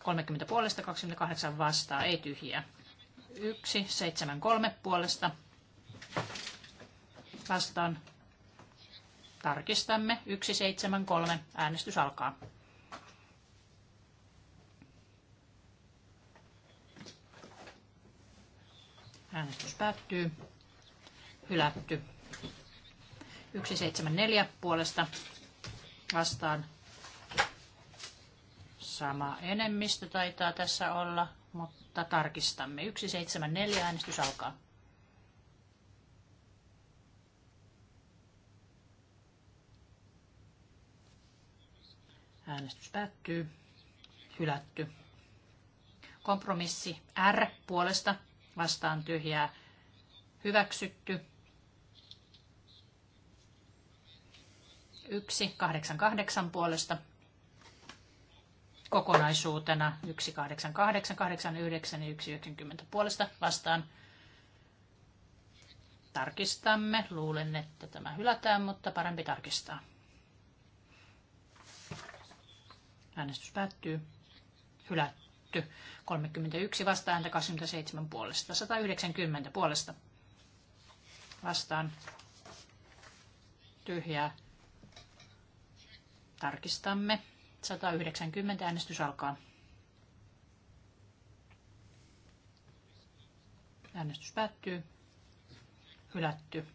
30 puolesta, 28 vastaa, ei tyhjiä. 1, 7, 3 puolesta. Vastaan. Tarkistamme. 1, 7, 3. Äänestys alkaa. Äänestys päättyy. Hylätty. 174 puolesta vastaan Sama enemmistö taitaa tässä olla, mutta tarkistamme. 174 äänestys alkaa. Äänestys päättyy. Hylätty. Kompromissi R puolesta vastaan tyhjää. Hyväksytty. 188 puolesta kokonaisuutena 188, 89 ja 190 puolesta vastaan. Tarkistamme. Luulen, että tämä hylätään, mutta parempi tarkistaa. Äänestys päättyy. Hylätty. 31 vastaan, 27 puolesta. 190 puolesta vastaan. Tyhjää. Tarkistamme. 190 äänestys alkaa. Äänestys päättyy. Hylätty.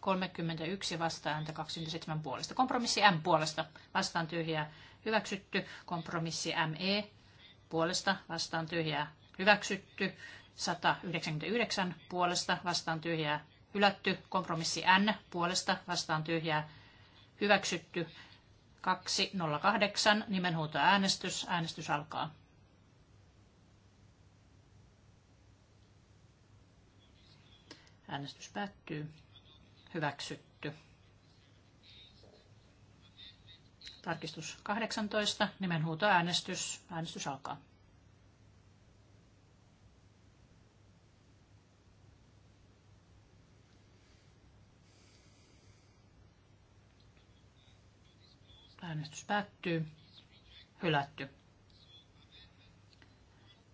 31 ääntä 27 puolesta. Kompromissi M puolesta. Vastaan tyhjää. Hyväksytty. Kompromissi ME puolesta. Vastaan tyhjää. Hyväksytty. 199 puolesta. Vastaan tyhjää. Hylätty. Kompromissi N puolesta. Vastaan tyhjää. Hyväksytty. 208 nimenhuutoäänestys. Äänestys alkaa. Äänestys päättyy. Hyväksytty. Tarkistus 18. Nimenhuutoäänestys. Äänestys alkaa. Äänestys päättyy. Hylätty.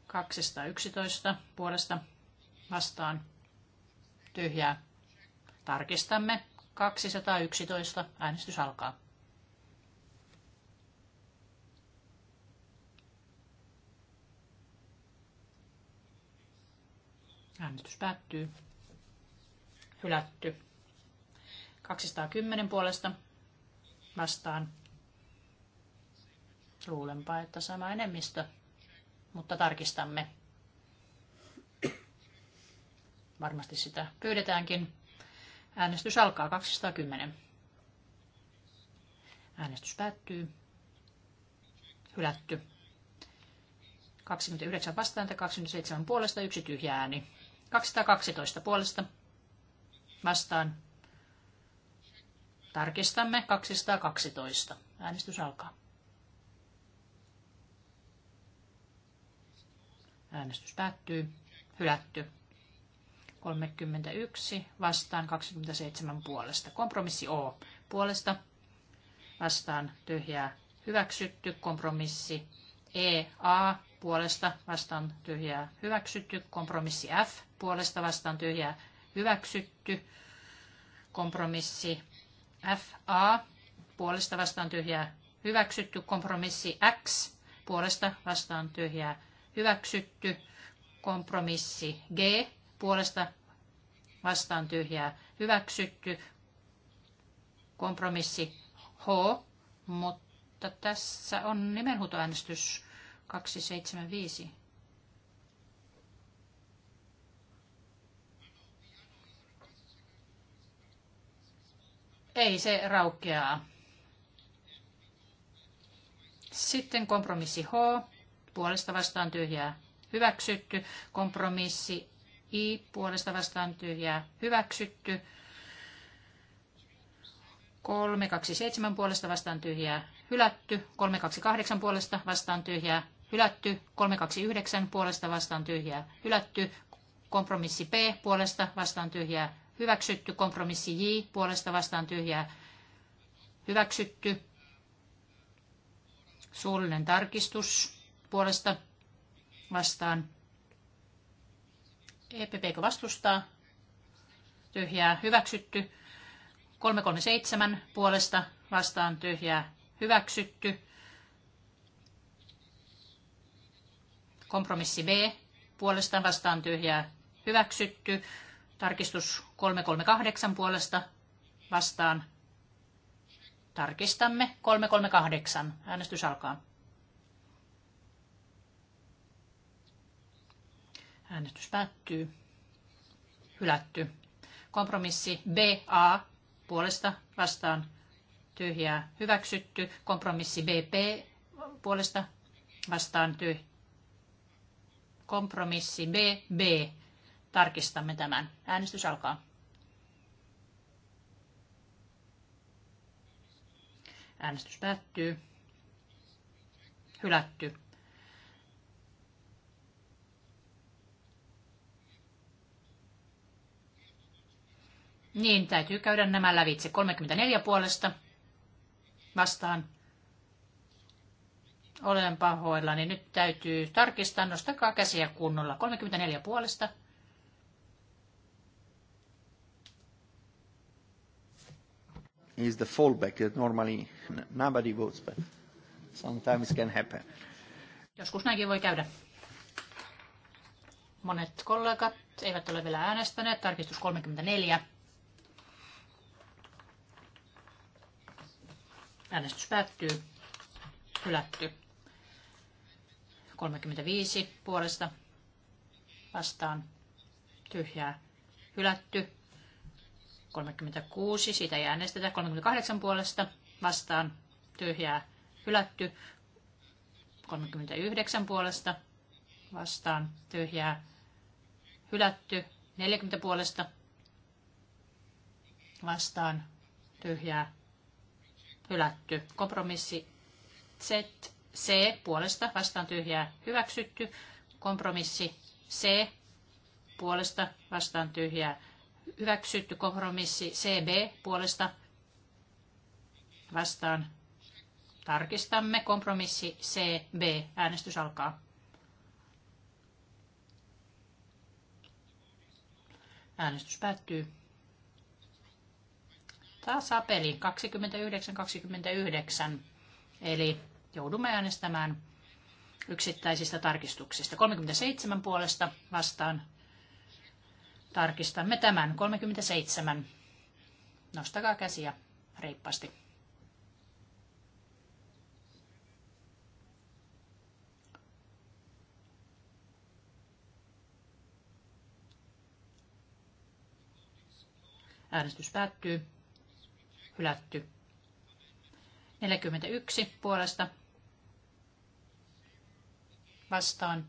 211 puolesta vastaan tyhjää. Tarkistamme. 211. Äänestys alkaa. Äänestys päättyy. Hylätty. 210 puolesta vastaan Luulenpa, että sama enemmistö, mutta tarkistamme. Varmasti sitä pyydetäänkin. Äänestys alkaa 210. Äänestys päättyy. Hylätty. 29 vastaanta, 27 puolesta, yksi tyhjä ääni. 212 puolesta vastaan. Tarkistamme 212. Äänestys alkaa. Äänestys päättyy. Hylätty. 31 vastaan 27 puolesta. Kompromissi O puolesta vastaan tyhjää hyväksytty. Kompromissi E A puolesta vastaan tyhjää hyväksytty. Kompromissi F puolesta vastaan tyhjää hyväksytty. Kompromissi F A puolesta vastaan tyhjää hyväksytty. Kompromissi X puolesta vastaan tyhjää hyväksytty. Kompromissi G puolesta vastaan tyhjää hyväksytty. Kompromissi H, mutta tässä on nimenhuutoäänestys 275. Ei se raukeaa. Sitten kompromissi H puolesta vastaan tyhjää hyväksytty. Kompromissi I puolesta vastaan tyhjää hyväksytty. 327 puolesta vastaan tyhjää hylätty. 328 puolesta vastaan tyhjää hylätty. 329 puolesta vastaan tyhjää hylätty. Kompromissi P puolesta vastaan tyhjää hyväksytty. Kompromissi J puolesta vastaan tyhjää hyväksytty. Suullinen tarkistus puolesta vastaan. EPPkö vastustaa? Tyhjää hyväksytty. 337 puolesta vastaan tyhjää hyväksytty. Kompromissi B puolesta vastaan tyhjää hyväksytty. Tarkistus 338 puolesta vastaan. Tarkistamme 338. Äänestys alkaa. Äänestys päättyy. Hylätty. Kompromissi BA puolesta vastaan tyhjää hyväksytty. Kompromissi BP puolesta vastaan tyhjää. Kompromissi BB. Tarkistamme tämän. Äänestys alkaa. Äänestys päättyy. Hylätty. Niin, täytyy käydä nämä lävitse. 34 puolesta vastaan. Olen pahoilla, niin Nyt täytyy tarkistaa. Nostakaa käsiä kunnolla. 34 puolesta. Is the fallback that normally nobody votes, but sometimes can happen. Joskus näinkin voi käydä. Monet kollegat eivät ole vielä äänestäneet. Tarkistus 34. Äänestys päättyy. Hylätty. 35 puolesta vastaan tyhjää hylätty. 36, siitä ei äänestetä. 38 puolesta vastaan tyhjää hylätty. 39 puolesta vastaan tyhjää hylätty. 40 puolesta vastaan tyhjää hylätty. Kompromissi Z, C puolesta vastaan tyhjää hyväksytty. Kompromissi C puolesta vastaan tyhjää hyväksytty. Kompromissi CB puolesta vastaan tarkistamme. Kompromissi CB. Äänestys alkaa. Äänestys päättyy tasapeli 29-29. Eli joudumme äänestämään yksittäisistä tarkistuksista. 37 puolesta vastaan tarkistamme tämän. 37. Nostakaa käsiä reippaasti. Äänestys päättyy hylätty. 41 puolesta vastaan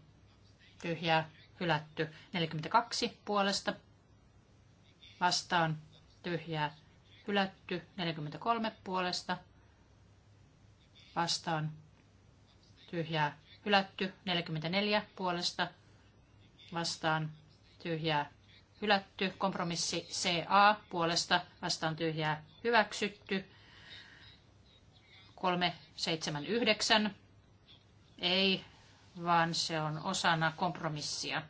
tyhjää hylätty. 42 puolesta vastaan tyhjää hylätty. 43 puolesta vastaan tyhjää hylätty. 44 puolesta vastaan tyhjää hylätty. Kompromissi CA puolesta vastaan tyhjää hyväksytty. 379 ei, vaan se on osana kompromissia.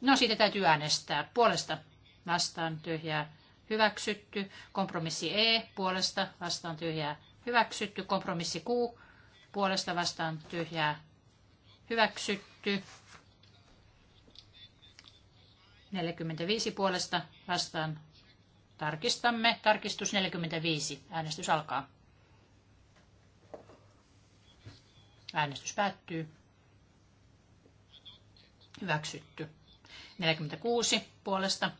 No siitä täytyy äänestää. Puolesta vastaan tyhjää hyväksytty. Kompromissi E puolesta vastaan tyhjää hyväksytty. Kompromissi Q puolesta vastaan tyhjää hyväksytty. 45 puolesta vastaan. Tarkistamme. Tarkistus 45. Äänestys alkaa. Äänestys päättyy. Hyväksytty. 46 puolesta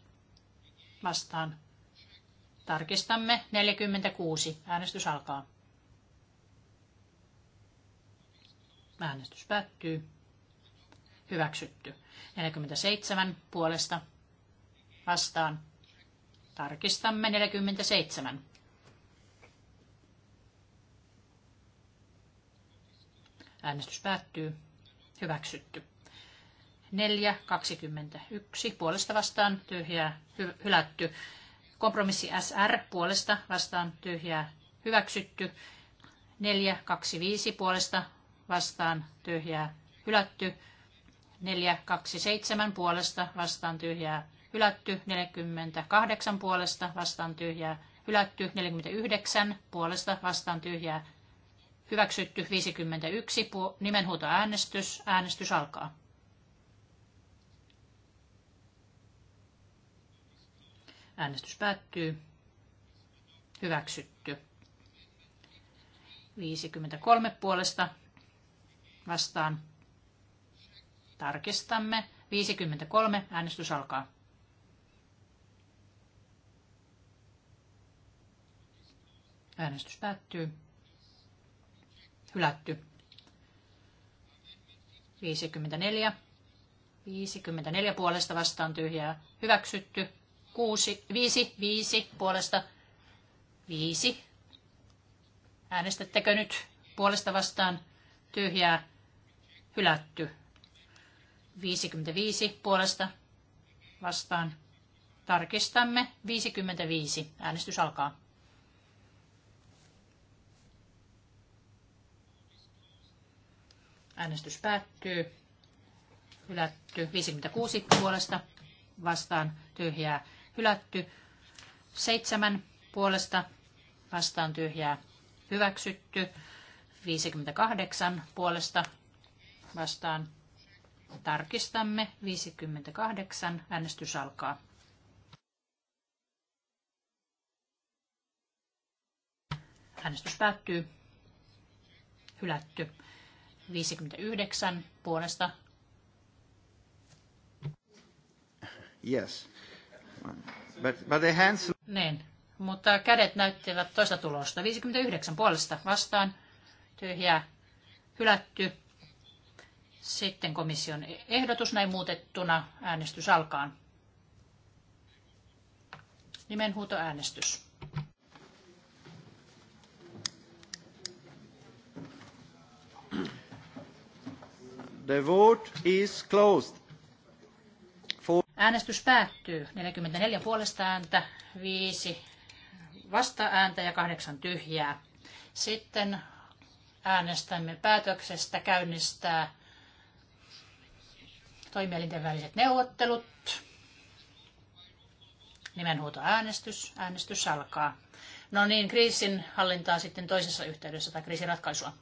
vastaan. Tarkistamme. 46. Äänestys alkaa. Äänestys päättyy. Hyväksytty. 47 puolesta vastaan. Tarkistamme 47. Äänestys päättyy. Hyväksytty. 4, 21 puolesta vastaan tyhjää hy- hylätty. Kompromissi SR puolesta vastaan tyhjää hyväksytty. 4, 2, puolesta vastaan tyhjää hylätty. 427 puolesta vastaan tyhjää hylätty, 48 puolesta vastaan tyhjää hylätty, 49 puolesta vastaan tyhjää hyväksytty, 51 pu- äänestys, äänestys alkaa. Äänestys päättyy. Hyväksytty. 53 puolesta vastaan Tarkistamme. 53. Äänestys alkaa. Äänestys päättyy. Hylätty. 54. 54 puolesta vastaan tyhjää. Hyväksytty. 6, 5, 5 puolesta. 5. Äänestättekö nyt puolesta vastaan tyhjää? Hylätty. 55 puolesta vastaan. Tarkistamme 55. Äänestys alkaa. Äänestys päättyy. Hylätty 56 puolesta vastaan tyhjää. Hylätty 7 puolesta vastaan tyhjää. Hyväksytty 58 puolesta vastaan Tarkistamme 58. Äänestys alkaa. Äänestys päättyy. Hylätty. 59 puolesta. Yes. But, but the hands... Niin, mutta kädet näyttivät toista tulosta. 59 puolesta vastaan. Tyhjää. Hylätty. Sitten komission ehdotus näin muutettuna. Äänestys alkaa. Nimenhuutoäänestys. The vote is closed. For... Äänestys päättyy. 44 puolesta ääntä, 5 vasta ääntä ja 8 tyhjää. Sitten äänestämme päätöksestä käynnistää toimielinten väliset neuvottelut, nimenhuutoäänestys, äänestys alkaa. No niin, kriisin hallintaa sitten toisessa yhteydessä tai kriisin ratkaisua.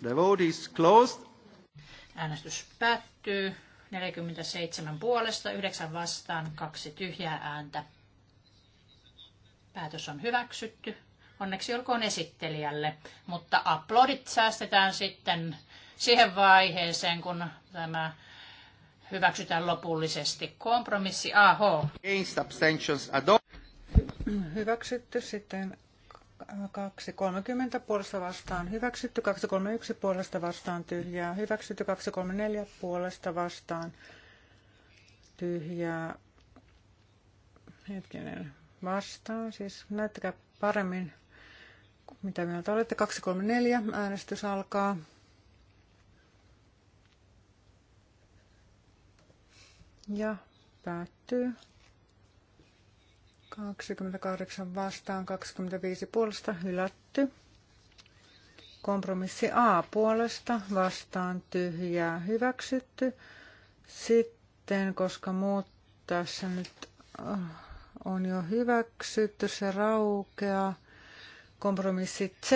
The vote is closed. Äänestys päättyy. 47 puolesta, 9 vastaan, 2 tyhjää ääntä. Päätös on hyväksytty. Onneksi olkoon esittelijälle, mutta aplodit säästetään sitten siihen vaiheeseen, kun tämä hyväksytään lopullisesti. Kompromissi AH. Hyväksytty sitten 230 puolesta vastaan hyväksytty, 231 puolesta vastaan tyhjää, hyväksytty 234 puolesta vastaan tyhjää. Hetkinen, vastaan, siis näyttäkää paremmin, mitä mieltä olette. 234 äänestys alkaa. ja päättyy. 28 vastaan, 25 puolesta hylätty. Kompromissi A puolesta vastaan tyhjää hyväksytty. Sitten, koska muut tässä nyt äh, on jo hyväksytty, se raukeaa. Kompromissi Z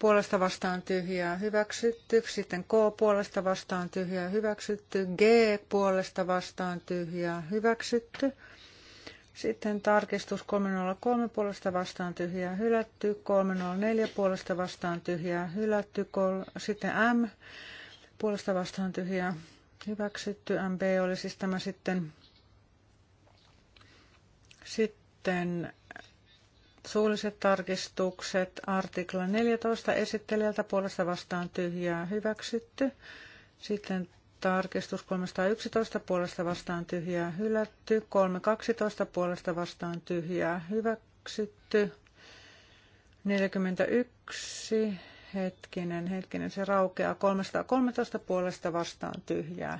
puolesta vastaan tyhjää hyväksytty, sitten K puolesta vastaan tyhjää hyväksytty, G puolesta vastaan tyhjää hyväksytty. Sitten tarkistus 303 puolesta vastaan tyhjää hylätty, 304 puolesta vastaan tyhjää hylätty, sitten M puolesta vastaan tyhjää hyväksytty, MB oli siis tämä sitten, sitten Suulliset tarkistukset, artikla 14 esittelijältä puolesta vastaan tyhjää hyväksytty. Sitten tarkistus 311 puolesta vastaan tyhjää hylätty. 312 puolesta vastaan tyhjää hyväksytty. 41 hetkinen, hetkinen, se raukeaa 313 puolesta vastaan tyhjää.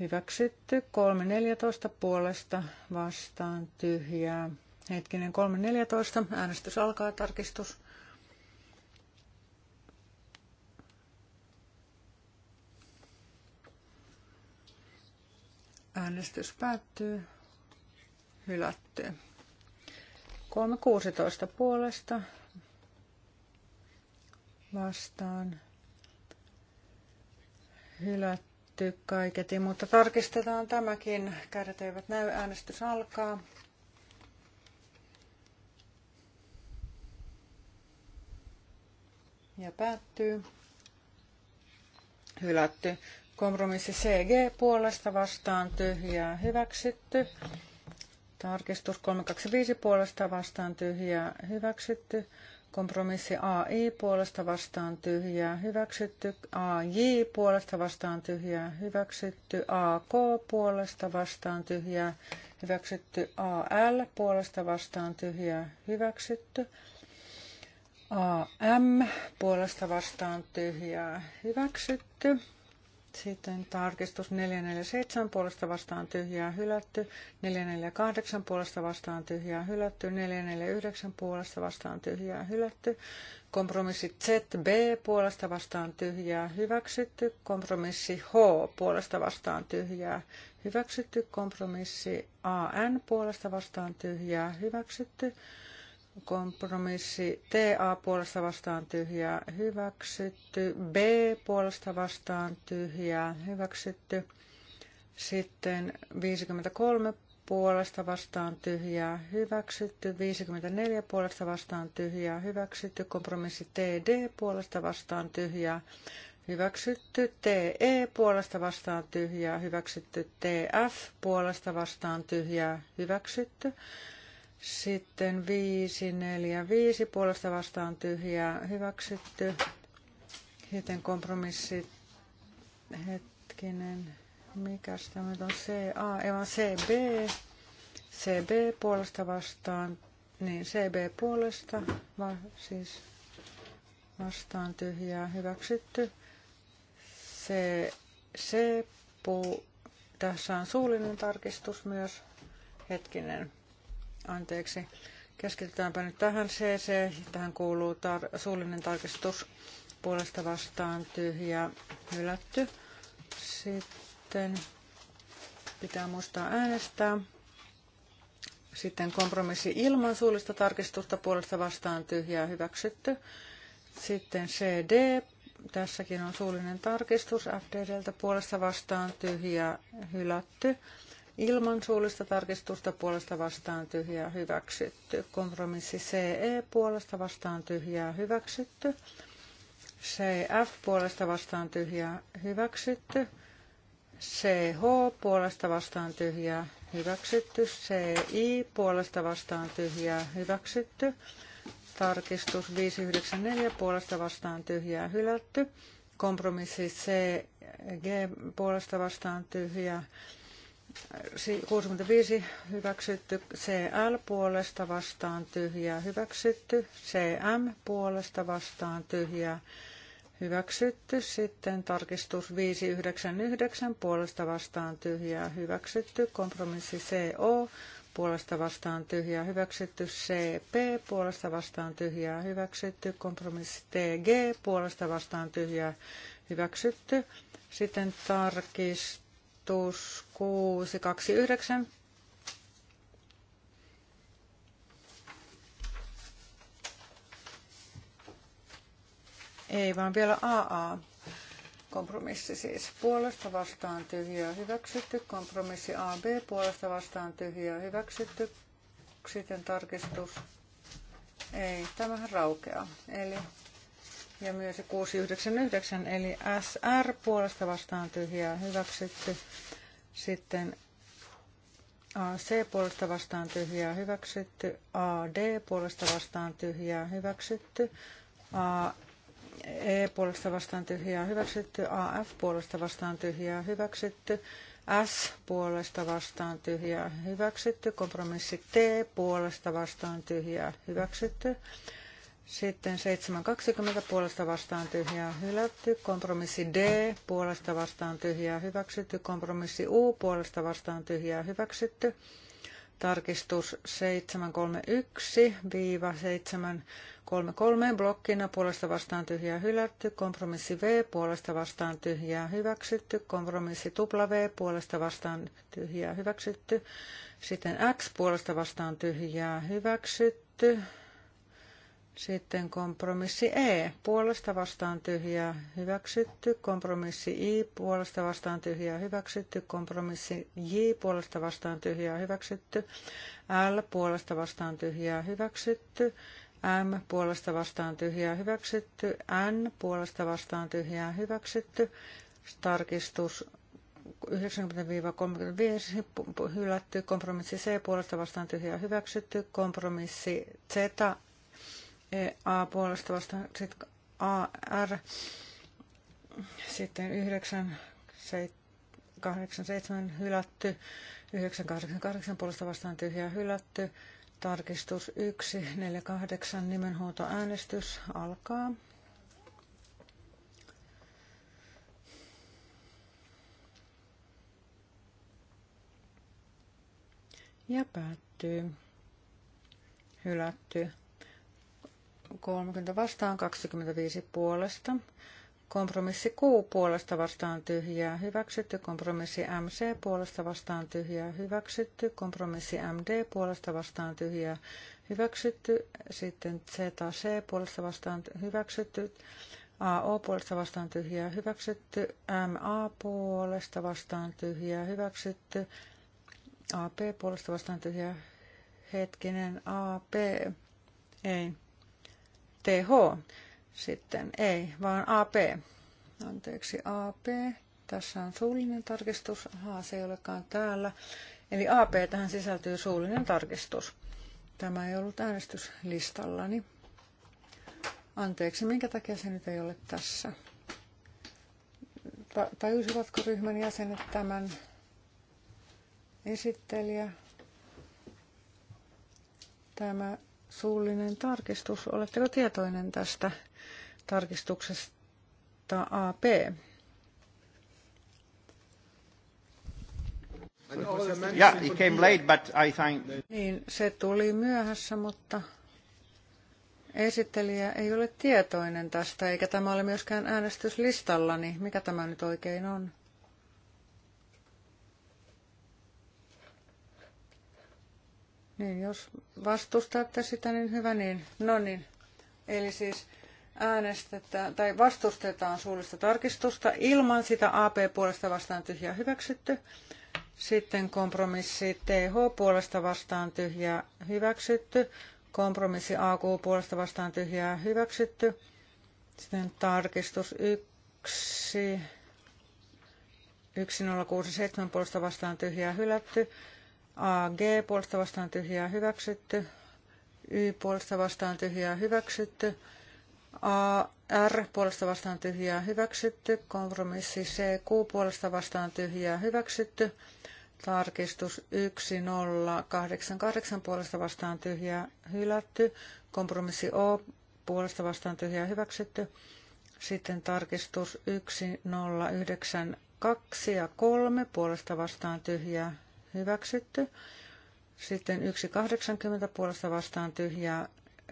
Hyväksytty 314 puolesta vastaan tyhjää. Hetkinen 3.14. Äänestys alkaa. Tarkistus. Äänestys päättyy. Hylätty. 3.16 puolesta. Vastaan. Hylätty kaiketi, mutta tarkistetaan tämäkin. Kädet eivät näy. Äänestys alkaa. ja päättyy. Hylätty. Kompromissi CG puolesta vastaan tyhjää hyväksytty. Tarkistus 325 puolesta vastaan tyhjää hyväksytty. Kompromissi AI puolesta vastaan tyhjää hyväksytty. AJ puolesta vastaan tyhjää hyväksytty. AK puolesta vastaan tyhjää hyväksytty. AL puolesta vastaan tyhjää hyväksytty. AM puolesta vastaan tyhjää hyväksytty. Sitten tarkistus 447 puolesta vastaan tyhjää hylätty, 448 puolesta vastaan tyhjää hylätty, 449 puolesta vastaan tyhjää hylätty, kompromissi ZB puolesta vastaan tyhjää hyväksytty, kompromissi H puolesta vastaan tyhjää hyväksytty, kompromissi AN puolesta vastaan tyhjää hyväksytty, kompromissi TA puolesta vastaan tyhjää hyväksytty, B puolesta vastaan tyhjää hyväksytty, sitten 53 puolesta vastaan tyhjää hyväksytty, 54 puolesta vastaan tyhjää hyväksytty, kompromissi TD puolesta vastaan tyhjää hyväksytty, TE puolesta vastaan tyhjää hyväksytty, TF puolesta vastaan tyhjää hyväksytty. Sitten 5, 4, 5 puolesta vastaan tyhjää hyväksytty. Sitten kompromissi, hetkinen, mikäs tämä nyt on, CA, ei vaan CB, CB puolesta vastaan, niin CB puolesta, va, siis vastaan tyhjää hyväksytty. Se, se pu tässä on suullinen tarkistus myös, hetkinen, anteeksi. Keskitytäänpä nyt tähän CC. Tähän kuuluu tar- suullinen tarkistus puolesta vastaan tyhjä hylätty. Sitten pitää muistaa äänestää. Sitten kompromissi ilman suullista tarkistusta puolesta vastaan tyhjää hyväksytty. Sitten CD. Tässäkin on suullinen tarkistus FDDltä puolesta vastaan tyhjää hylätty. Ilman suullista tarkistusta puolesta vastaan tyhjää hyväksytty. Kompromissi CE puolesta vastaan tyhjää hyväksytty. CF puolesta vastaan tyhjää hyväksytty. CH puolesta vastaan tyhjää hyväksytty. CI puolesta vastaan tyhjää hyväksytty. Tarkistus 594 puolesta vastaan tyhjää hylätty. Kompromissi CG puolesta vastaan tyhjää 65 hyväksytty, CL puolesta vastaan tyhjä hyväksytty, CM puolesta vastaan tyhjä hyväksytty, sitten tarkistus 599 puolesta vastaan tyhjä hyväksytty, kompromissi CO puolesta vastaan tyhjä hyväksytty, CP puolesta vastaan tyhjä hyväksytty, kompromissi TG puolesta vastaan tyhjä hyväksytty, sitten tarkistus tarkistus 629 Ei, vaan vielä AA. Kompromissi siis puolesta vastaan tyhjää hyväksytty. Kompromissi AB puolesta vastaan tyhjää hyväksytty. Sitten tarkistus. Ei, tämähän raukeaa. Eli ja myös 699 eli SR puolesta vastaan tyhjää hyväksytty. Sitten AC puolesta vastaan tyhjää hyväksytty. AD puolesta vastaan tyhjää hyväksytty. A E puolesta vastaan tyhjää hyväksytty, AF puolesta vastaan tyhjää hyväksytty, S puolesta vastaan tyhjää hyväksytty, kompromissi T puolesta vastaan tyhjää hyväksytty. Sitten 7.20 puolesta vastaan tyhjää hylätty. Kompromissi D puolesta vastaan tyhjää hyväksytty. Kompromissi U puolesta vastaan tyhjää hyväksytty. Tarkistus 731-733 blokkina puolesta vastaan tyhjää hylätty. Kompromissi V puolesta vastaan tyhjää hyväksytty. Kompromissi W puolesta vastaan tyhjää hyväksytty. Sitten X puolesta vastaan tyhjää hyväksytty. Sitten kompromissi E, puolesta vastaan tyhjää hyväksytty. Kompromissi I, puolesta vastaan tyhjää hyväksytty. Kompromissi J, puolesta vastaan tyhjää hyväksytty. L, puolesta vastaan tyhjää hyväksytty. M, puolesta vastaan tyhjää hyväksytty. N, puolesta vastaan tyhjää hyväksytty. Tarkistus 90-35 hylätty, kompromissi C puolesta vastaan tyhjää hyväksytty, kompromissi Z E A puolesta vastaan, sitten A, R, sitten 9, 8, 7 hylätty, 9, 8, 8 puolesta vastaan tyhjää hylätty, tarkistus 1, 4, 8 äänestys alkaa. ja päättyy. Hylätty. 30 vastaan, 25 puolesta. Kompromissi Q puolesta vastaan tyhjää hyväksytty, kompromissi MC puolesta vastaan tyhjää hyväksytty, kompromissi MD puolesta vastaan tyhjää hyväksytty, sitten ZC puolesta vastaan hyväksytty, AO puolesta vastaan tyhjää hyväksytty, MA puolesta vastaan tyhjää hyväksytty, AP puolesta vastaan tyhjää hetkinen AP, ei TH sitten ei, vaan AP. Anteeksi, AP. Tässä on suullinen tarkistus. Ahaa, se ei olekaan täällä. Eli AP tähän sisältyy suullinen tarkistus. Tämä ei ollut äänestyslistallani. Anteeksi, minkä takia se nyt ei ole tässä? Tajusivatko ryhmän jäsenet tämän esittelijä? Tämä suullinen tarkistus. Oletteko tietoinen tästä tarkistuksesta AP? Yeah, it came late, but I think... Niin, se tuli myöhässä, mutta esittelijä ei ole tietoinen tästä, eikä tämä ole myöskään äänestyslistalla, niin mikä tämä nyt oikein on? Niin, jos vastustatte sitä, niin hyvä niin. No niin, eli siis äänestetään tai vastustetaan suullista tarkistusta ilman sitä AP puolesta vastaan tyhjää hyväksytty. Sitten kompromissi TH puolesta vastaan tyhjää hyväksytty. Kompromissi AQ puolesta vastaan tyhjää hyväksytty. Sitten tarkistus 1. 1067 puolesta vastaan tyhjää hylätty. AG puolesta vastaan tyhjää hyväksytty. Y puolesta vastaan tyhjää hyväksytty. AR puolesta vastaan tyhjää hyväksytty. Kompromissi CQ puolesta vastaan tyhjää hyväksytty. Tarkistus 1088 puolesta vastaan tyhjää hylätty. Kompromissi O puolesta vastaan tyhjää hyväksytty. Sitten tarkistus 1092 ja 3 puolesta vastaan tyhjää hyväksytty. Sitten 1,80 puolesta vastaan tyhjää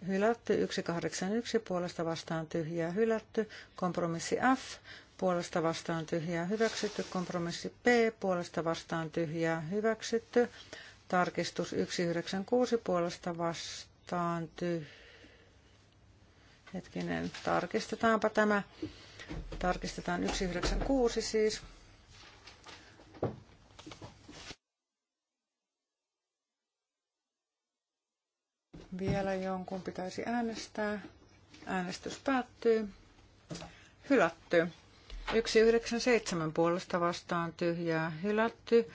hylätty, 1,81 puolesta vastaan tyhjää hylätty, kompromissi F puolesta vastaan tyhjää hyväksytty, kompromissi P puolesta vastaan tyhjää hyväksytty, tarkistus 196 puolesta vastaan tyhjää. Hetkinen, tarkistetaanpa tämä. Tarkistetaan 196 siis. Vielä jonkun pitäisi äänestää. Äänestys päättyy. Hylätty. 197 puolesta vastaan tyhjää hylätty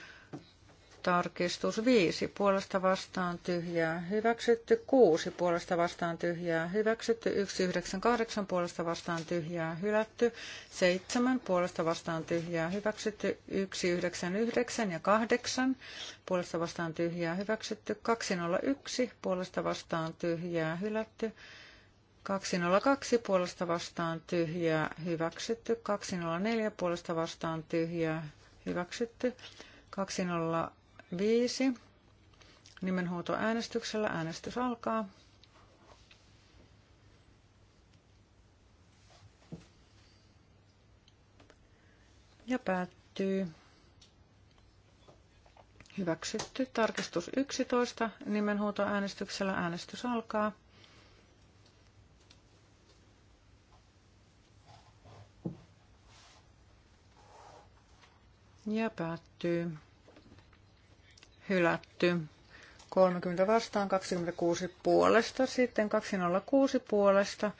tarkistus 5 puolesta vastaan tyhjää hyväksytty, 6 puolesta vastaan tyhjää hyväksytty, 198 puolesta vastaan tyhjää hylätty, 7 puolesta vastaan tyhjää hyväksytty, 199 ja 8 puolesta vastaan tyhjää hyväksytty, 201 puolesta vastaan tyhjää hylätty, 202 puolesta vastaan tyhjää hyväksytty, 204 puolesta vastaan tyhjää hyväksytty, 205 5. Nimenhuuto äänestyksellä. Äänestys alkaa. Ja päättyy. Hyväksytty. Tarkistus 11. Nimenhuutoäänestyksellä äänestys alkaa. Ja päättyy hylätty. 30 vastaan, 26 puolesta, sitten 206 puolesta,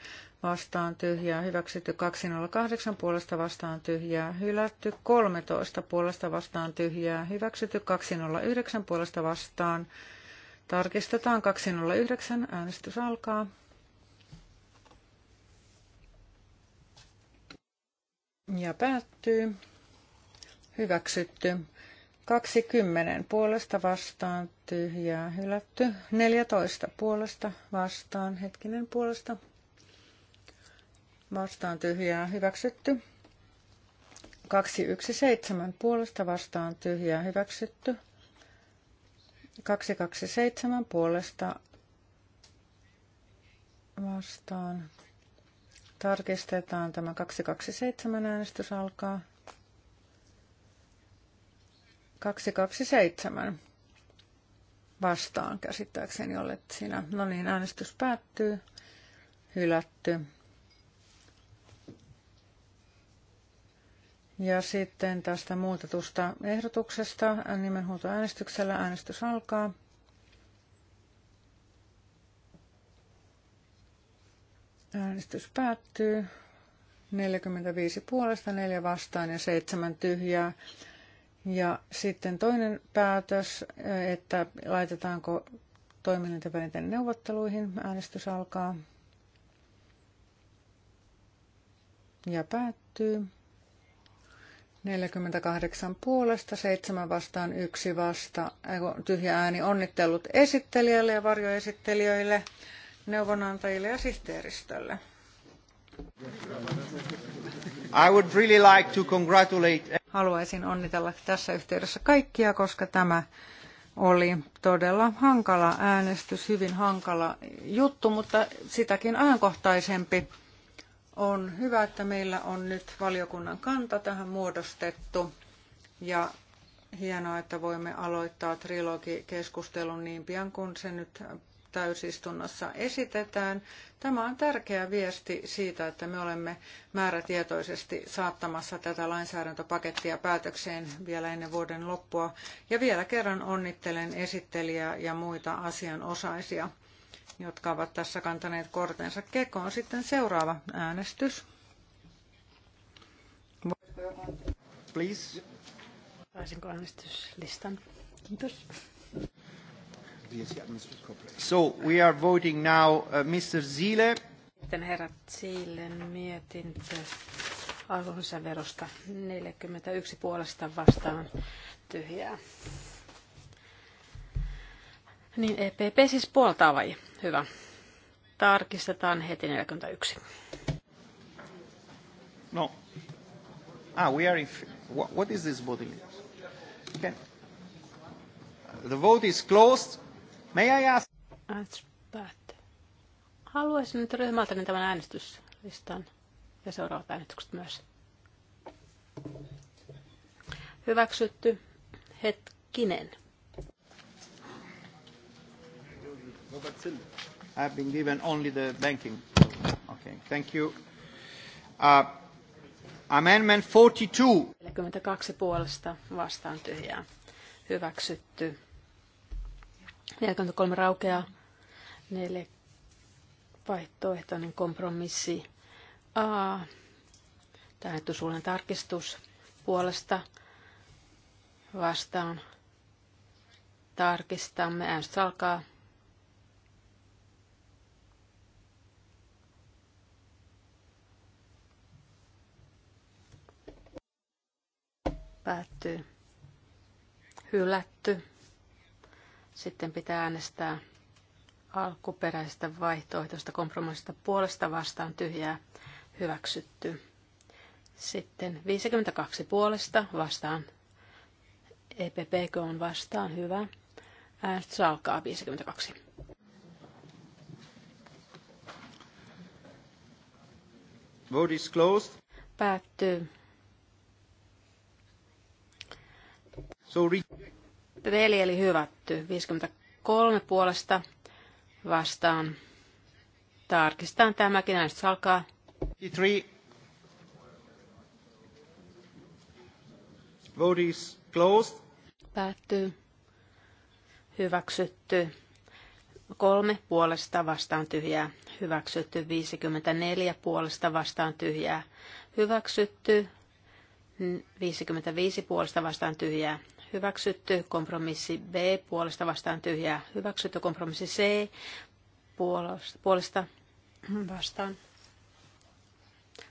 vastaan tyhjää, hyväksytty 208 puolesta vastaan tyhjää, hylätty 13 puolesta vastaan tyhjää, hyväksytty 209 puolesta vastaan. Tarkistetaan 209, äänestys alkaa. Ja päättyy. Hyväksytty 20 puolesta vastaan tyhjää hylätty. 14 puolesta vastaan hetkinen puolesta vastaan tyhjää hyväksytty. 217 puolesta vastaan tyhjää hyväksytty. 227 puolesta vastaan. Tarkistetaan tämä 227 äänestys alkaa. 227 vastaan käsittääkseni olet sinä. No niin, äänestys päättyy. Hylätty. Ja sitten tästä muutetusta ehdotuksesta äänestyksellä äänestys alkaa. Äänestys päättyy. 45 puolesta, 4 vastaan ja 7 tyhjää. Ja sitten toinen päätös, että laitetaanko toiminnan väliten neuvotteluihin. Äänestys alkaa ja päättyy. 48 puolesta, 7 vastaan, 1 vasta. Tyhjä ääni onnittelut esittelijälle ja varjoesittelijöille, neuvonantajille ja sihteeristölle. I would really like to congratulate haluaisin onnitella tässä yhteydessä kaikkia, koska tämä oli todella hankala äänestys, hyvin hankala juttu, mutta sitäkin ajankohtaisempi. On hyvä, että meillä on nyt valiokunnan kanta tähän muodostettu ja hienoa, että voimme aloittaa trilogikeskustelun niin pian kuin se nyt täysistunnossa esitetään. Tämä on tärkeä viesti siitä, että me olemme määrätietoisesti saattamassa tätä lainsäädäntöpakettia päätökseen vielä ennen vuoden loppua. Ja vielä kerran onnittelen esittelijää ja muita asianosaisia, jotka ovat tässä kantaneet kortensa kekoon. Sitten seuraava äänestys. Please. Saisinko äänestyslistan? Kiitos. So we are voting now uh, Mr. Zile. Sitten herra Zilen mietintö arvonlisäverosta 41 puolesta vastaan tyhjää. Niin EPP siis puoltaa vai? Hyvä. Tarkistetaan heti 41. No. Ah, we are in... What, what is this voting? Okay. The vote is closed. May I ask? That's bad. Haluaisin nyt ryhmältä niin tämän äänestyslistan ja seuraavat äänestykset myös. Hyväksytty. Hetkinen. I've been given only the banking. Okay, thank you. Uh, amendment 42. 42 puolesta vastaan tyhjää. Hyväksytty. 43 raukeaa. Neljä vaihtoehtoinen kompromissi A. Tähdetty suunnan tarkistus puolesta vastaan. Tarkistamme. Äänestys alkaa. Päättyy. Hylätty. Sitten pitää äänestää alkuperäisestä vaihtoehdosta kompromissista puolesta vastaan tyhjää hyväksytty. Sitten 52 puolesta vastaan. EPPK on vastaan hyvä. Äänestys alkaa 52. Vote is closed. Päättyy. So re- Veli eli hyvät hylätty 53 puolesta vastaan. Tarkistetaan tämäkin. Äänestys alkaa. 53. closed. Päättyy. Hyväksytty. Kolme puolesta vastaan tyhjää. Hyväksytty 54 puolesta vastaan tyhjää. Hyväksytty 55 puolesta vastaan tyhjää hyväksytty, kompromissi B puolesta vastaan tyhjää hyväksytty, kompromissi C puolesta vastaan.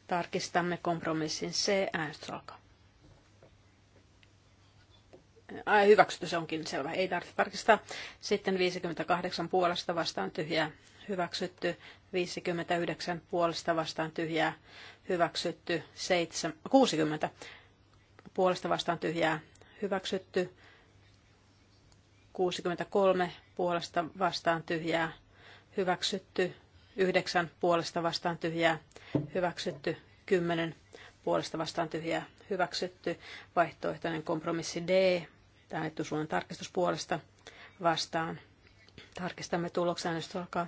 Tarkistamme kompromissin C äänestysalkaa. Ai, hyväksytty se onkin selvä. Ei tarvitse tarkistaa. Sitten 58 puolesta vastaan tyhjää hyväksytty. 59 puolesta vastaan tyhjää hyväksytty. 7, 60 puolesta vastaan tyhjää hyväksytty. 63 puolesta vastaan tyhjää hyväksytty. 9 puolesta vastaan tyhjää hyväksytty. 10 puolesta vastaan tyhjää hyväksytty. Vaihtoehtoinen kompromissi D, tämä etusuunnan tarkistus puolesta vastaan. Tarkistamme tuloksen jos alkaa.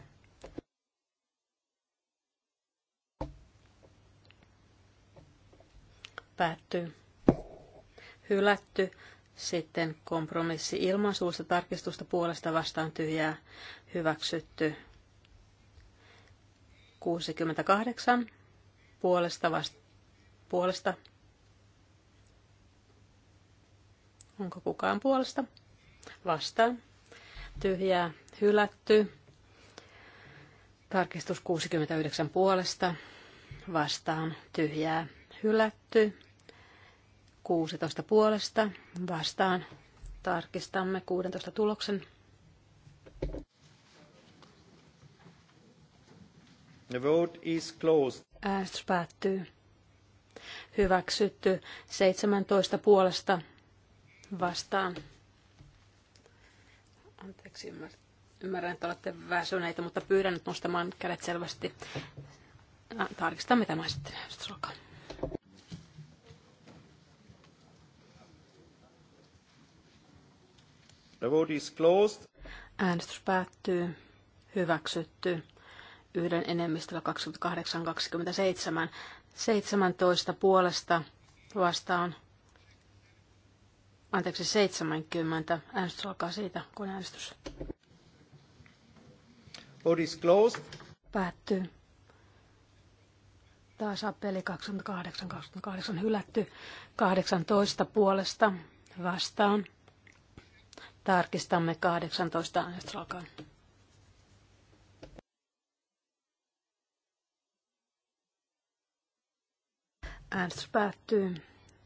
Päättyy hylätty. Sitten kompromissi ilman suusta tarkistusta puolesta vastaan tyhjää hyväksytty. 68 puolesta vasta, puolesta. Onko kukaan puolesta? Vastaan. Tyhjää hylätty. Tarkistus 69 puolesta. Vastaan tyhjää hylätty. 16 puolesta vastaan. Tarkistamme 16 tuloksen. The vote is closed. Äänestys päättyy. Hyväksytty 17 puolesta vastaan. Anteeksi, ymmärrän, että olette väsyneitä, mutta pyydän nyt nostamaan kädet selvästi. Tarkistamme tämä sitten äänestys alkaa. The vote is closed. Äänestys päättyy. Hyväksytty. Yhden enemmistöllä 28-27. 17 puolesta vastaan. Anteeksi, 70. Äänestys alkaa siitä, kun äänestys. Vote is closed. Päättyy. Taas appeli 28-28 hylätty. 18 puolesta vastaan Tarkistamme 18 äänestys alkaa. Äänestys päättyy.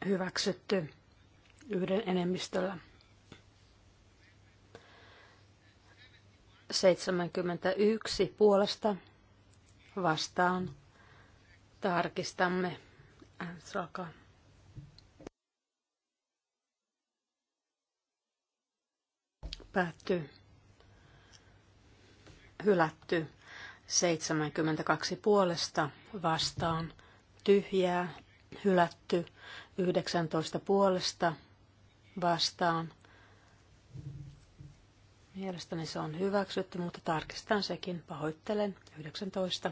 Hyväksytty yhden enemmistöllä. 71 puolesta vastaan. Tarkistamme. Äänestys alkaa. Päättyy. Hylätty. 72 puolesta vastaan. Tyhjää. Hylätty. 19 puolesta vastaan. Mielestäni se on hyväksytty, mutta tarkistan sekin. Pahoittelen. 19.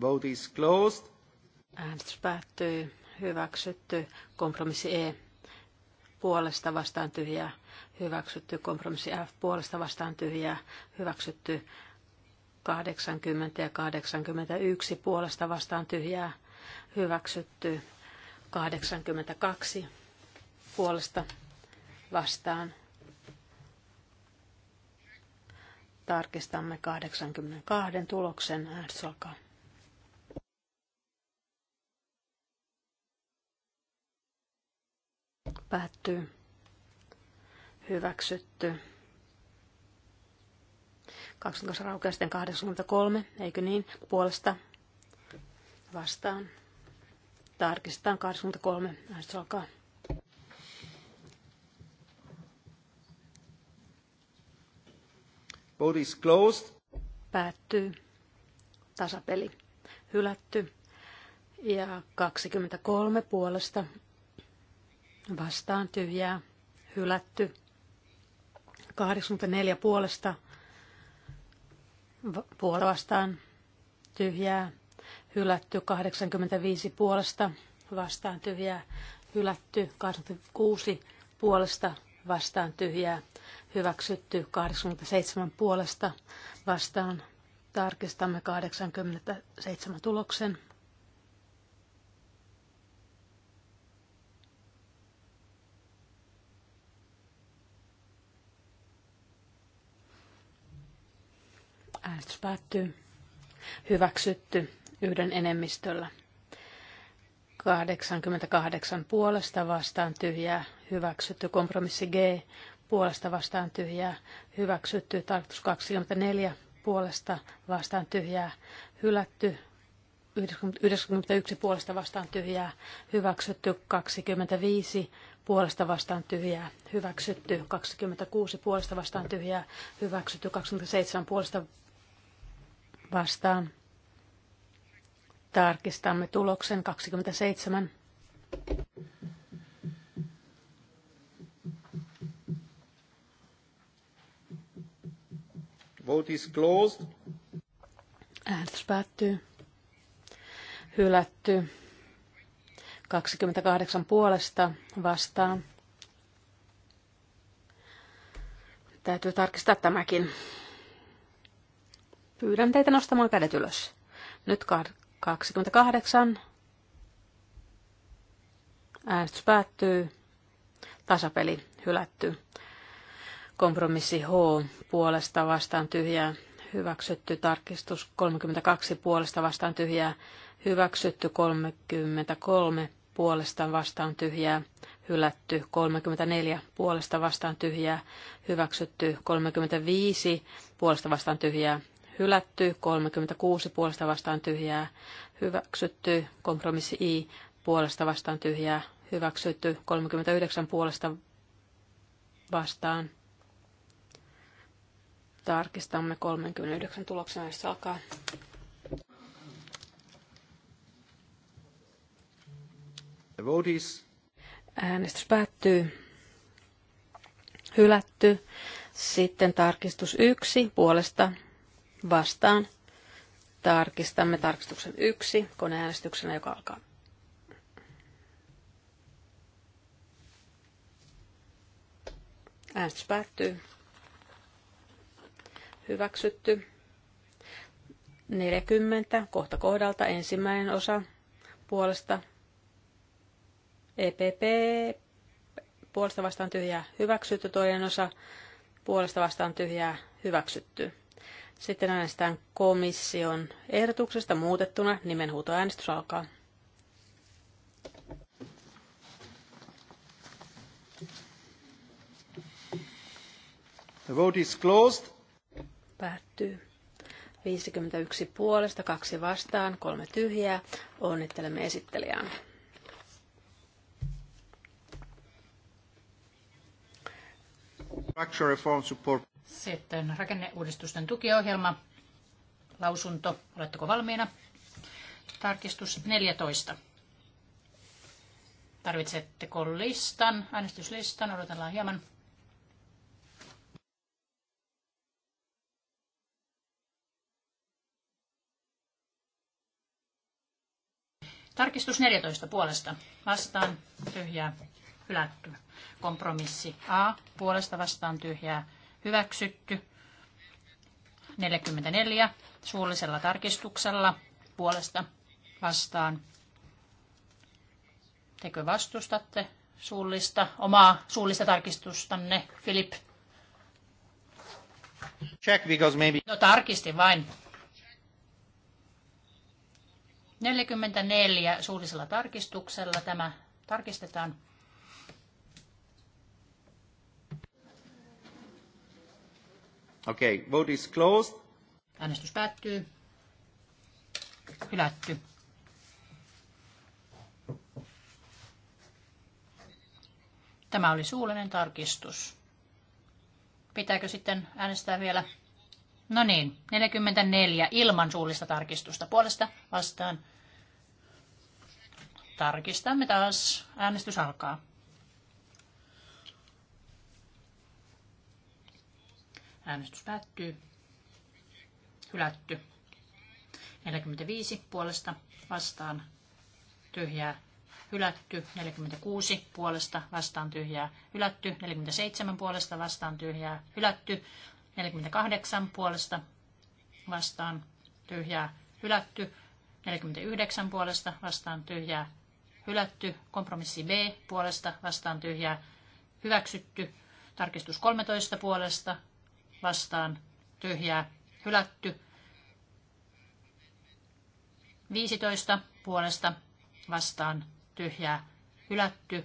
Vote is closed. Äänestys päättyy. Hyväksytty. Kompromissi E puolesta vastaan tyhjää hyväksytty, kompromissi F puolesta vastaan tyhjää hyväksytty, 80 ja 81 puolesta vastaan tyhjää hyväksytty, 82 puolesta vastaan. Tarkistamme 82 tuloksen. Äänestys alkaa. Päättyy. Hyväksytty. 22 raukeaa sitten 83, eikö niin? Puolesta vastaan. Tarkistetaan 83. näistä alkaa. Vote is closed. Päättyy. Tasapeli. Hylätty. Ja 23 puolesta vastaan tyhjää, hylätty. 84 puolesta puolta vastaan tyhjää, hylätty. 85 puolesta vastaan tyhjää, hylätty. 86 puolesta vastaan tyhjää, hyväksytty. 87 puolesta vastaan tarkistamme 87 tuloksen. päättyy. Hyväksytty yhden enemmistöllä. 88 puolesta vastaan tyhjää, hyväksytty. Kompromissi G puolesta vastaan tyhjää, hyväksytty. Tarkoitus 24 puolesta vastaan tyhjää, hylätty. 91 puolesta vastaan tyhjää, hyväksytty 25 puolesta vastaan tyhjää, hyväksytty 26 puolesta vastaan tyhjää, hyväksytty 27 puolesta vastaan. Tarkistamme tuloksen 27. Vote is closed. Äänestys päättyy. Hylätty. 28 puolesta vastaan. Täytyy tarkistaa tämäkin. Pyydän teitä nostamaan kädet ylös. Nyt 28. Äänestys päättyy. Tasapeli hylätty. Kompromissi H puolesta vastaan tyhjää. Hyväksytty tarkistus 32 puolesta vastaan tyhjää. Hyväksytty 33 puolesta vastaan tyhjää. Hylätty 34 puolesta vastaan tyhjää. Hyväksytty 35 puolesta vastaan tyhjää hylätty, 36 puolesta vastaan tyhjää, hyväksytty, kompromissi I puolesta vastaan tyhjää, hyväksytty, 39 puolesta vastaan. Tarkistamme 39 tuloksena, jos alkaa. The vote is... Äänestys päättyy. Hylätty. Sitten tarkistus 1 puolesta vastaan. Tarkistamme tarkistuksen yksi koneäänestyksenä, joka alkaa. Äänestys päättyy. Hyväksytty. 40 kohta kohdalta ensimmäinen osa puolesta. EPP puolesta vastaan tyhjää hyväksytty, toinen osa puolesta vastaan tyhjää hyväksytty. Sitten äänestetään komission ehdotuksesta muutettuna. Nimenhuutoäänestys alkaa. The vote is closed. Päättyy. 51 puolesta, kaksi vastaan, kolme tyhjää. Onnittelemme esittelijää. Structure reform support sitten rakenneuudistusten tukiohjelma, lausunto. Oletteko valmiina? Tarkistus 14. Tarvitsetteko listan, äänestyslistan? Odotellaan hieman. Tarkistus 14 puolesta. Vastaan tyhjää hylätty. Kompromissi A puolesta vastaan tyhjää hyväksytty. 44 suullisella tarkistuksella puolesta vastaan. Tekö vastustatte suullista, omaa suullista tarkistustanne, Filip? Check because maybe... No tarkisti vain. 44 suullisella tarkistuksella tämä tarkistetaan. Okay, vote is closed. Äänestys päättyy. Hylätty. Tämä oli suullinen tarkistus. Pitääkö sitten äänestää vielä? No niin, 44 ilman suullista tarkistusta. Puolesta vastaan. Tarkistamme taas. Äänestys alkaa. Äänestys päättyy. Hylätty. 45 puolesta vastaan tyhjää hylätty, 46 puolesta vastaan tyhjää hylätty, 47 puolesta vastaan tyhjää hylätty, 48 puolesta vastaan tyhjää hylätty, 49 puolesta vastaan tyhjää hylätty, kompromissi B puolesta vastaan tyhjää hyväksytty, tarkistus 13 puolesta vastaan tyhjää hylätty. 15 puolesta vastaan tyhjää hylätty.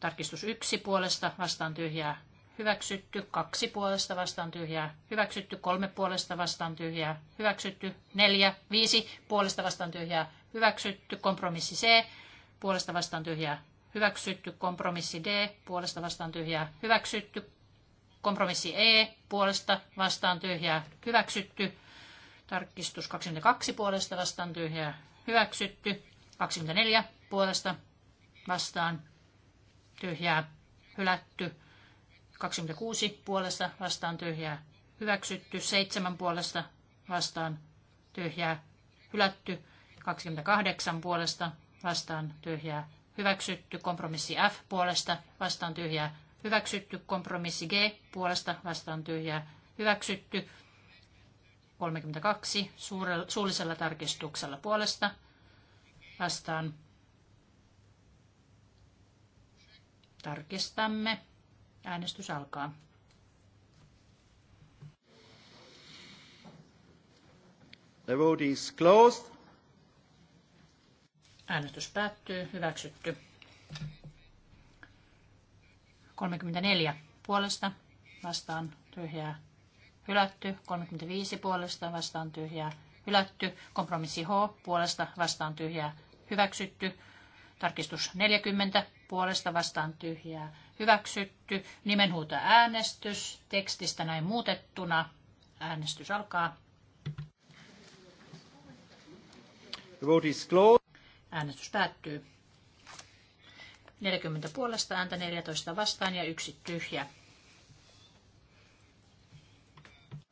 Tarkistus 1 puolesta vastaan tyhjää hyväksytty, kaksi puolesta vastaan tyhjää, hyväksytty, kolme puolesta vastaan tyhjää, hyväksytty, neljä, viisi puolesta vastaan tyhjää, hyväksytty, kompromissi C, puolesta vastaan tyhjää, hyväksytty, kompromissi D, puolesta vastaan tyhjää, hyväksytty, Kompromissi E puolesta vastaan tyhjää hyväksytty. Tarkistus 22 puolesta vastaan tyhjää hyväksytty. 24 puolesta vastaan tyhjää hylätty. 26 puolesta vastaan tyhjää hyväksytty. 7 puolesta vastaan tyhjää hylätty. 28 puolesta vastaan tyhjää hyväksytty. Kompromissi F puolesta vastaan tyhjää hyväksytty. Kompromissi G puolesta vastaan tyhjää hyväksytty. 32 suurella, suullisella tarkistuksella puolesta vastaan tarkistamme. Äänestys alkaa. The vote is closed. Äänestys päättyy. Hyväksytty. 34 puolesta vastaan tyhjää hylätty. 35 puolesta vastaan tyhjää hylätty. Kompromissi H puolesta vastaan tyhjää hyväksytty. Tarkistus 40 puolesta vastaan tyhjää hyväksytty. Nimenhuuto äänestys tekstistä näin muutettuna. Äänestys alkaa. The vote is closed. Äänestys päättyy. 40 puolesta ääntä 14 vastaan ja yksi tyhjä.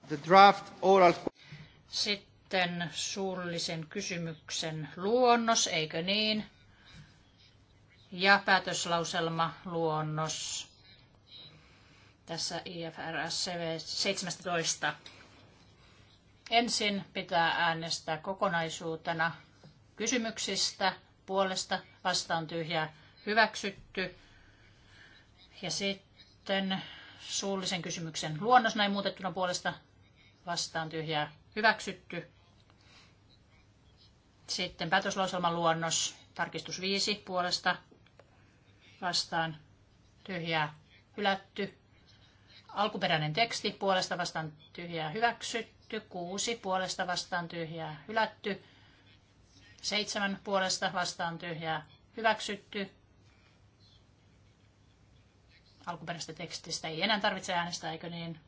The draft oral... Sitten suullisen kysymyksen luonnos, eikö niin? Ja päätöslauselma luonnos tässä IFRS 17. Ensin pitää äänestää kokonaisuutena kysymyksistä puolesta vastaan tyhjää hyväksytty. Ja sitten suullisen kysymyksen luonnos näin muutettuna puolesta vastaan tyhjää hyväksytty. Sitten päätöslauselman luonnos, tarkistus 5 puolesta vastaan tyhjää hylätty. Alkuperäinen teksti puolesta vastaan tyhjää hyväksytty. 6 puolesta vastaan tyhjää hylätty. 7 puolesta vastaan tyhjää hyväksytty alkuperäisestä tekstistä ei enää tarvitse äänestää, eikö niin?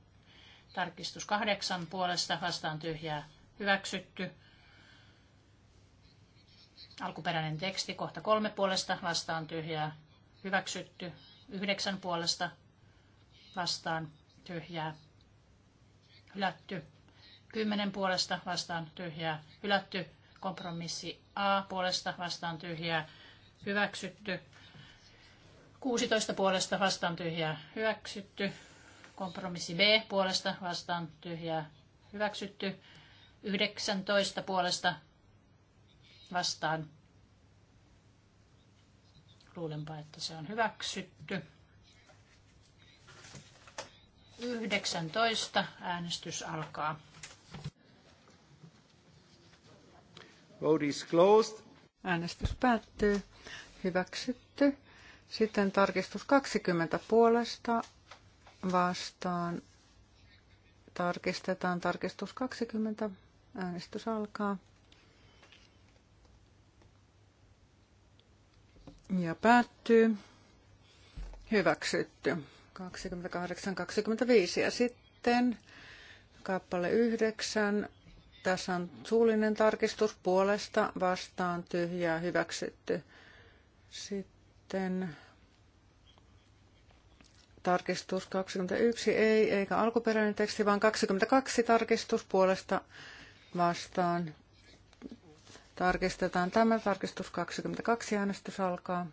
Tarkistus kahdeksan puolesta vastaan tyhjää hyväksytty. Alkuperäinen teksti kohta kolme puolesta vastaan tyhjää hyväksytty. Yhdeksän puolesta vastaan tyhjää hylätty. Kymmenen puolesta vastaan tyhjää hylätty. Kompromissi A puolesta vastaan tyhjää hyväksytty. 16 puolesta vastaan tyhjää hyväksytty. Kompromissi B puolesta vastaan tyhjää hyväksytty. 19 puolesta vastaan. Luulenpa, että se on hyväksytty. 19. Äänestys alkaa. Vote is closed. Äänestys päättyy. Hyväksytty. Sitten tarkistus 20 puolesta vastaan. Tarkistetaan tarkistus 20. Äänestys alkaa. Ja päättyy. Hyväksytty. 28-25. Ja sitten kappale 9. Tässä on suullinen tarkistus puolesta vastaan tyhjää hyväksytty. Sitten Tarkistus 21 ei, eikä alkuperäinen teksti, vaan 22 tarkistus puolesta vastaan. Tarkistetaan tämä. Tarkistus 22 äänestys alkaa.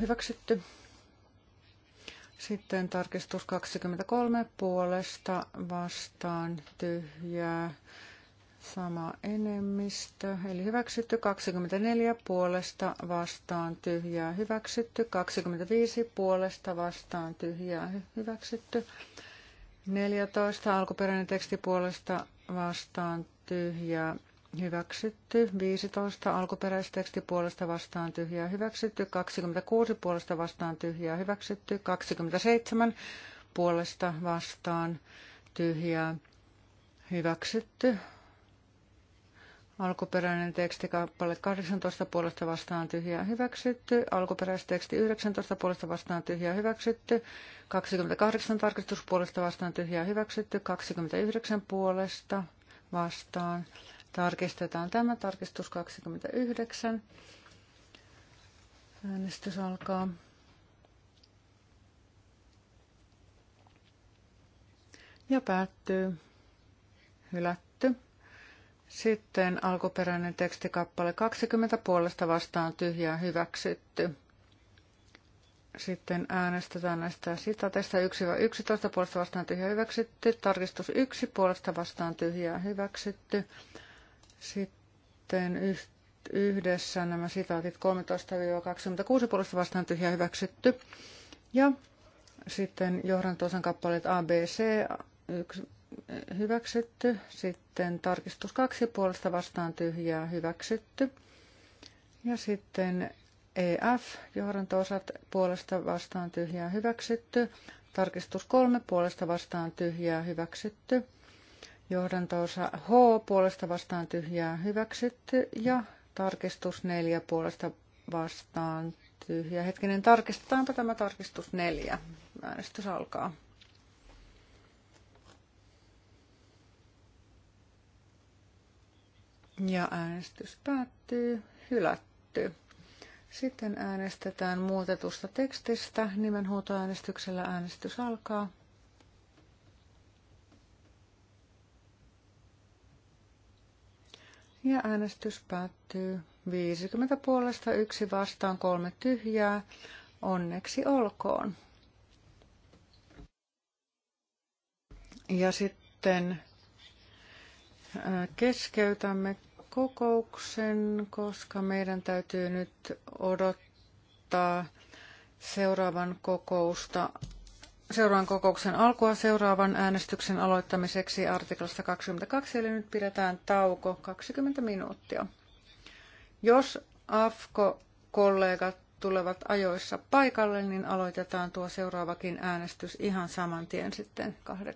Hyväksytty. Sitten tarkistus 23 puolesta vastaan tyhjää Sama enemmistö, eli hyväksytty 24 puolesta vastaan tyhjää, hyväksytty 25 puolesta vastaan tyhjää, hyväksytty 14 alkuperäinen teksti puolesta vastaan tyhjää, hyväksytty 15 alkuperäisteksti puolesta vastaan tyhjää, hyväksytty 26 puolesta vastaan tyhjää, hyväksytty 27 puolesta vastaan tyhjää, hyväksytty Alkuperäinen teksti kappale 18 puolesta vastaan tyhjää hyväksytty. Alkuperäisteksti 19 puolesta vastaan tyhjää hyväksytty. 28 tarkistus puolesta vastaan tyhjää hyväksytty. 29 puolesta vastaan. Tarkistetaan tämä tarkistus 29. Äänestys alkaa. Ja päättyy. Hylätty. Sitten alkuperäinen tekstikappale 20 puolesta vastaan tyhjää hyväksytty. Sitten äänestetään näistä sitateista 1-11 puolesta vastaan tyhjää hyväksytty. Tarkistus 1 puolesta vastaan tyhjää hyväksytty. Sitten yhdessä nämä sitaatit 13-26 puolesta vastaan tyhjää hyväksytty. Ja sitten johdantosan kappaleet ABC, 1, hyväksytty. Sitten tarkistus kaksi puolesta vastaan tyhjää hyväksytty. Ja sitten EF, johdanto-osat puolesta vastaan tyhjää hyväksytty. Tarkistus kolme puolesta vastaan tyhjää hyväksytty. Johdantoosa H puolesta vastaan tyhjää hyväksytty ja tarkistus neljä puolesta vastaan tyhjää. Hetkinen, tarkistetaanpa tämä tarkistus neljä. Äänestys alkaa. Ja äänestys päättyy, hylätty. Sitten äänestetään muutetusta tekstistä. Nimenhuutoäänestyksellä äänestys alkaa. Ja äänestys päättyy 50 puolesta yksi vastaan kolme tyhjää. Onneksi olkoon. Ja sitten äh, keskeytämme kokouksen, koska meidän täytyy nyt odottaa seuraavan kokousta seuraavan kokouksen alkua seuraavan äänestyksen aloittamiseksi artiklasta 22, eli nyt pidetään tauko 20 minuuttia. Jos AFKO-kollegat tulevat ajoissa paikalle, niin aloitetaan tuo seuraavakin äänestys ihan saman tien sitten kahden.